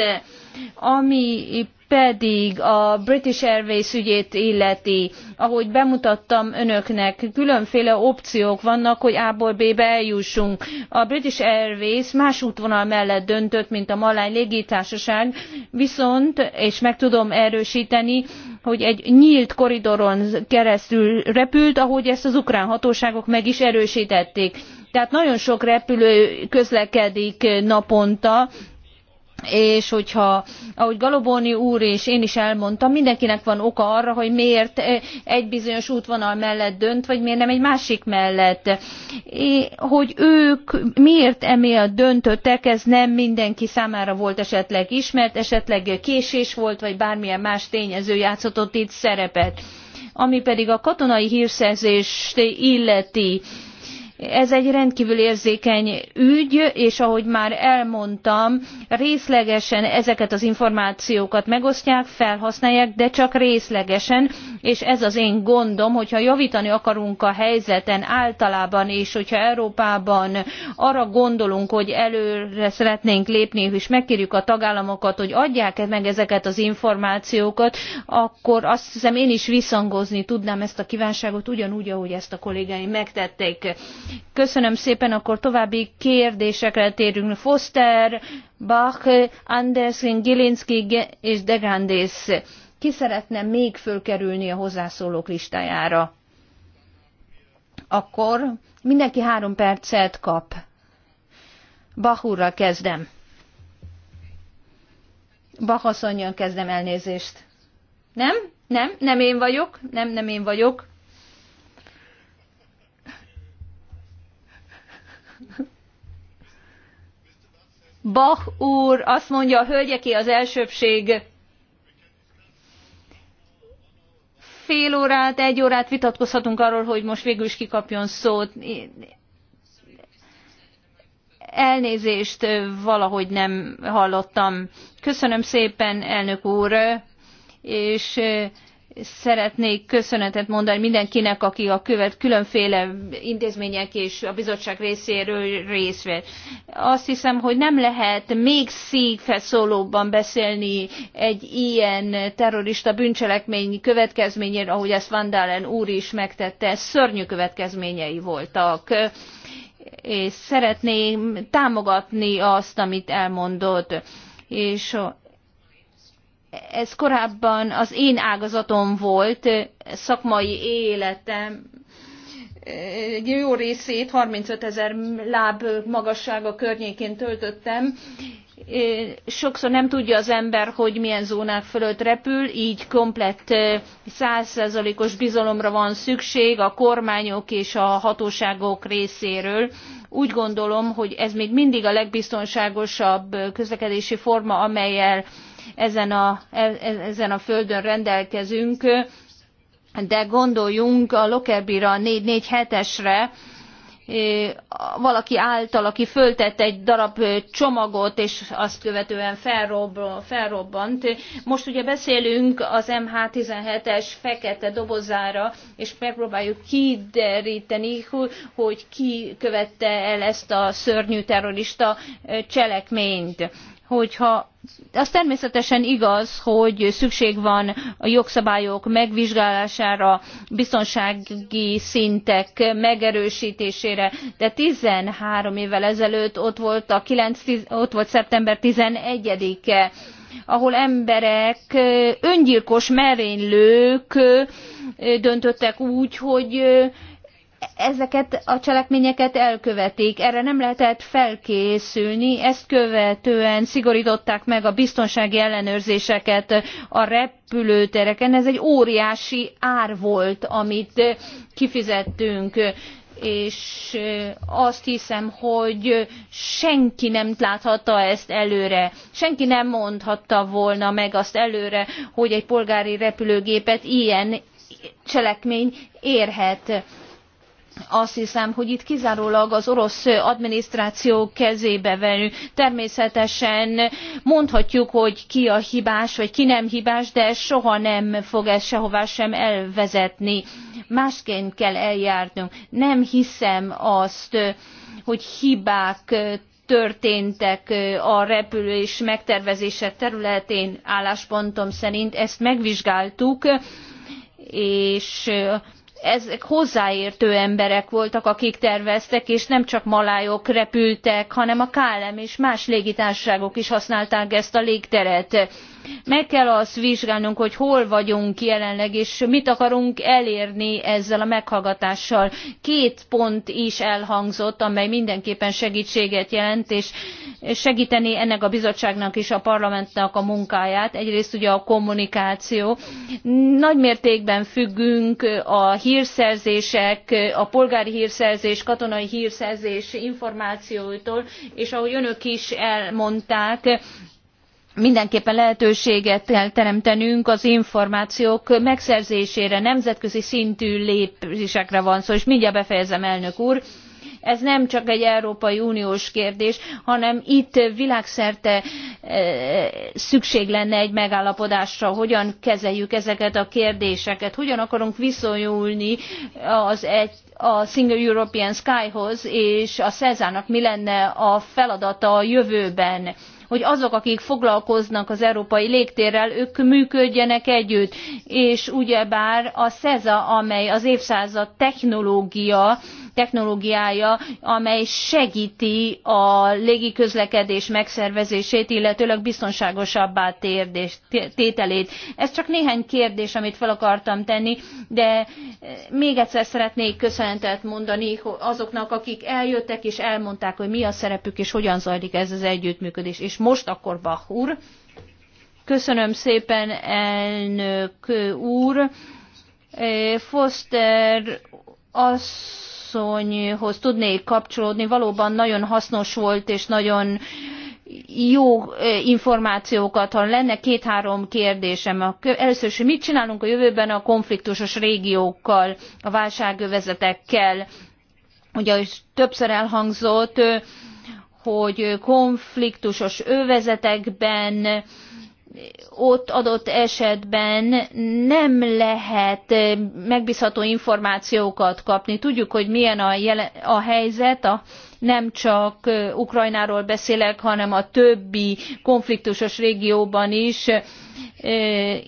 ami pedig a British Airways ügyét illeti, ahogy bemutattam önöknek, különféle opciók vannak, hogy A-ból B-be eljussunk. A British Airways más útvonal mellett döntött, mint a Malány légitársaság, viszont, és meg tudom erősíteni, hogy egy nyílt koridoron keresztül repült, ahogy ezt az ukrán hatóságok meg is erősítették. Tehát nagyon sok repülő közlekedik naponta, és hogyha, ahogy Galobóni úr és én is elmondtam, mindenkinek van oka arra, hogy miért eh, egy bizonyos útvonal mellett dönt, vagy miért nem egy másik mellett. Hogy ők miért emiatt döntöttek, ez nem mindenki számára volt esetleg ismert, esetleg késés volt, vagy bármilyen más tényező játszott itt szerepet. Ami pedig a katonai hírszerzést illeti, ez egy rendkívül érzékeny ügy, és ahogy már elmondtam, részlegesen ezeket az információkat megosztják, felhasználják, de csak részlegesen, és ez az én gondom, hogyha javítani akarunk a helyzeten általában, és hogyha Európában arra gondolunk, hogy előre szeretnénk lépni, és megkérjük a tagállamokat, hogy adják -e meg ezeket az információkat, akkor azt hiszem én is visszhangozni tudnám ezt a kívánságot, ugyanúgy, ahogy ezt a kollégáim megtették. Köszönöm szépen, akkor további kérdésekre térünk. Foster, Bach, Andersen, Gilinski és Degandész. Ki szeretne még fölkerülni a hozzászólók listájára? Akkor mindenki három percet kap. Bach kezdem. Bach asszonyon kezdem elnézést. Nem? Nem? Nem én vagyok? Nem, nem én vagyok. Bach úr azt mondja, a hölgyeké az elsőbség. Fél órát, egy órát vitatkozhatunk arról, hogy most végül is kikapjon szót. Elnézést valahogy nem hallottam. Köszönöm szépen, elnök úr, és Szeretnék köszönetet mondani mindenkinek, aki a követ különféle intézmények és a bizottság részéről részt vett. Azt hiszem, hogy nem lehet még szígfeszólóbban beszélni egy ilyen terrorista bűncselekmény következményéről, ahogy ezt Vandalen úr is megtette. Szörnyű következményei voltak és szeretném támogatni azt, amit elmondott. És ez korábban az én ágazatom volt, szakmai életem egy jó részét, 35 ezer láb magassága környékén töltöttem. Sokszor nem tudja az ember, hogy milyen zónák fölött repül, így komplett százszerzalékos bizalomra van szükség a kormányok és a hatóságok részéről. Úgy gondolom, hogy ez még mindig a legbiztonságosabb közlekedési forma, amelyel ezen a, e, ezen a földön rendelkezünk, de gondoljunk a Lockerbie-ra 447-esre, e, valaki által, aki föltett egy darab csomagot, és azt követően felrobbant. Most ugye beszélünk az MH17-es fekete dobozára, és megpróbáljuk kideríteni, hogy ki követte el ezt a szörnyű terrorista cselekményt hogyha az természetesen igaz, hogy szükség van a jogszabályok megvizsgálására, biztonsági szintek megerősítésére, de 13 évvel ezelőtt ott volt, a 9, ott volt szeptember 11-e, ahol emberek, öngyilkos merénylők döntöttek úgy, hogy ezeket a cselekményeket elkövetik. Erre nem lehetett felkészülni, ezt követően szigorították meg a biztonsági ellenőrzéseket a repülőtereken. Ez egy óriási ár volt, amit kifizettünk és azt hiszem, hogy senki nem láthatta ezt előre. Senki nem mondhatta volna meg azt előre, hogy egy polgári repülőgépet ilyen cselekmény érhet azt hiszem, hogy itt kizárólag az orosz adminisztráció kezébe verő. Természetesen mondhatjuk, hogy ki a hibás, vagy ki nem hibás, de soha nem fog ez sehová sem elvezetni. Másként kell eljárnunk. Nem hiszem azt, hogy hibák történtek a repülés megtervezése területén álláspontom szerint. Ezt megvizsgáltuk, és ezek hozzáértő emberek voltak, akik terveztek, és nem csak malájok repültek, hanem a KLM és más légitársaságok is használták ezt a légteret meg kell azt vizsgálnunk, hogy hol vagyunk jelenleg, és mit akarunk elérni ezzel a meghallgatással. Két pont is elhangzott, amely mindenképpen segítséget jelent, és segíteni ennek a bizottságnak és a parlamentnek a munkáját. Egyrészt ugye a kommunikáció. Nagy mértékben függünk a hírszerzések, a polgári hírszerzés, katonai hírszerzés információitól, és ahogy önök is elmondták, mindenképpen lehetőséget kell teremtenünk az információk megszerzésére nemzetközi szintű lépésekre van szó és mindjárt befejezem elnök úr ez nem csak egy európai uniós kérdés hanem itt világszerte eh, szükség lenne egy megállapodásra hogyan kezeljük ezeket a kérdéseket hogyan akarunk viszonyulni az egy, a Single European Skyhoz és a CESA-nak mi lenne a feladata a jövőben hogy azok, akik foglalkoznak az európai légtérrel, ők működjenek együtt. És ugyebár a CESA, amely az évszázad technológia, technológiája, amely segíti a légiközlekedés megszervezését, illetőleg biztonságosabbá tételét. Ez csak néhány kérdés, amit fel akartam tenni, de eh, még egyszer szeretnék köszönetet mondani azoknak, akik eljöttek és elmondták, hogy mi a szerepük és hogyan zajlik ez az együttműködés. És most akkor Bach úr. Köszönöm szépen, elnök úr. Eh, Foster az asszonyhoz tudnék kapcsolódni. Valóban nagyon hasznos volt, és nagyon jó információkat, ha lenne két-három kérdésem. Először is, hogy mit csinálunk a jövőben a konfliktusos régiókkal, a válságövezetekkel? Ugye többször elhangzott, hogy konfliktusos övezetekben ott adott esetben nem lehet eh, megbízható információkat kapni. Tudjuk, hogy milyen a, jelen, a helyzet, a, nem csak eh, Ukrajnáról beszélek, hanem a többi konfliktusos régióban is. Eh,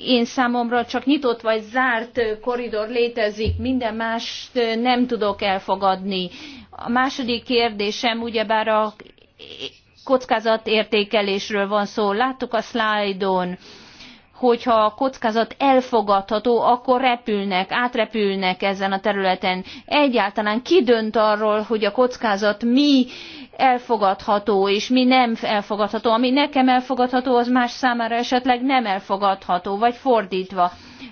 én számomra csak nyitott vagy zárt koridor létezik, minden mást nem tudok elfogadni. A második kérdésem ugyebár a kockázatértékelésről van szó. Láttuk a szlájdon, hogyha a kockázat elfogadható, akkor repülnek, átrepülnek ezen a területen. Egyáltalán ki dönt arról, hogy a kockázat mi elfogadható és mi nem elfogadható. Ami nekem elfogadható, az más számára esetleg nem elfogadható, vagy fordítva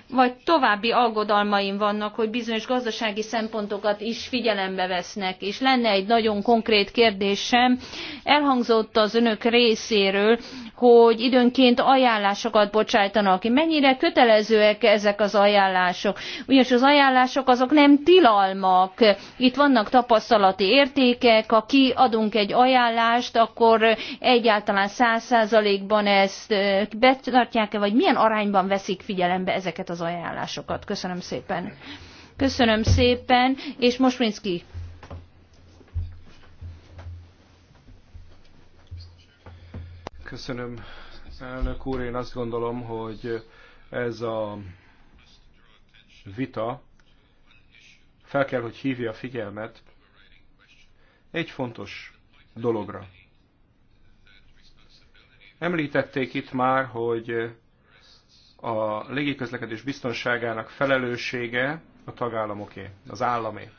vagy további aggodalmaim vannak, hogy bizonyos gazdasági szempontokat is figyelembe vesznek. És lenne egy nagyon konkrét kérdésem. Elhangzott az önök részéről, hogy időnként ajánlásokat bocsájtanak ki. Mennyire kötelezőek ezek az ajánlások? Ugyanis az ajánlások azok nem tilalmak. Itt vannak tapasztalati értékek, ha kiadunk egy ajánlást, akkor egyáltalán száz százalékban ezt eh, betartják-e, vagy milyen arányban veszik figyelembe ezeket ezeket az ajánlásokat. Köszönöm szépen. Köszönöm szépen, és most Minszki. Köszönöm, elnök úr. Én azt gondolom, hogy ez a vita fel kell, hogy hívja a figyelmet egy fontos dologra. Említették itt már, hogy a légiközlekedés biztonságának felelőssége a tagállamoké, az államé.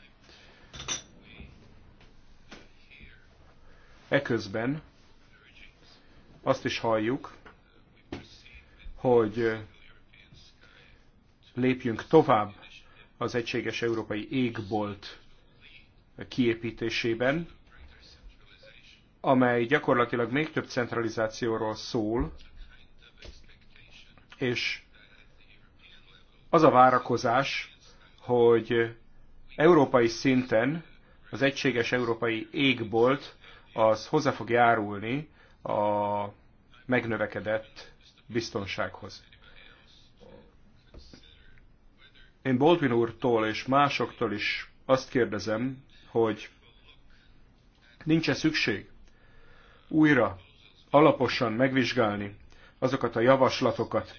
Eközben azt is halljuk, hogy lépjünk tovább az egységes európai égbolt kiépítésében, amely gyakorlatilag még több centralizációról szól, és az a várakozás, hogy európai szinten az egységes európai égbolt az hozzá fog járulni a megnövekedett biztonsághoz. Én Baldwin úrtól és másoktól is azt kérdezem, hogy nincs-e szükség újra alaposan megvizsgálni azokat a javaslatokat,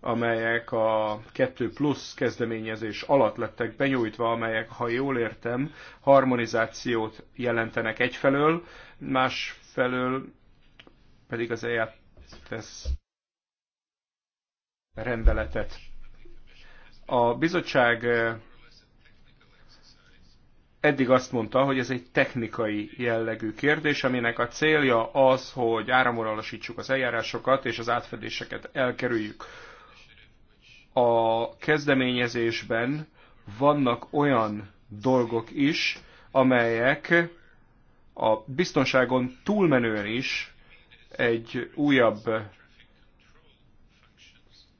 amelyek a 2 plusz kezdeményezés alatt lettek benyújtva, amelyek, ha jól értem, harmonizációt jelentenek egyfelől, másfelől pedig az eljárt tesz rendeletet. A bizottság eddig azt mondta, hogy ez egy technikai jellegű kérdés, aminek a célja az, hogy áramoralasítsuk az eljárásokat és az átfedéseket elkerüljük. A kezdeményezésben vannak olyan dolgok is, amelyek a biztonságon túlmenően is egy újabb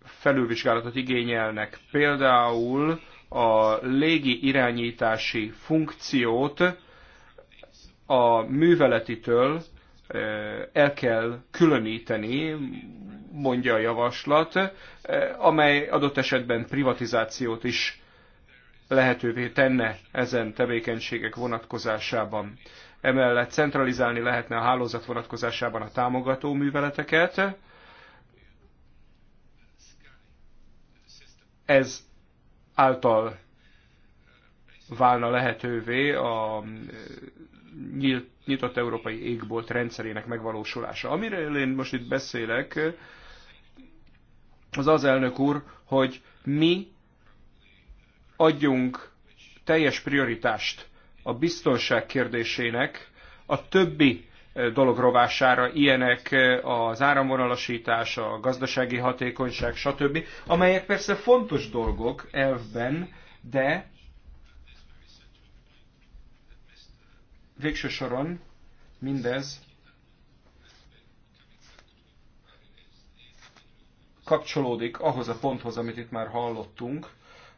felülvizsgálatot igényelnek. Például a légi irányítási funkciót a műveletitől eh, el kell különíteni, mondja a javaslat, eh, amely adott esetben privatizációt is lehetővé tenne ezen tevékenységek vonatkozásában. Emellett centralizálni lehetne a hálózat vonatkozásában a támogató műveleteket. Ez által válna lehetővé a eh, nyitott európai égbolt rendszerének megvalósulása. Amiről én most itt beszélek, az az elnök úr, hogy mi adjunk teljes prioritást a biztonság kérdésének a többi dolog rovására, ilyenek az áramvonalasítás, a gazdasági hatékonyság, stb., amelyek persze fontos dolgok elvben, de végső soron mindez kapcsolódik ahhoz a ponthoz, amit itt már hallottunk,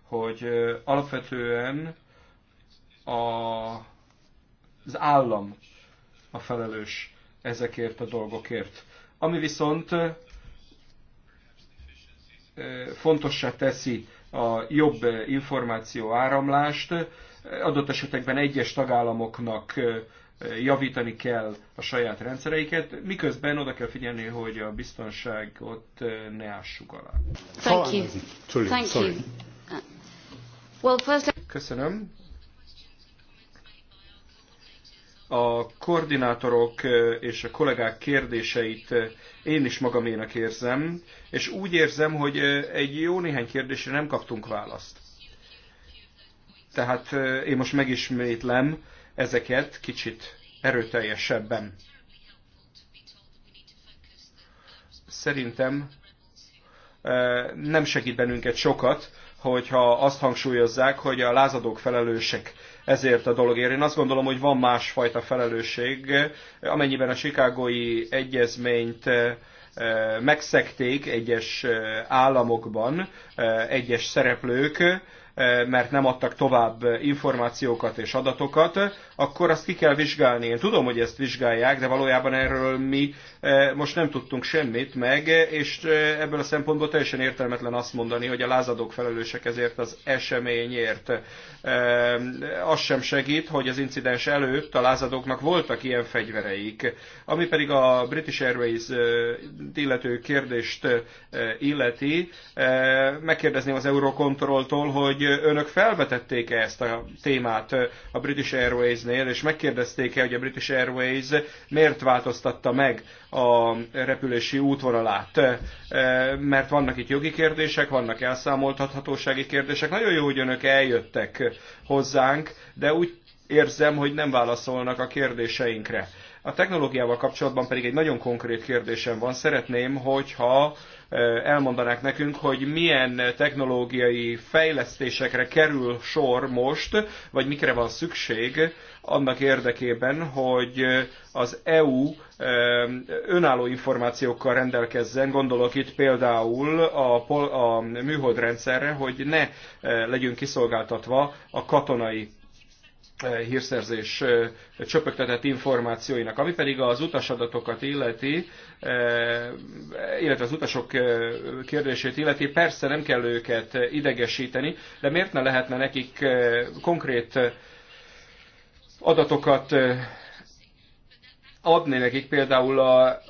hogy alapvetően a, az állam a felelős ezekért a dolgokért. Ami viszont fontossá teszi a jobb információ áramlást, adott esetekben egyes tagállamoknak javítani kell a saját rendszereiket, miközben oda kell figyelni, hogy a biztonságot ne ássuk alá. Thank you. Thank you. Köszönöm. a koordinátorok és a kollégák kérdéseit én is magaménak érzem, és úgy érzem, hogy egy jó néhány kérdésre nem kaptunk választ. Tehát én most megismétlem ezeket kicsit erőteljesebben. Szerintem nem segít bennünket sokat, hogyha azt hangsúlyozzák, hogy a lázadók felelősek ezért a dologért. Én azt gondolom, hogy van másfajta felelősség, amennyiben a Chicagói egyezményt eh, megszekték egyes eh, államokban eh, egyes szereplők, E, mert nem adtak tovább információkat és adatokat, akkor azt ki kell vizsgálni. Én tudom, hogy ezt vizsgálják, de valójában erről mi e, most nem tudtunk semmit meg, és e, ebből a szempontból teljesen értelmetlen azt mondani, hogy a lázadók felelősek ezért az eseményért. Az sem segít, hogy az incidens előtt a lázadóknak voltak ilyen fegyvereik. Ami pedig a British Airways illető kérdést illeti, megkérdezném az Eurocontroltól, hogy hogy önök felvetették -e ezt a témát a British Airways-nél, és megkérdezték-e, hogy a British Airways miért változtatta meg a repülési útvonalát. Mert vannak itt jogi kérdések, vannak elszámoltathatósági kérdések. Nagyon jó, hogy önök eljöttek hozzánk, de úgy érzem, hogy nem válaszolnak a kérdéseinkre. A technológiával kapcsolatban pedig egy nagyon konkrét kérdésem van. Szeretném, hogyha elmondanák nekünk, hogy milyen technológiai fejlesztésekre kerül sor most, vagy mikre van szükség annak érdekében, hogy az EU önálló információkkal rendelkezzen, gondolok itt például a, pol, a műholdrendszerre, hogy ne legyünk kiszolgáltatva a katonai E, hírszerzés e, csöpögtetett információinak. Ami pedig az utasadatokat illeti, e, illetve az utasok kérdését illeti, persze nem kell őket idegesíteni, de miért ne lehetne nekik konkrét adatokat adni nekik például a,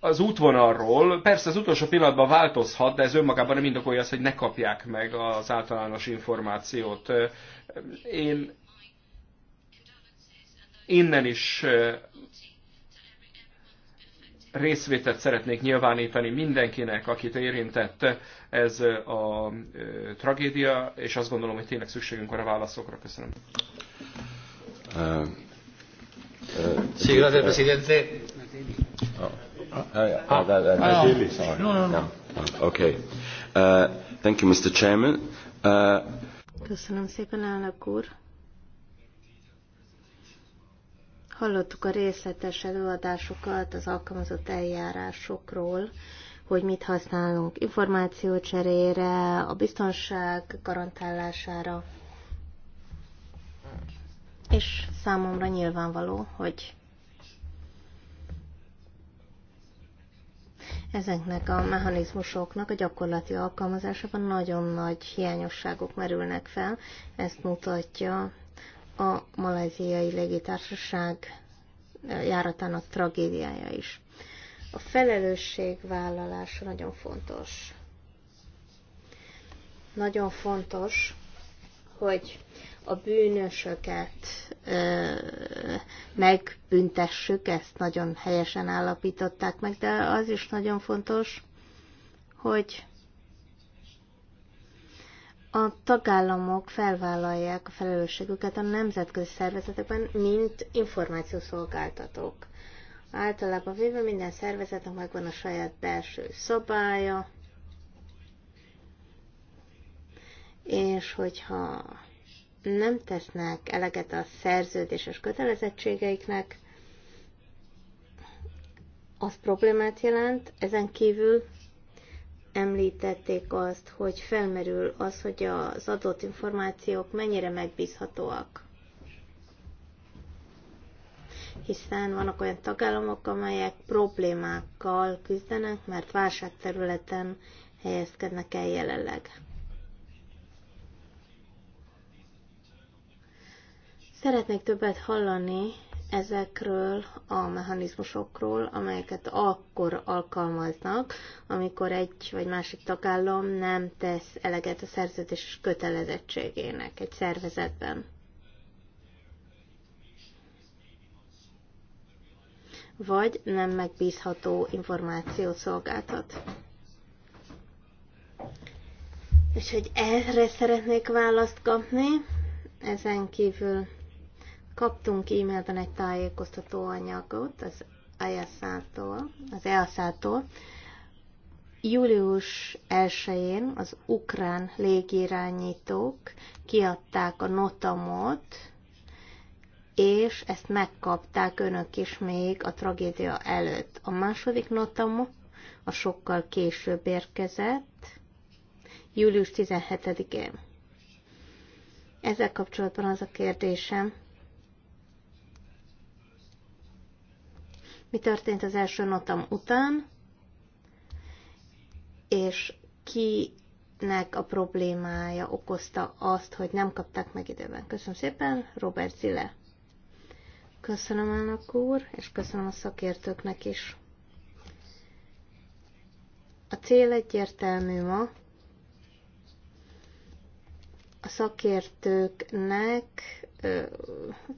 az útvonalról. Persze az utolsó pillanatban változhat, de ez önmagában nem indokolja azt, hogy ne kapják meg az általános információt. Én Innen is részvételt szeretnék nyilvánítani mindenkinek, akit érintett ez a tragédia, és azt gondolom, hogy tényleg szükségünk van a válaszokra. Köszönöm. Uh, Köszönöm szépen, elnök úr. Hallottuk a részletes előadásokat az alkalmazott eljárásokról, hogy mit használunk információcserére, a biztonság garantálására. És számomra nyilvánvaló, hogy ezeknek a mechanizmusoknak a gyakorlati alkalmazásában nagyon nagy hiányosságok merülnek fel. Ezt mutatja a maláziai légitársaság járatának tragédiája is. A felelősségvállalás nagyon fontos. Nagyon fontos, hogy a bűnösöket ö, megbüntessük, ezt nagyon helyesen állapították meg, de az is nagyon fontos, hogy a tagállamok felvállalják a felelősségüket a nemzetközi szervezetekben, mint információszolgáltatók. Általában véve minden szervezetnek megvan a saját belső szabálya, és hogyha nem tesznek eleget a szerződéses kötelezettségeiknek, az problémát jelent, ezen kívül említették azt, hogy felmerül az, hogy az adott információk mennyire megbízhatóak. Hiszen vannak olyan tagállamok, amelyek problémákkal küzdenek, mert válságterületen helyezkednek el jelenleg. Szeretnék többet hallani ezekről a mechanizmusokról, amelyeket akkor alkalmaznak, amikor egy vagy másik tagállam nem tesz eleget a szerződés kötelezettségének egy szervezetben. Vagy nem megbízható információt szolgáltat. És hogy erre szeretnék választ kapni, ezen kívül Kaptunk e-mailben egy tájékoztató anyagot az EASA-tól, az EASA-tól. Július 1-én az ukrán légirányítók kiadták a notamot, és ezt megkapták önök is még a tragédia előtt. A második notam a sokkal később érkezett, július 17-én. Ezzel kapcsolatban az a kérdésem, mi történt az első notam után, és kinek a problémája okozta azt, hogy nem kapták meg időben. Köszönöm szépen, Robert Zile. Köszönöm elnök úr, és köszönöm a szakértőknek is. A cél egyértelmű ma. A szakértőknek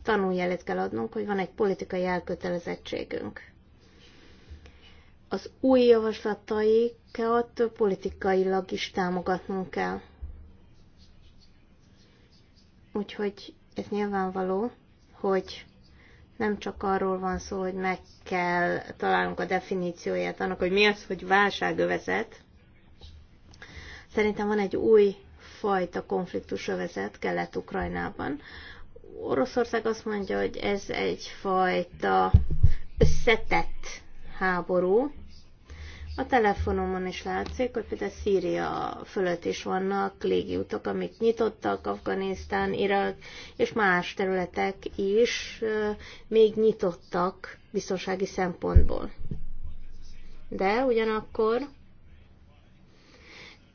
tanuljelet kell adnunk, hogy van egy politikai elkötelezettségünk. Az új javaslataikat politikailag is támogatnunk kell. Úgyhogy ez nyilvánvaló, hogy nem csak arról van szó, hogy meg kell találnunk a definícióját annak, hogy mi az, hogy válságövezet. Szerintem van egy új fajta konfliktusövezet Kelet-Ukrajnában, Oroszország azt mondja, hogy ez egyfajta összetett háború. A telefonomon is látszik, hogy például Szíria fölött is vannak légiutak, amik nyitottak, Afganisztán, Irak és más területek is még nyitottak biztonsági szempontból. De ugyanakkor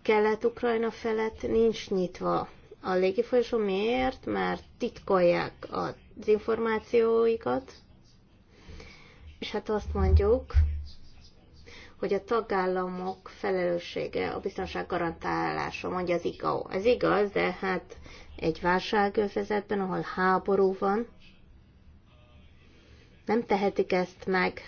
Kelet-Ukrajna felett nincs nyitva a légifolyosó miért? Mert titkolják az információikat, és hát azt mondjuk, hogy a tagállamok felelőssége a biztonság garantálása, mondja az ICAO. Ez igaz, de hát egy válságövezetben, ahol háború van, nem tehetik ezt meg,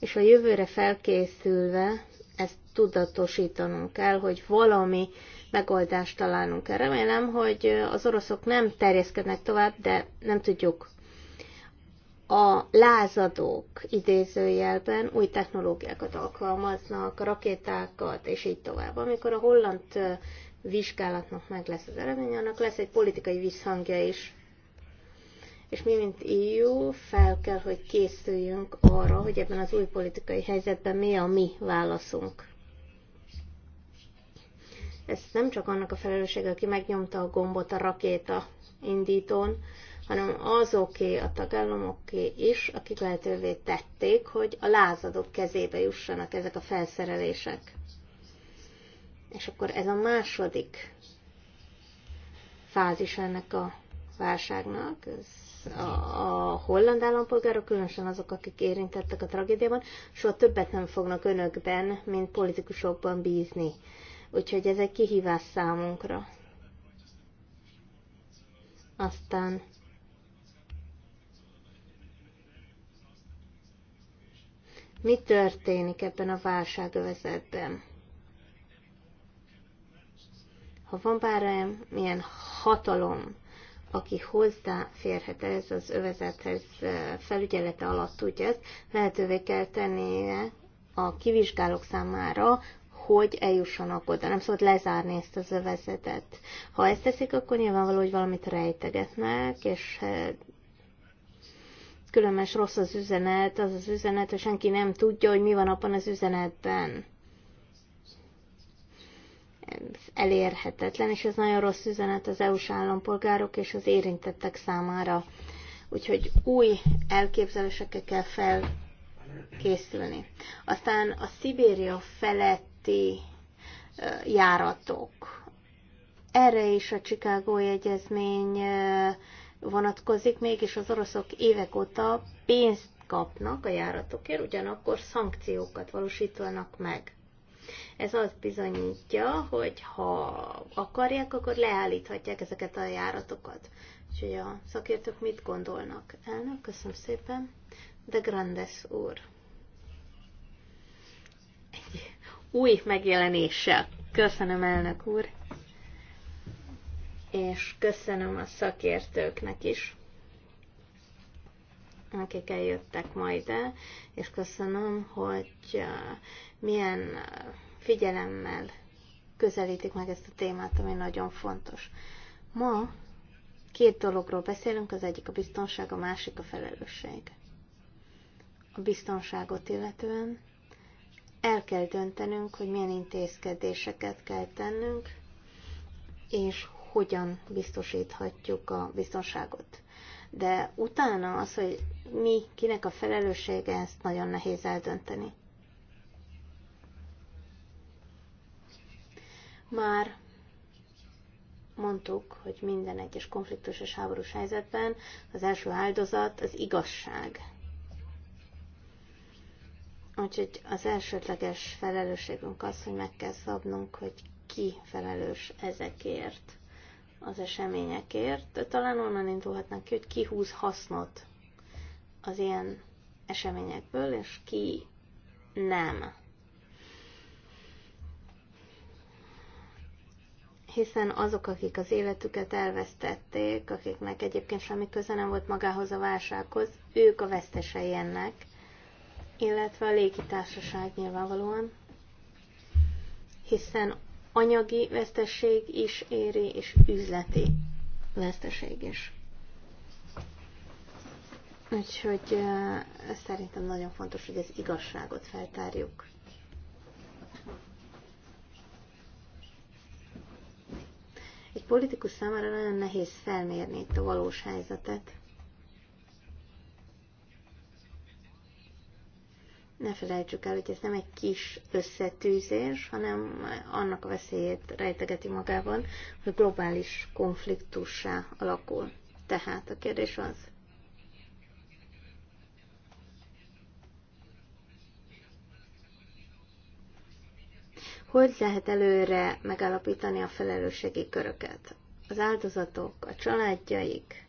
és a jövőre felkészülve ezt tudatosítanunk kell, hogy valami megoldást találnunk erre. Remélem, hogy az oroszok nem terjeszkednek tovább, de nem tudjuk. A lázadók idézőjelben új technológiákat alkalmaznak, rakétákat, és így tovább. Amikor a holland vizsgálatnak meg lesz az eredmény, annak lesz egy politikai visszhangja is. És mi, mint EU, fel kell, hogy készüljünk arra, hogy ebben az új politikai helyzetben mi a mi válaszunk. Ez nem csak annak a felelőssége, aki megnyomta a gombot a rakéta indítón, hanem azoké a tagállamoké is, akik lehetővé tették, hogy a lázadók kezébe jussanak ezek a felszerelések. És akkor ez a második fázis ennek a válságnak, ez a, a holland állampolgárok, különösen azok, akik érintettek a tragédiában, soha többet nem fognak önökben, mint politikusokban bízni. Úgyhogy ez egy kihívás számunkra. Aztán mi történik ebben a válságövezetben? Ha van bárám, milyen hatalom, aki hozzáférhet ez az övezethez felügyelete alatt, tudja ezt, lehetővé kell tennie a kivizsgálók számára, hogy eljussanak oda. Nem szabad lezárni ezt az övezetet. Ha ezt teszik, akkor nyilvánvaló, hogy valamit rejtegetnek, és eh, különös rossz az üzenet, az az üzenet, hogy senki nem tudja, hogy mi van abban az üzenetben. Ez elérhetetlen, és ez nagyon rossz üzenet az EU-s állampolgárok és az érintettek számára. Úgyhogy új elképzelésekkel kell felkészülni. készülni. Aztán a Szibéria felett járatok. Erre is a Csikágói Egyezmény vonatkozik, mégis az oroszok évek óta pénzt kapnak a járatokért, ugyanakkor szankciókat valósítanak meg. Ez azt bizonyítja, hogy ha akarják, akkor leállíthatják ezeket a járatokat. Úgyhogy a szakértők mit gondolnak? Elnök, köszönöm szépen. De Grandes úr. új megjelenéssel. Köszönöm, elnök úr, és köszönöm a szakértőknek is, akik eljöttek majd el, és köszönöm, hogy uh, milyen uh, figyelemmel közelítik meg ezt a témát, ami nagyon fontos. Ma két dologról beszélünk, az egyik a biztonság, a másik a felelősség. A biztonságot illetően el kell döntenünk, hogy milyen intézkedéseket kell tennünk, és hogyan biztosíthatjuk a biztonságot. De utána az, hogy mi, kinek a felelőssége, ezt nagyon nehéz eldönteni. Már mondtuk, hogy minden egyes konfliktus és háborús helyzetben az első áldozat az igazság Úgyhogy az elsődleges felelősségünk az, hogy meg kell szabnunk, hogy ki felelős ezekért az eseményekért. De talán onnan indulhatnak ki, hogy ki húz hasznot az ilyen eseményekből, és ki nem. Hiszen azok, akik az életüket elvesztették, akiknek egyébként semmi köze nem volt magához a válsághoz, ők a vesztesei ennek, illetve a légitársaság nyilvánvalóan, hiszen anyagi veszteség is éri, és üzleti veszteség is. Úgyhogy szerintem nagyon fontos, hogy az igazságot feltárjuk. Egy politikus számára nagyon nehéz felmérni itt a valós helyzetet. ne felejtsük el, hogy ez nem egy kis összetűzés, hanem annak a veszélyét rejtegeti magában, hogy globális konfliktussá alakul. Tehát a kérdés az, hogy lehet előre megállapítani a felelősségi köröket? Az áldozatok, a családjaik,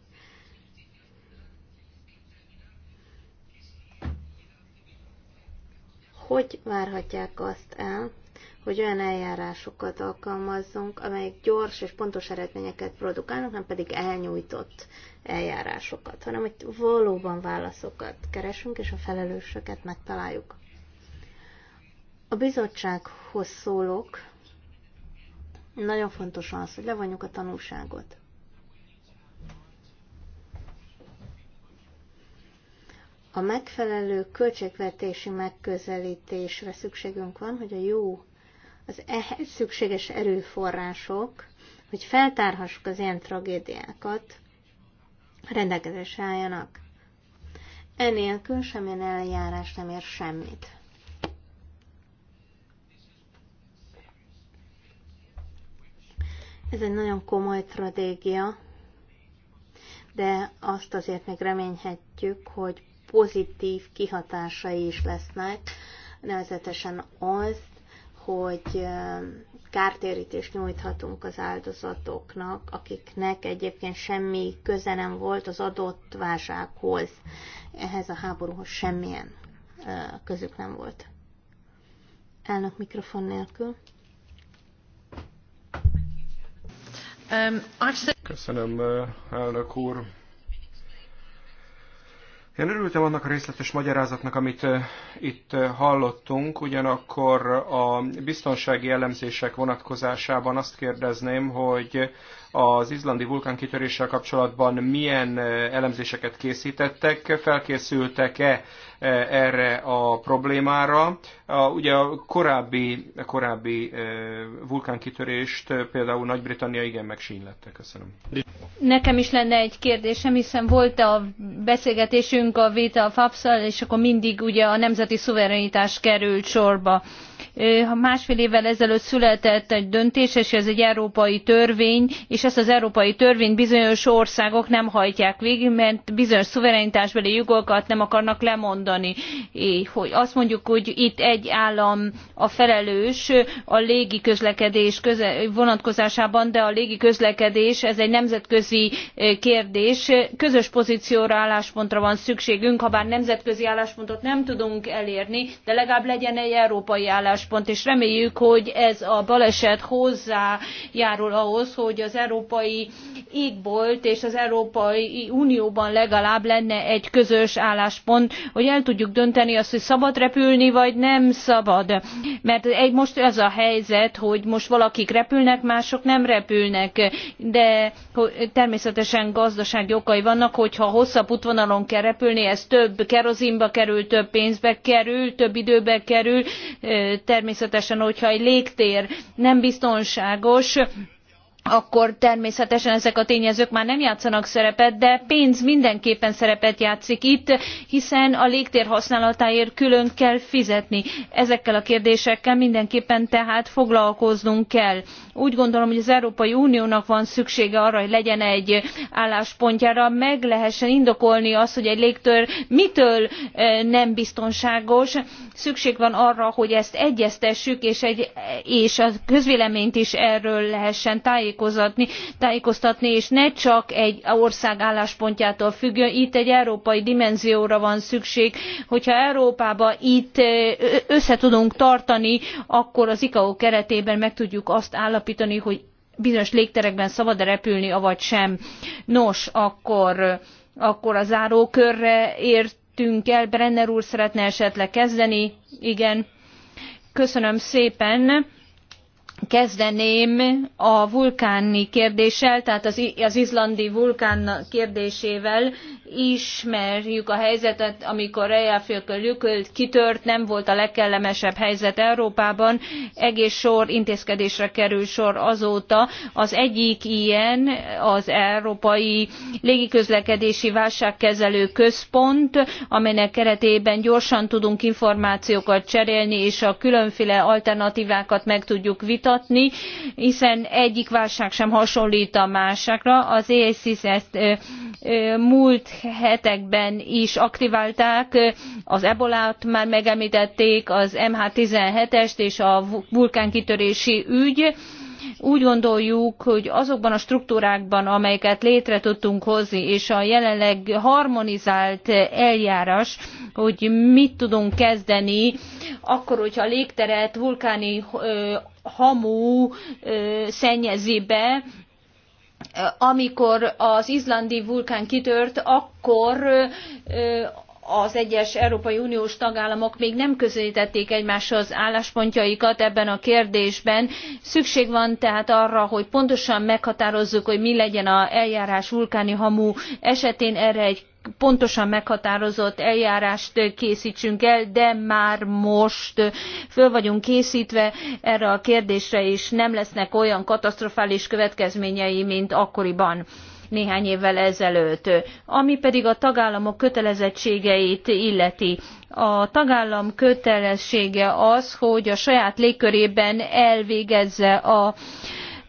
hogy várhatják azt el, hogy olyan eljárásokat alkalmazzunk, amelyek gyors és pontos eredményeket produkálnak, nem pedig elnyújtott eljárásokat, hanem hogy valóban válaszokat keresünk, és a felelősöket megtaláljuk. A bizottsághoz szólok, nagyon fontos az, hogy levonjuk a tanulságot. A megfelelő költségvetési megközelítésre szükségünk van, hogy a jó, az ehhez szükséges erőforrások, hogy feltárhassuk az ilyen tragédiákat, rendelkezésre álljanak. Enélkül semmilyen eljárás nem ér semmit. Ez egy nagyon komoly stratégia, de azt azért még reményhetjük, hogy pozitív kihatásai is lesznek, nevezetesen az, hogy kártérítést nyújthatunk az áldozatoknak, akiknek egyébként semmi köze nem volt az adott válsághoz, ehhez a háborúhoz semmilyen közük nem volt. Elnök mikrofon nélkül. Um, Köszönöm, elnök úr. Én örültem annak a részletes magyarázatnak, amit itt hallottunk, ugyanakkor a biztonsági elemzések vonatkozásában azt kérdezném, hogy az izlandi vulkánkitöréssel kapcsolatban milyen elemzéseket készítettek, felkészültek-e erre a problémára, a, ugye a korábbi, a korábbi e, vulkánkitörést például Nagy-Britannia igen megsínylette. Köszönöm. Nekem is lenne egy kérdésem, hiszen volt a beszélgetésünk a vita a és akkor mindig ugye a nemzeti szuverenitás került sorba másfél évvel ezelőtt született egy döntés, és ez egy európai törvény, és ezt az európai törvényt bizonyos országok nem hajtják végig, mert bizonyos szuverenitásbeli jogokat nem akarnak lemondani. Hogy azt mondjuk, hogy itt egy állam a felelős a légi közlekedés vonatkozásában, de a légi közlekedés ez egy nemzetközi kérdés. Közös pozícióra, álláspontra van szükségünk, ha bár nemzetközi álláspontot nem tudunk elérni, de legalább legyen egy európai álláspont álláspont, és reméljük, hogy ez a baleset hozzájárul ahhoz, hogy az európai égbolt és az Európai Unióban legalább lenne egy közös álláspont, hogy el tudjuk dönteni azt, hogy szabad repülni, vagy nem szabad. Mert egy, most az a helyzet, hogy most valakik repülnek, mások nem repülnek, de természetesen gazdasági okai vannak, hogyha hosszabb útvonalon kell repülni, ez több kerozinba kerül, több pénzbe kerül, több időbe kerül, természetesen hogyha egy légtér nem biztonságos akkor természetesen ezek a tényezők már nem játszanak szerepet, de pénz mindenképpen szerepet játszik itt, hiszen a légtér használatáért külön kell fizetni. Ezekkel a kérdésekkel mindenképpen tehát foglalkoznunk kell. Úgy gondolom, hogy az Európai Uniónak van szüksége arra, hogy legyen egy álláspontjára, meg lehessen indokolni azt, hogy egy légtör mitől e, nem biztonságos. Szükség van arra, hogy ezt egyeztessük, és, egy, és a közvéleményt is erről lehessen tájékoztatni tájékoztatni, és ne csak egy ország álláspontjától függjön. Itt egy európai dimenzióra van szükség. Hogyha Európába itt össze tudunk tartani, akkor az ICAO keretében meg tudjuk azt állapítani, hogy bizonyos légterekben szabad-e repülni, avagy sem. Nos, akkor, akkor a zárókörre értünk el. Brenner úr szeretne esetleg kezdeni? Igen. Köszönöm szépen kezdeném a vulkáni kérdéssel, tehát az, izlandi vulkán kérdésével, ismerjük a helyzetet, amikor Eyjafjökull Jökull kitört, nem volt a legkellemesebb helyzet Európában. Egész sor intézkedésre kerül sor azóta. Az egyik ilyen az Európai Légiközlekedési Válságkezelő Központ, amelynek keretében gyorsan tudunk információkat cserélni, és a különféle alternatívákat meg tudjuk vitatni, hiszen egyik válság sem hasonlít a másikra. Az ESIS ezt múlt hetekben is aktiválták, az ebolát már megemlítették, az MH17-est és a vulkánkitörési ügy. Úgy gondoljuk, hogy azokban a struktúrákban, amelyeket létre tudtunk hozni, és a jelenleg harmonizált eljárás, hogy mit tudunk kezdeni, akkor, hogyha a légteret vulkáni hamu ö, szennyezi be, amikor az izlandi vulkán kitört, akkor az egyes Európai Uniós tagállamok még nem közöltették egymáshoz álláspontjaikat ebben a kérdésben. Szükség van tehát arra, hogy pontosan meghatározzuk, hogy mi legyen a eljárás vulkáni hamu esetén. Erre egy pontosan meghatározott eljárást készítsünk el, de már most föl vagyunk készítve erre a kérdésre, és nem lesznek olyan katasztrofális következményei, mint akkoriban néhány évvel ezelőtt. Ami pedig a tagállamok kötelezettségeit illeti, a tagállam kötelessége az, hogy a saját légkörében elvégezze a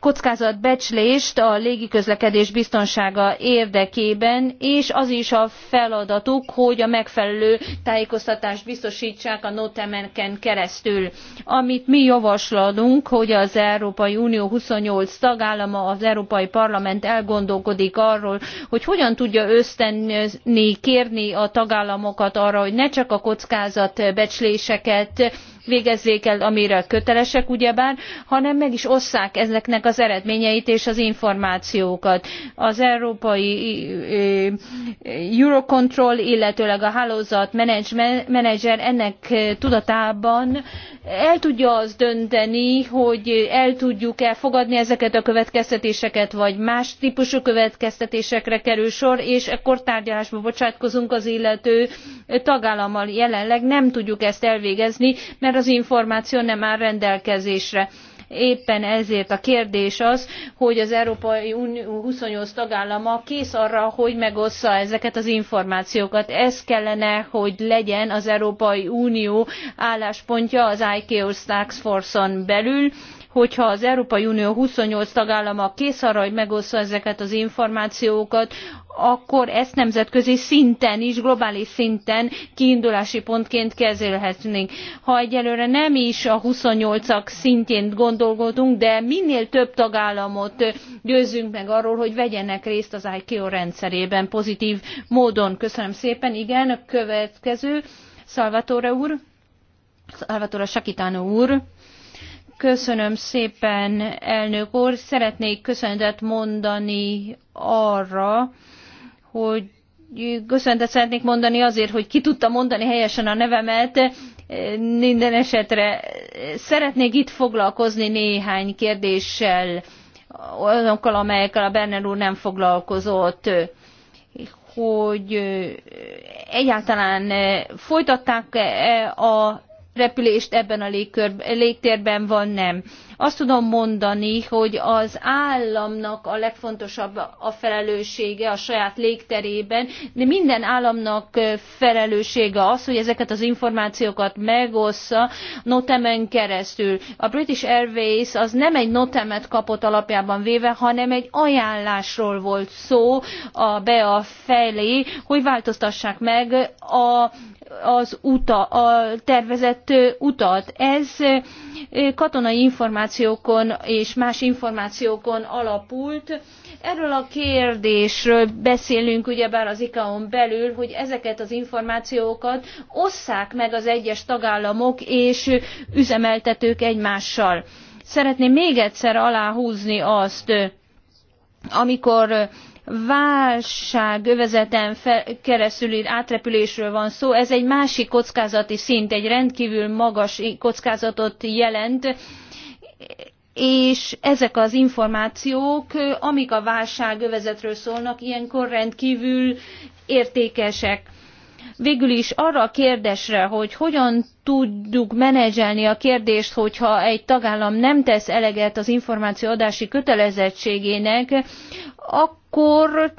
kockázatbecslést a légiközlekedés biztonsága érdekében, és az is a feladatuk, hogy a megfelelő tájékoztatást biztostsák a notemenken keresztül. Amit mi javaslunk, hogy az Európai Unió eight tagállama, az Európai Parlament elgondolkodik arról, hogy hogyan tudja ösztönni, kérni a tagállamokat arra, hogy ne csak a kockázatbecsléseket végezzék el, amire kötelesek ugyebár, hanem meg is osszák ezeknek az eredményeit és az információkat. Az európai Eurocontrol, illetőleg a hálózat menedzser ennek tudatában el tudja azt dönteni, hogy el tudjuk-e fogadni ezeket a következtetéseket, vagy más típusú következtetésekre kerül sor, és ekkor tárgyalásba bocsátkozunk az illető tagállammal. Jelenleg nem tudjuk ezt elvégezni, mert mert az információ nem áll rendelkezésre. Éppen ezért a kérdés az, hogy az Európai Unió 28 tagállama kész arra, hogy megossza ezeket az információkat. Ez kellene, hogy legyen az Európai Unió álláspontja az ICAO Tax Force-on belül, hogyha az Európai Unió 28 tagállama kész arra, hogy megossza ezeket az információkat, akkor ezt nemzetközi szinten is, globális szinten kiindulási pontként kezelhetnénk. Ha egyelőre nem is a 28-ak szintjén gondolkodunk, de minél több tagállamot győzzünk meg arról, hogy vegyenek részt az ICAO rendszerében pozitív módon. Köszönöm szépen. Igen, a következő. Salvatore úr. Salvatore Sakitano úr. Köszönöm szépen, elnök úr. Szeretnék köszönetet mondani arra, hogy köszönetet szeretnék mondani azért, hogy ki tudta mondani helyesen a nevemet. Minden esetre szeretnék itt foglalkozni néhány kérdéssel, azokkal, amelyekkel a Berner úr nem foglalkozott hogy egyáltalán folytatták -e a repülést ebben a légkör, légtérben van nem. Azt tudom mondani, hogy az államnak a legfontosabb a felelőssége a saját légterében, de minden államnak felelőssége az, hogy ezeket az információkat megossza notemen keresztül. A British Airways az nem egy notemet kapott alapjában véve, hanem egy ajánlásról volt szó a BEA felé, hogy változtassák meg a az uta, a tervezett utat. Ez katonai információ információkon és más információkon alapult. Erről a kérdésről beszélünk ugyebár az ICAO-n belül, hogy ezeket az információkat osszák meg az egyes tagállamok és üzemeltetők egymással. Szeretném még egyszer aláhúzni azt, amikor válságövezeten keresztüli átrepülésről van szó ez egy másik kockázati szint egy rendkívül magas kockázatot jelent és ezek az információk, amik a válság övezetről szólnak, ilyenkor rendkívül értékesek. Végül is arra a kérdésre, hogy hogyan tudjuk menedzselni a kérdést, hogyha egy tagállam nem tesz eleget az információadási kötelezettségének, akkor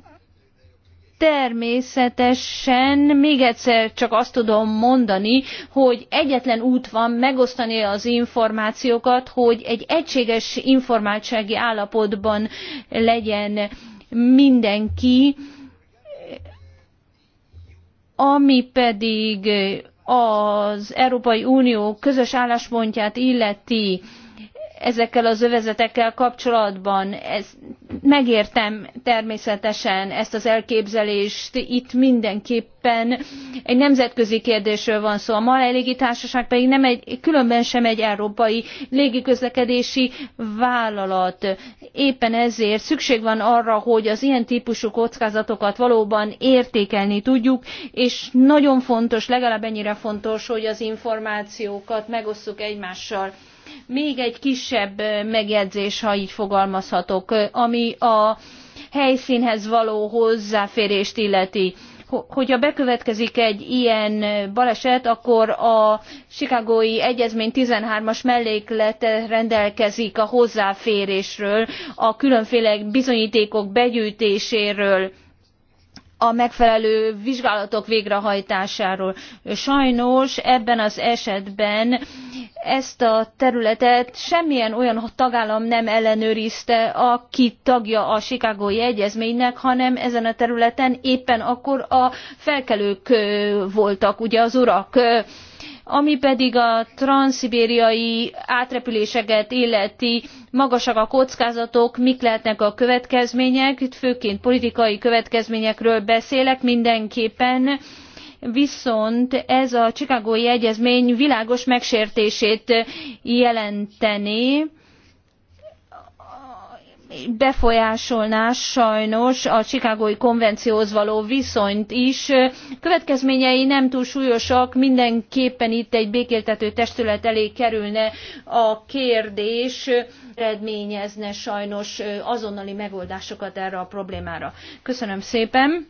Természetesen még egyszer csak azt tudom mondani, hogy egyetlen út van megosztani az információkat, hogy egy egységes informáltsági állapotban legyen mindenki, ami pedig az Európai Unió közös álláspontját illeti, ezekkel az övezetekkel kapcsolatban. Ez, megértem természetesen ezt az elképzelést, itt mindenképpen egy nemzetközi kérdésről van szó. A Malaj légitársaság pedig nem egy, különben sem egy európai légiközlekedési vállalat. Éppen ezért szükség van arra, hogy az ilyen típusú kockázatokat valóban értékelni tudjuk, és nagyon fontos, legalább ennyire fontos, hogy az információkat megosszuk egymással. Még egy kisebb megjegyzés, ha így fogalmazhatok, ami a helyszínhez való hozzáférést illeti hogyha bekövetkezik egy ilyen baleset, akkor a Chicagói Egyezmény 13-as melléklete rendelkezik a hozzáférésről, a különféle bizonyítékok begyűjtéséről a megfelelő vizsgálatok végrehajtásáról. Sajnos ebben az esetben ezt a területet semmilyen olyan tagállam nem ellenőrizte, aki tagja a Chicagói Egyezménynek, hanem ezen a területen éppen akkor a felkelők voltak, ugye az urak ami pedig a transzibériai átrepüléseket illeti magasak a kockázatok, mik lehetnek a következmények, itt főként politikai következményekről beszélek mindenképpen, viszont ez a Csikágói Egyezmény világos megsértését jelenteni befolyásolná sajnos a chicagói konvencióhoz való viszonyt is. következményei nem túl súlyosak mindenképpen itt egy békéltető testület elé kerülne a kérdés eredményezne sajnos azonnali megoldásokat erre a problémára. köszönöm szépen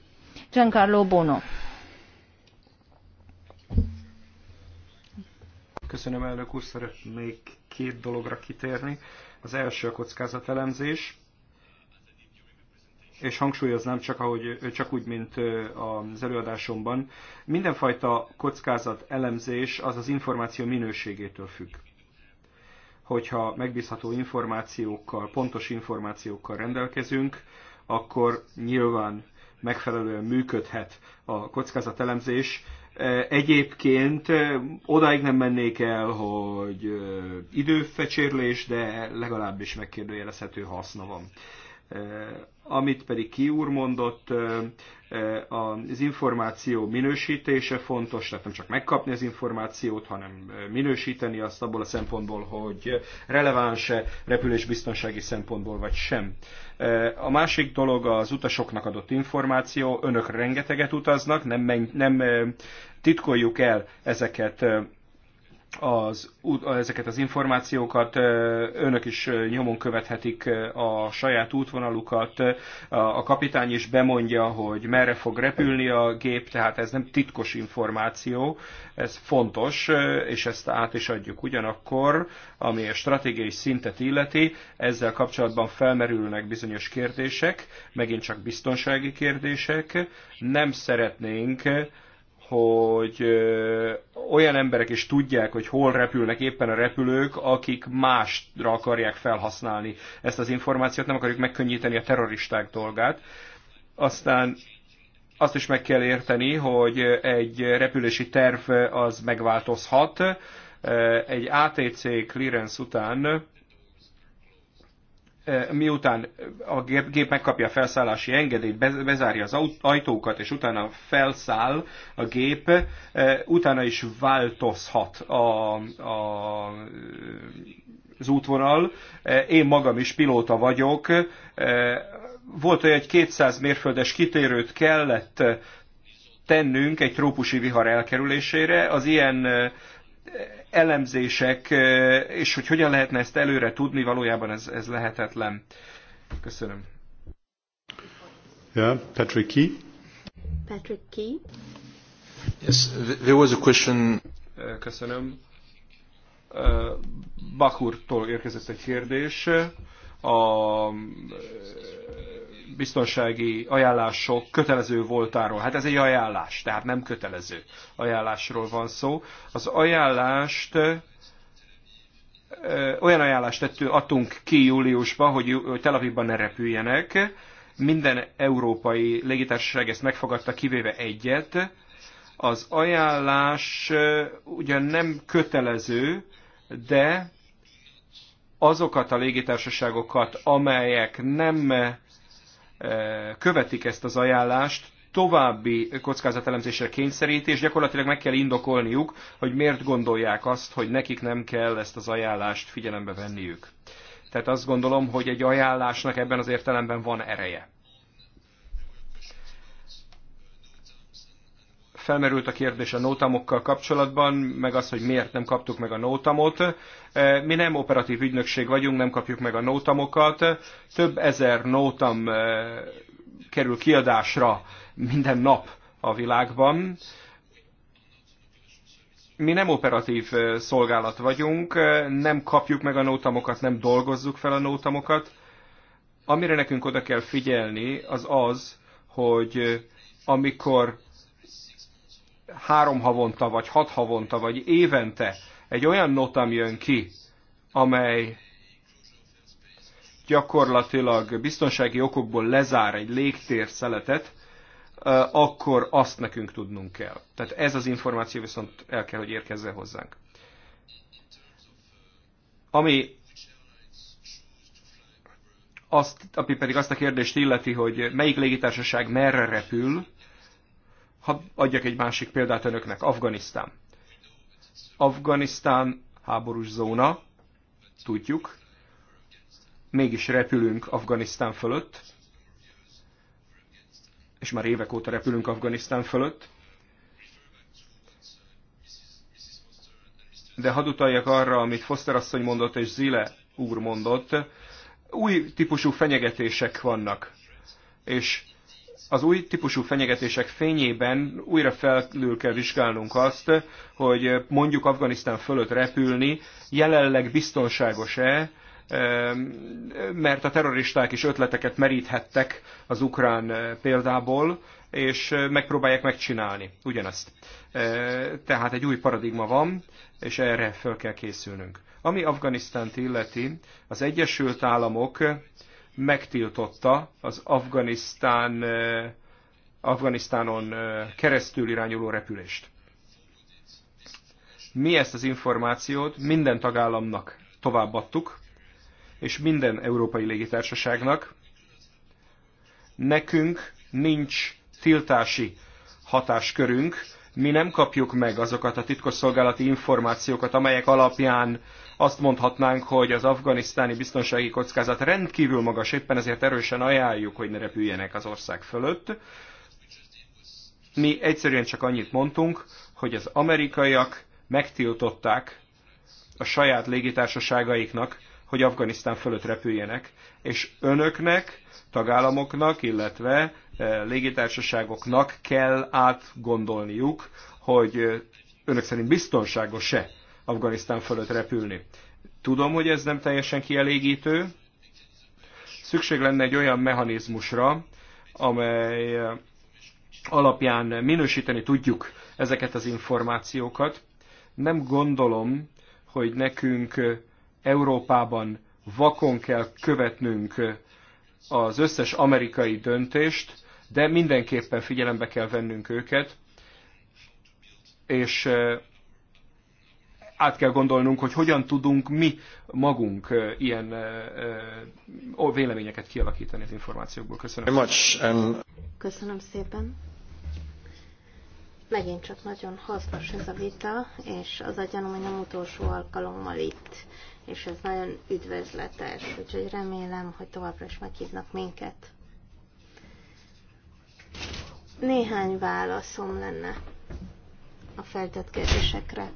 giancarlo bono. Köszönöm, elnök úr, szeretnék két dologra kitérni. Az első a kockázatelemzés, és hangsúlyoznám csak, ahogy, csak úgy, mint az előadásomban, mindenfajta kockázat elemzés az az információ minőségétől függ. Hogyha megbízható információkkal, pontos információkkal rendelkezünk, akkor nyilván megfelelően működhet a elemzés. Egyébként odáig nem mennék el, hogy időfecsérlés, de legalábbis megkérdőjelezhető haszna van. Eh, amit pedig kiúr mondott, eh, eh, az információ minősítése fontos, tehát nem csak megkapni az információt, hanem minősíteni azt abból a szempontból, hogy releváns-e repülésbiztonsági szempontból vagy sem. A másik dolog az utasoknak adott információ, önök rengeteget utaznak, nem, menj, nem titkoljuk el ezeket az, ezeket az információkat, önök is nyomon követhetik a saját útvonalukat, a kapitány is bemondja, hogy merre fog repülni a gép, tehát ez nem titkos információ, ez fontos, és ezt át is adjuk. Ugyanakkor, ami a stratégiai szintet illeti, ezzel kapcsolatban felmerülnek bizonyos kérdések, megint csak biztonsági kérdések, nem szeretnénk hogy olyan emberek is tudják, hogy hol repülnek éppen a repülők, akik másra akarják felhasználni ezt az információt, nem akarjuk megkönnyíteni a terroristák dolgát. Aztán azt is meg kell érteni, hogy egy repülési terv az megváltozhat. Egy ATC clearance után miután a gép, megkapja a felszállási engedélyt, bezárja az ajtókat, és utána felszáll a gép, e, utána is változhat a, a, az útvonal. E, én magam is pilóta vagyok. E, volt olyan, hogy 200 mérföldes kitérőt kellett tennünk egy trópusi vihar elkerülésére. Az ilyen elemzések, és hogy hogyan lehetne ezt előre tudni, valójában ez, ez lehetetlen. Köszönöm. Yeah, Patrick Key. Patrick Key. Yes, there was a question. Köszönöm. Bakurtól érkezett egy kérdés a biztonsági ajánlások kötelező voltáról. Hát ez egy ajánlás, tehát nem kötelező ajánlásról van szó. Az ajánlást olyan ajánlást tettünk, adtunk ki júliusban, hogy, hogy Tel Avivban ne repüljenek. Minden európai légitársaság ezt megfogadta, kivéve egyet. Az ajánlás ugyan nem kötelező, de azokat a légitársaságokat, amelyek nem követik ezt az ajánlást, további kockázatelemzésre kényszerít, és gyakorlatilag meg kell indokolniuk, hogy miért gondolják azt, hogy nekik nem kell ezt az ajánlást figyelembe venniük. Tehát azt gondolom, hogy egy ajánlásnak ebben az értelemben van ereje. Felmerült a kérdés a nótamokkal kapcsolatban, meg az, hogy miért nem kaptuk meg a nótamot. E, mi nem operatív ügynökség vagyunk, nem kapjuk meg a nótamokat. Több ezer nótam e, kerül kiadásra minden nap a világban. Mi nem operatív e, szolgálat vagyunk, nem kapjuk meg a nótamokat, nem dolgozzuk fel a nótamokat. Amire nekünk oda kell figyelni, az az, hogy amikor három havonta, vagy hat havonta, vagy évente egy olyan notam jön ki, amely gyakorlatilag biztonsági okokból lezár egy szeletet, akkor azt nekünk tudnunk kell. Tehát ez az információ viszont el kell, hogy érkezzen hozzánk. Ami azt, ami pedig azt a kérdést illeti, hogy melyik légitársaság merre repül, ha adjak egy másik példát önöknek, Afganisztán. Afganisztán háborús zóna, tudjuk, mégis repülünk Afganisztán fölött, és már évek óta repülünk Afganisztán fölött, de hadd utaljak arra, amit Foster asszony mondott és Zile úr mondott, új típusú fenyegetések vannak, és az új típusú fenyegetések fényében újra felül kell vizsgálnunk azt, hogy mondjuk Afganisztán fölött repülni jelenleg biztonságos-e, mert a terroristák is ötleteket meríthettek az ukrán eh, példából, és eh, megpróbálják megcsinálni ugyanezt. Eh, tehát egy új paradigma van, és erre fel kell készülnünk. Ami Afganisztánt illeti, az Egyesült Államok megtiltotta az Afganisztán, eh, Afganisztánon eh, keresztül irányuló repülést. Mi ezt az információt minden tagállamnak továbbadtuk, és minden európai légitársaságnak. Nekünk nincs tiltási hatáskörünk, mi nem kapjuk meg azokat a titkosszolgálati információkat, amelyek alapján azt mondhatnánk, hogy az afganisztáni biztonsági kockázat rendkívül magas, éppen ezért erősen ajánljuk, hogy ne repüljenek az ország fölött. Mi egyszerűen csak annyit mondtunk, hogy az amerikaiak megtiltották a saját légitársaságaiknak, hogy Afganisztán fölött repüljenek, és önöknek, tagállamoknak, illetve eh, légitársaságoknak kell átgondolniuk, hogy eh, önök szerint biztonságos-e Afganisztán fölött repülni. Tudom, hogy ez nem teljesen kielégítő. Szükség lenne egy olyan mechanizmusra, amely alapján minősíteni tudjuk ezeket az információkat. Nem gondolom, hogy nekünk Európában vakon kell követnünk az összes amerikai döntést, de mindenképpen figyelembe kell vennünk őket, és át kell gondolnunk, hogy hogyan tudunk mi magunk ilyen véleményeket kialakítani az információkból. Köszönöm. Köszönöm szépen. Megint csak nagyon hasznos ez a vita, és az a gyanúm, hogy nem utolsó alkalommal itt, és ez nagyon üdvözletes, úgyhogy remélem, hogy továbbra is meghívnak minket. Néhány válaszom lenne a feltett kérdésekre.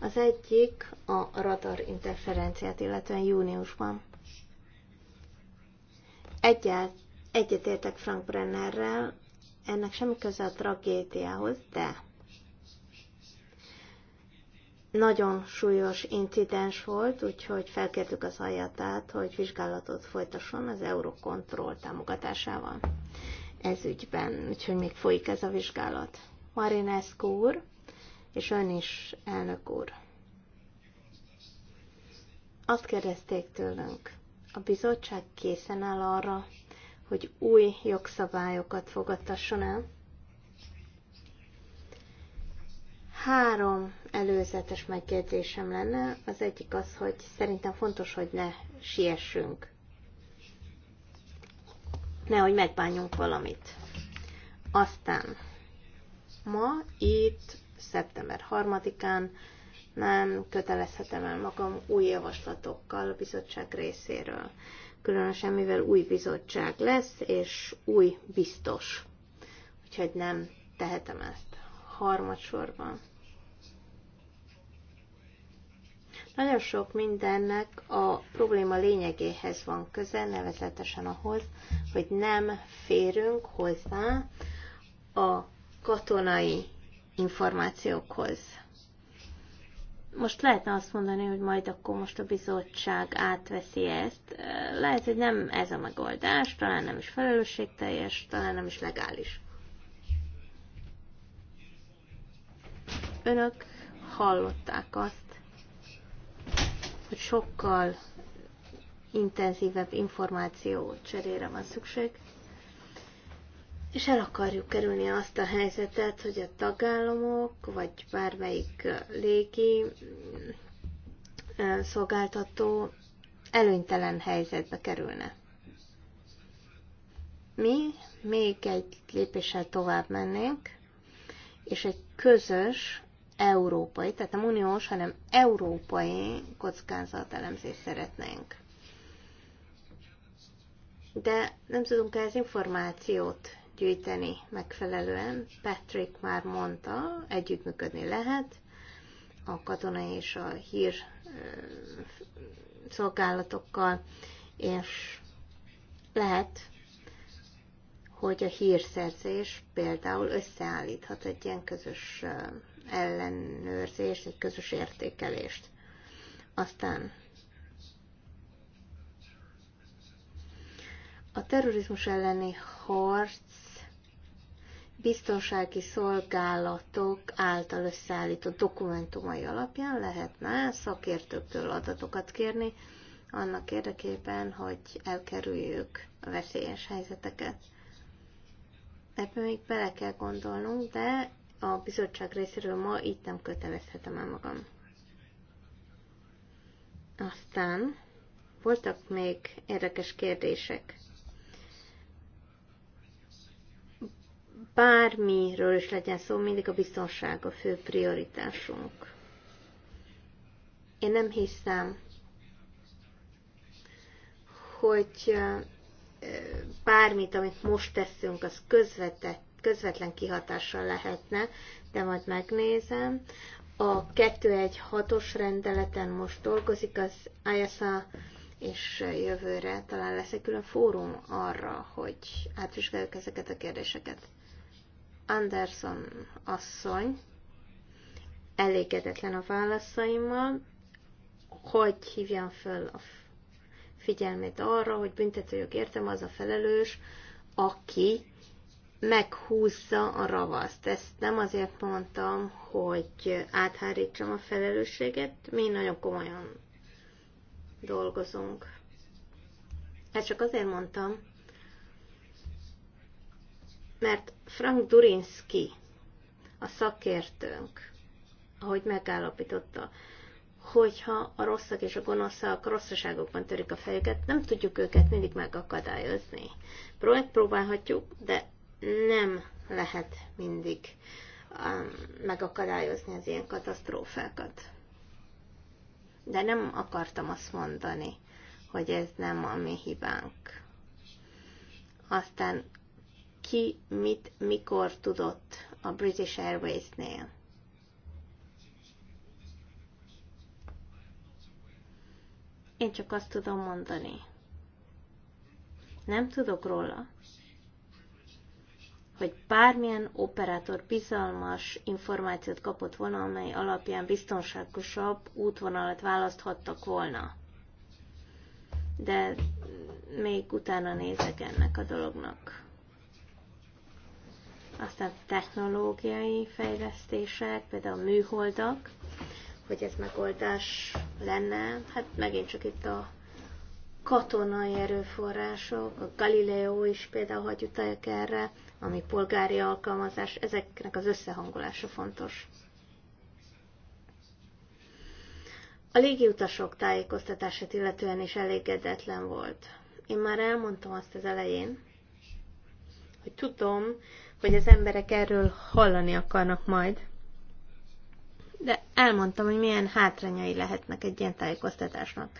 Az egyik a radar interferenciát, illetően júniusban. Egyet, egyetértek Frank Brennerrel, ennek semmi köze a tragédiához, de nagyon súlyos incidens volt, úgyhogy felkértük az ajatát, hogy vizsgálatot folytasson az Eurocontrol támogatásával ez ügyben, úgyhogy még folyik ez a vizsgálat. Marinescu úr, és ön is, elnök úr. Azt kérdezték tőlünk, a bizottság készen áll arra, hogy új jogszabályokat fogadtasson el? Három előzetes megjegyzésem lenne. Az egyik az, hogy szerintem fontos, hogy ne siessünk. Nehogy megbánjunk valamit. Aztán ma itt szeptember 3-án nem kötelezhetem el magam új javaslatokkal a bizottság részéről. Különösen, mivel új bizottság lesz, és új biztos. Úgyhogy nem tehetem ezt harmadsorban. Nagyon sok mindennek a probléma lényegéhez van köze, nevezetesen ahhoz, hogy nem férünk hozzá a katonai információkhoz. Most lehetne azt mondani, hogy majd akkor most a bizottság átveszi ezt. Lehet, hogy nem ez a megoldás, talán nem is felelősségteljes, talán nem is legális. Önök hallották azt, hogy sokkal intenzívebb információ cserére van szükség és el akarjuk kerülni azt a helyzetet, hogy a tagállamok, vagy bármelyik légi szolgáltató előnytelen helyzetbe kerülne. Mi még egy lépéssel tovább mennénk, és egy közös európai, tehát nem uniós, hanem európai kockázatelemzést szeretnénk. De nem tudunk ehhez információt gyűjteni megfelelően. Patrick már mondta, együttműködni lehet a katonai és a hír szolgálatokkal, és lehet, hogy a hírszerzés például összeállíthat egy ilyen közös ellenőrzést, egy közös értékelést. Aztán a terrorizmus elleni harc biztonsági szolgálatok által összeállított dokumentumai alapján lehetne szakértőktől adatokat kérni, annak érdekében, hogy elkerüljük a veszélyes helyzeteket. Ebben még bele kell gondolnunk, de a bizottság részéről ma itt nem kötelezhetem el magam. Aztán voltak még érdekes kérdések. bármiről is legyen szó, mindig a biztonság a fő prioritásunk. Én nem hiszem, hogy bármit, amit most teszünk, az közvetett, közvetlen kihatással lehetne, de majd megnézem. A 216-os rendeleten most dolgozik az ISA, és jövőre talán lesz egy külön fórum arra, hogy átvizsgáljuk ezeket a kérdéseket. Anderson asszony elégedetlen a válaszaimmal, hogy hívjam föl a figyelmét arra, hogy büntetőjog értem az a felelős, aki meghúzza a ravaszt. Ezt nem azért mondtam, hogy áthárítsam a felelősséget, mi nagyon komolyan dolgozunk. Ezt csak azért mondtam, mert Frank Durinski, a szakértőnk, ahogy megállapította, hogyha a rosszak és a gonoszak rosszaságokban törik a fejüket, nem tudjuk őket mindig megakadályozni. próbálhatjuk, de nem lehet mindig um, megakadályozni az ilyen katasztrófákat. De nem akartam azt mondani, hogy ez nem a mi hibánk. Aztán ki mit, mikor tudott a British Airways-nél. Én csak azt tudom mondani. Nem tudok róla, hogy bármilyen operátor bizalmas információt kapott volna, amely alapján biztonságosabb útvonalat választhattak volna. De még utána nézek ennek a dolognak aztán technológiai fejlesztések, például a műholdak, hogy ez megoldás lenne. Hát megint csak itt a katonai erőforrások, a Galileo is például hagy utaljak erre, ami polgári alkalmazás, ezeknek az összehangolása fontos. A légiutasok tájékoztatását illetően is elégedetlen volt. Én már elmondtam azt az elején, hogy tudom, hogy az emberek erről hallani akarnak majd. De elmondtam, hogy milyen hátrányai lehetnek egy ilyen tájékoztatásnak.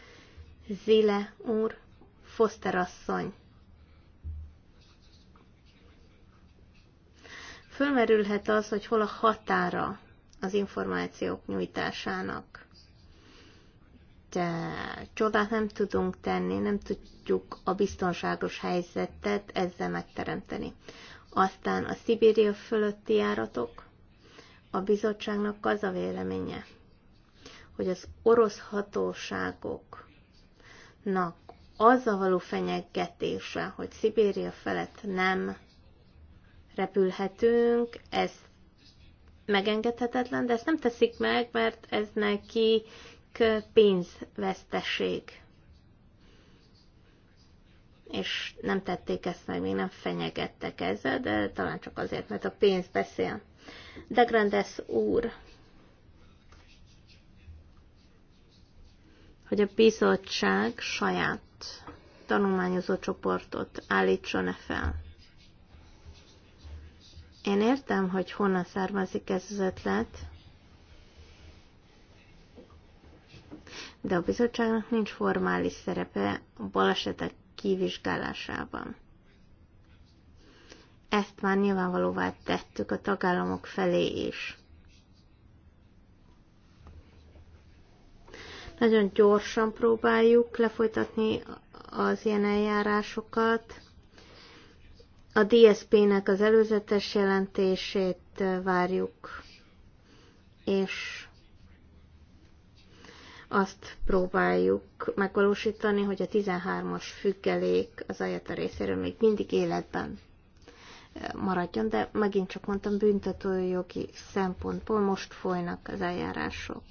Zile úr, Foster asszony. Fölmerülhet az, hogy hol a határa az információk nyújtásának. De csodát nem tudunk tenni, nem tudjuk a biztonságos helyzetet ezzel megteremteni. Aztán a Szibéria fölötti járatok. A bizottságnak az a véleménye, hogy az orosz hatóságoknak a való fenyegetése, hogy Szibéria felett nem repülhetünk, ez megengedhetetlen, de ezt nem teszik meg, mert ez nekik pénzveszteség és nem tették ezt meg, még nem fenyegettek ezzel, de talán csak azért, mert a pénz beszél. De Grandes úr, hogy a bizottság saját tanulmányozó csoportot állítson-e fel. Én értem, hogy honnan származik ez az ötlet, de a bizottságnak nincs formális szerepe a balesetek kivizsgálásában. Ezt már nyilvánvalóvá tettük a tagállamok felé is. Nagyon gyorsan próbáljuk lefolytatni az ilyen eljárásokat. A DSP-nek az előzetes jelentését várjuk, és azt próbáljuk megvalósítani, hogy a 13-as függelék az ajata részéről még mindig életben maradjon, de megint csak mondtam, büntetőjogi szempontból most folynak az eljárások.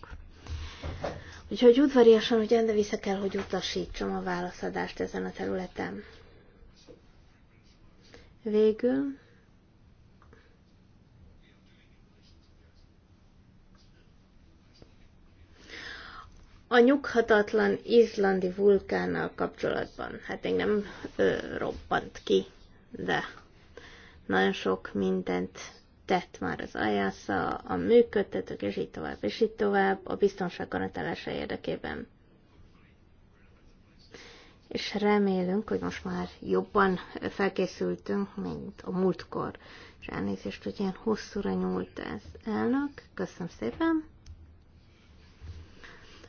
Úgyhogy udvariasan ugyan, de vissza kell, hogy utasítsam a válaszadást ezen a területen. Végül a nyughatatlan izlandi vulkánnal kapcsolatban, hát még nem ö, robbant ki, de nagyon sok mindent tett már az ajásza, a működtetők, és így tovább, és így tovább, a biztonság garantálása érdekében. És remélünk, hogy most már jobban felkészültünk, mint a múltkor. És elnézést, hogy ilyen hosszúra nyúlt ez elnök. Köszönöm szépen!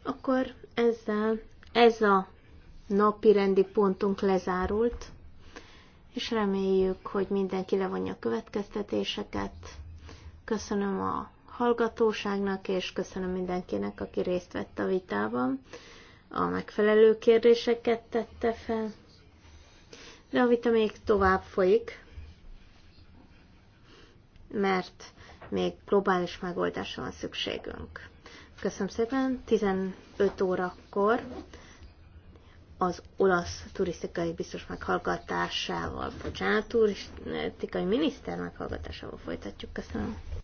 Akkor ezzel ez a napi rendi pontunk lezárult, és reméljük, hogy mindenki levonja a következtetéseket. Köszönöm a hallgatóságnak, és köszönöm mindenkinek, aki részt vett a vitában. A megfelelő kérdéseket tette fel. De a vita még tovább folyik, mert még globális megoldásra van szükségünk. Köszönöm szépen. 15 órakor az olasz turisztikai biztos meghallgatásával, bocsánat, turisztikai miniszter meghallgatásával folytatjuk. Köszönöm.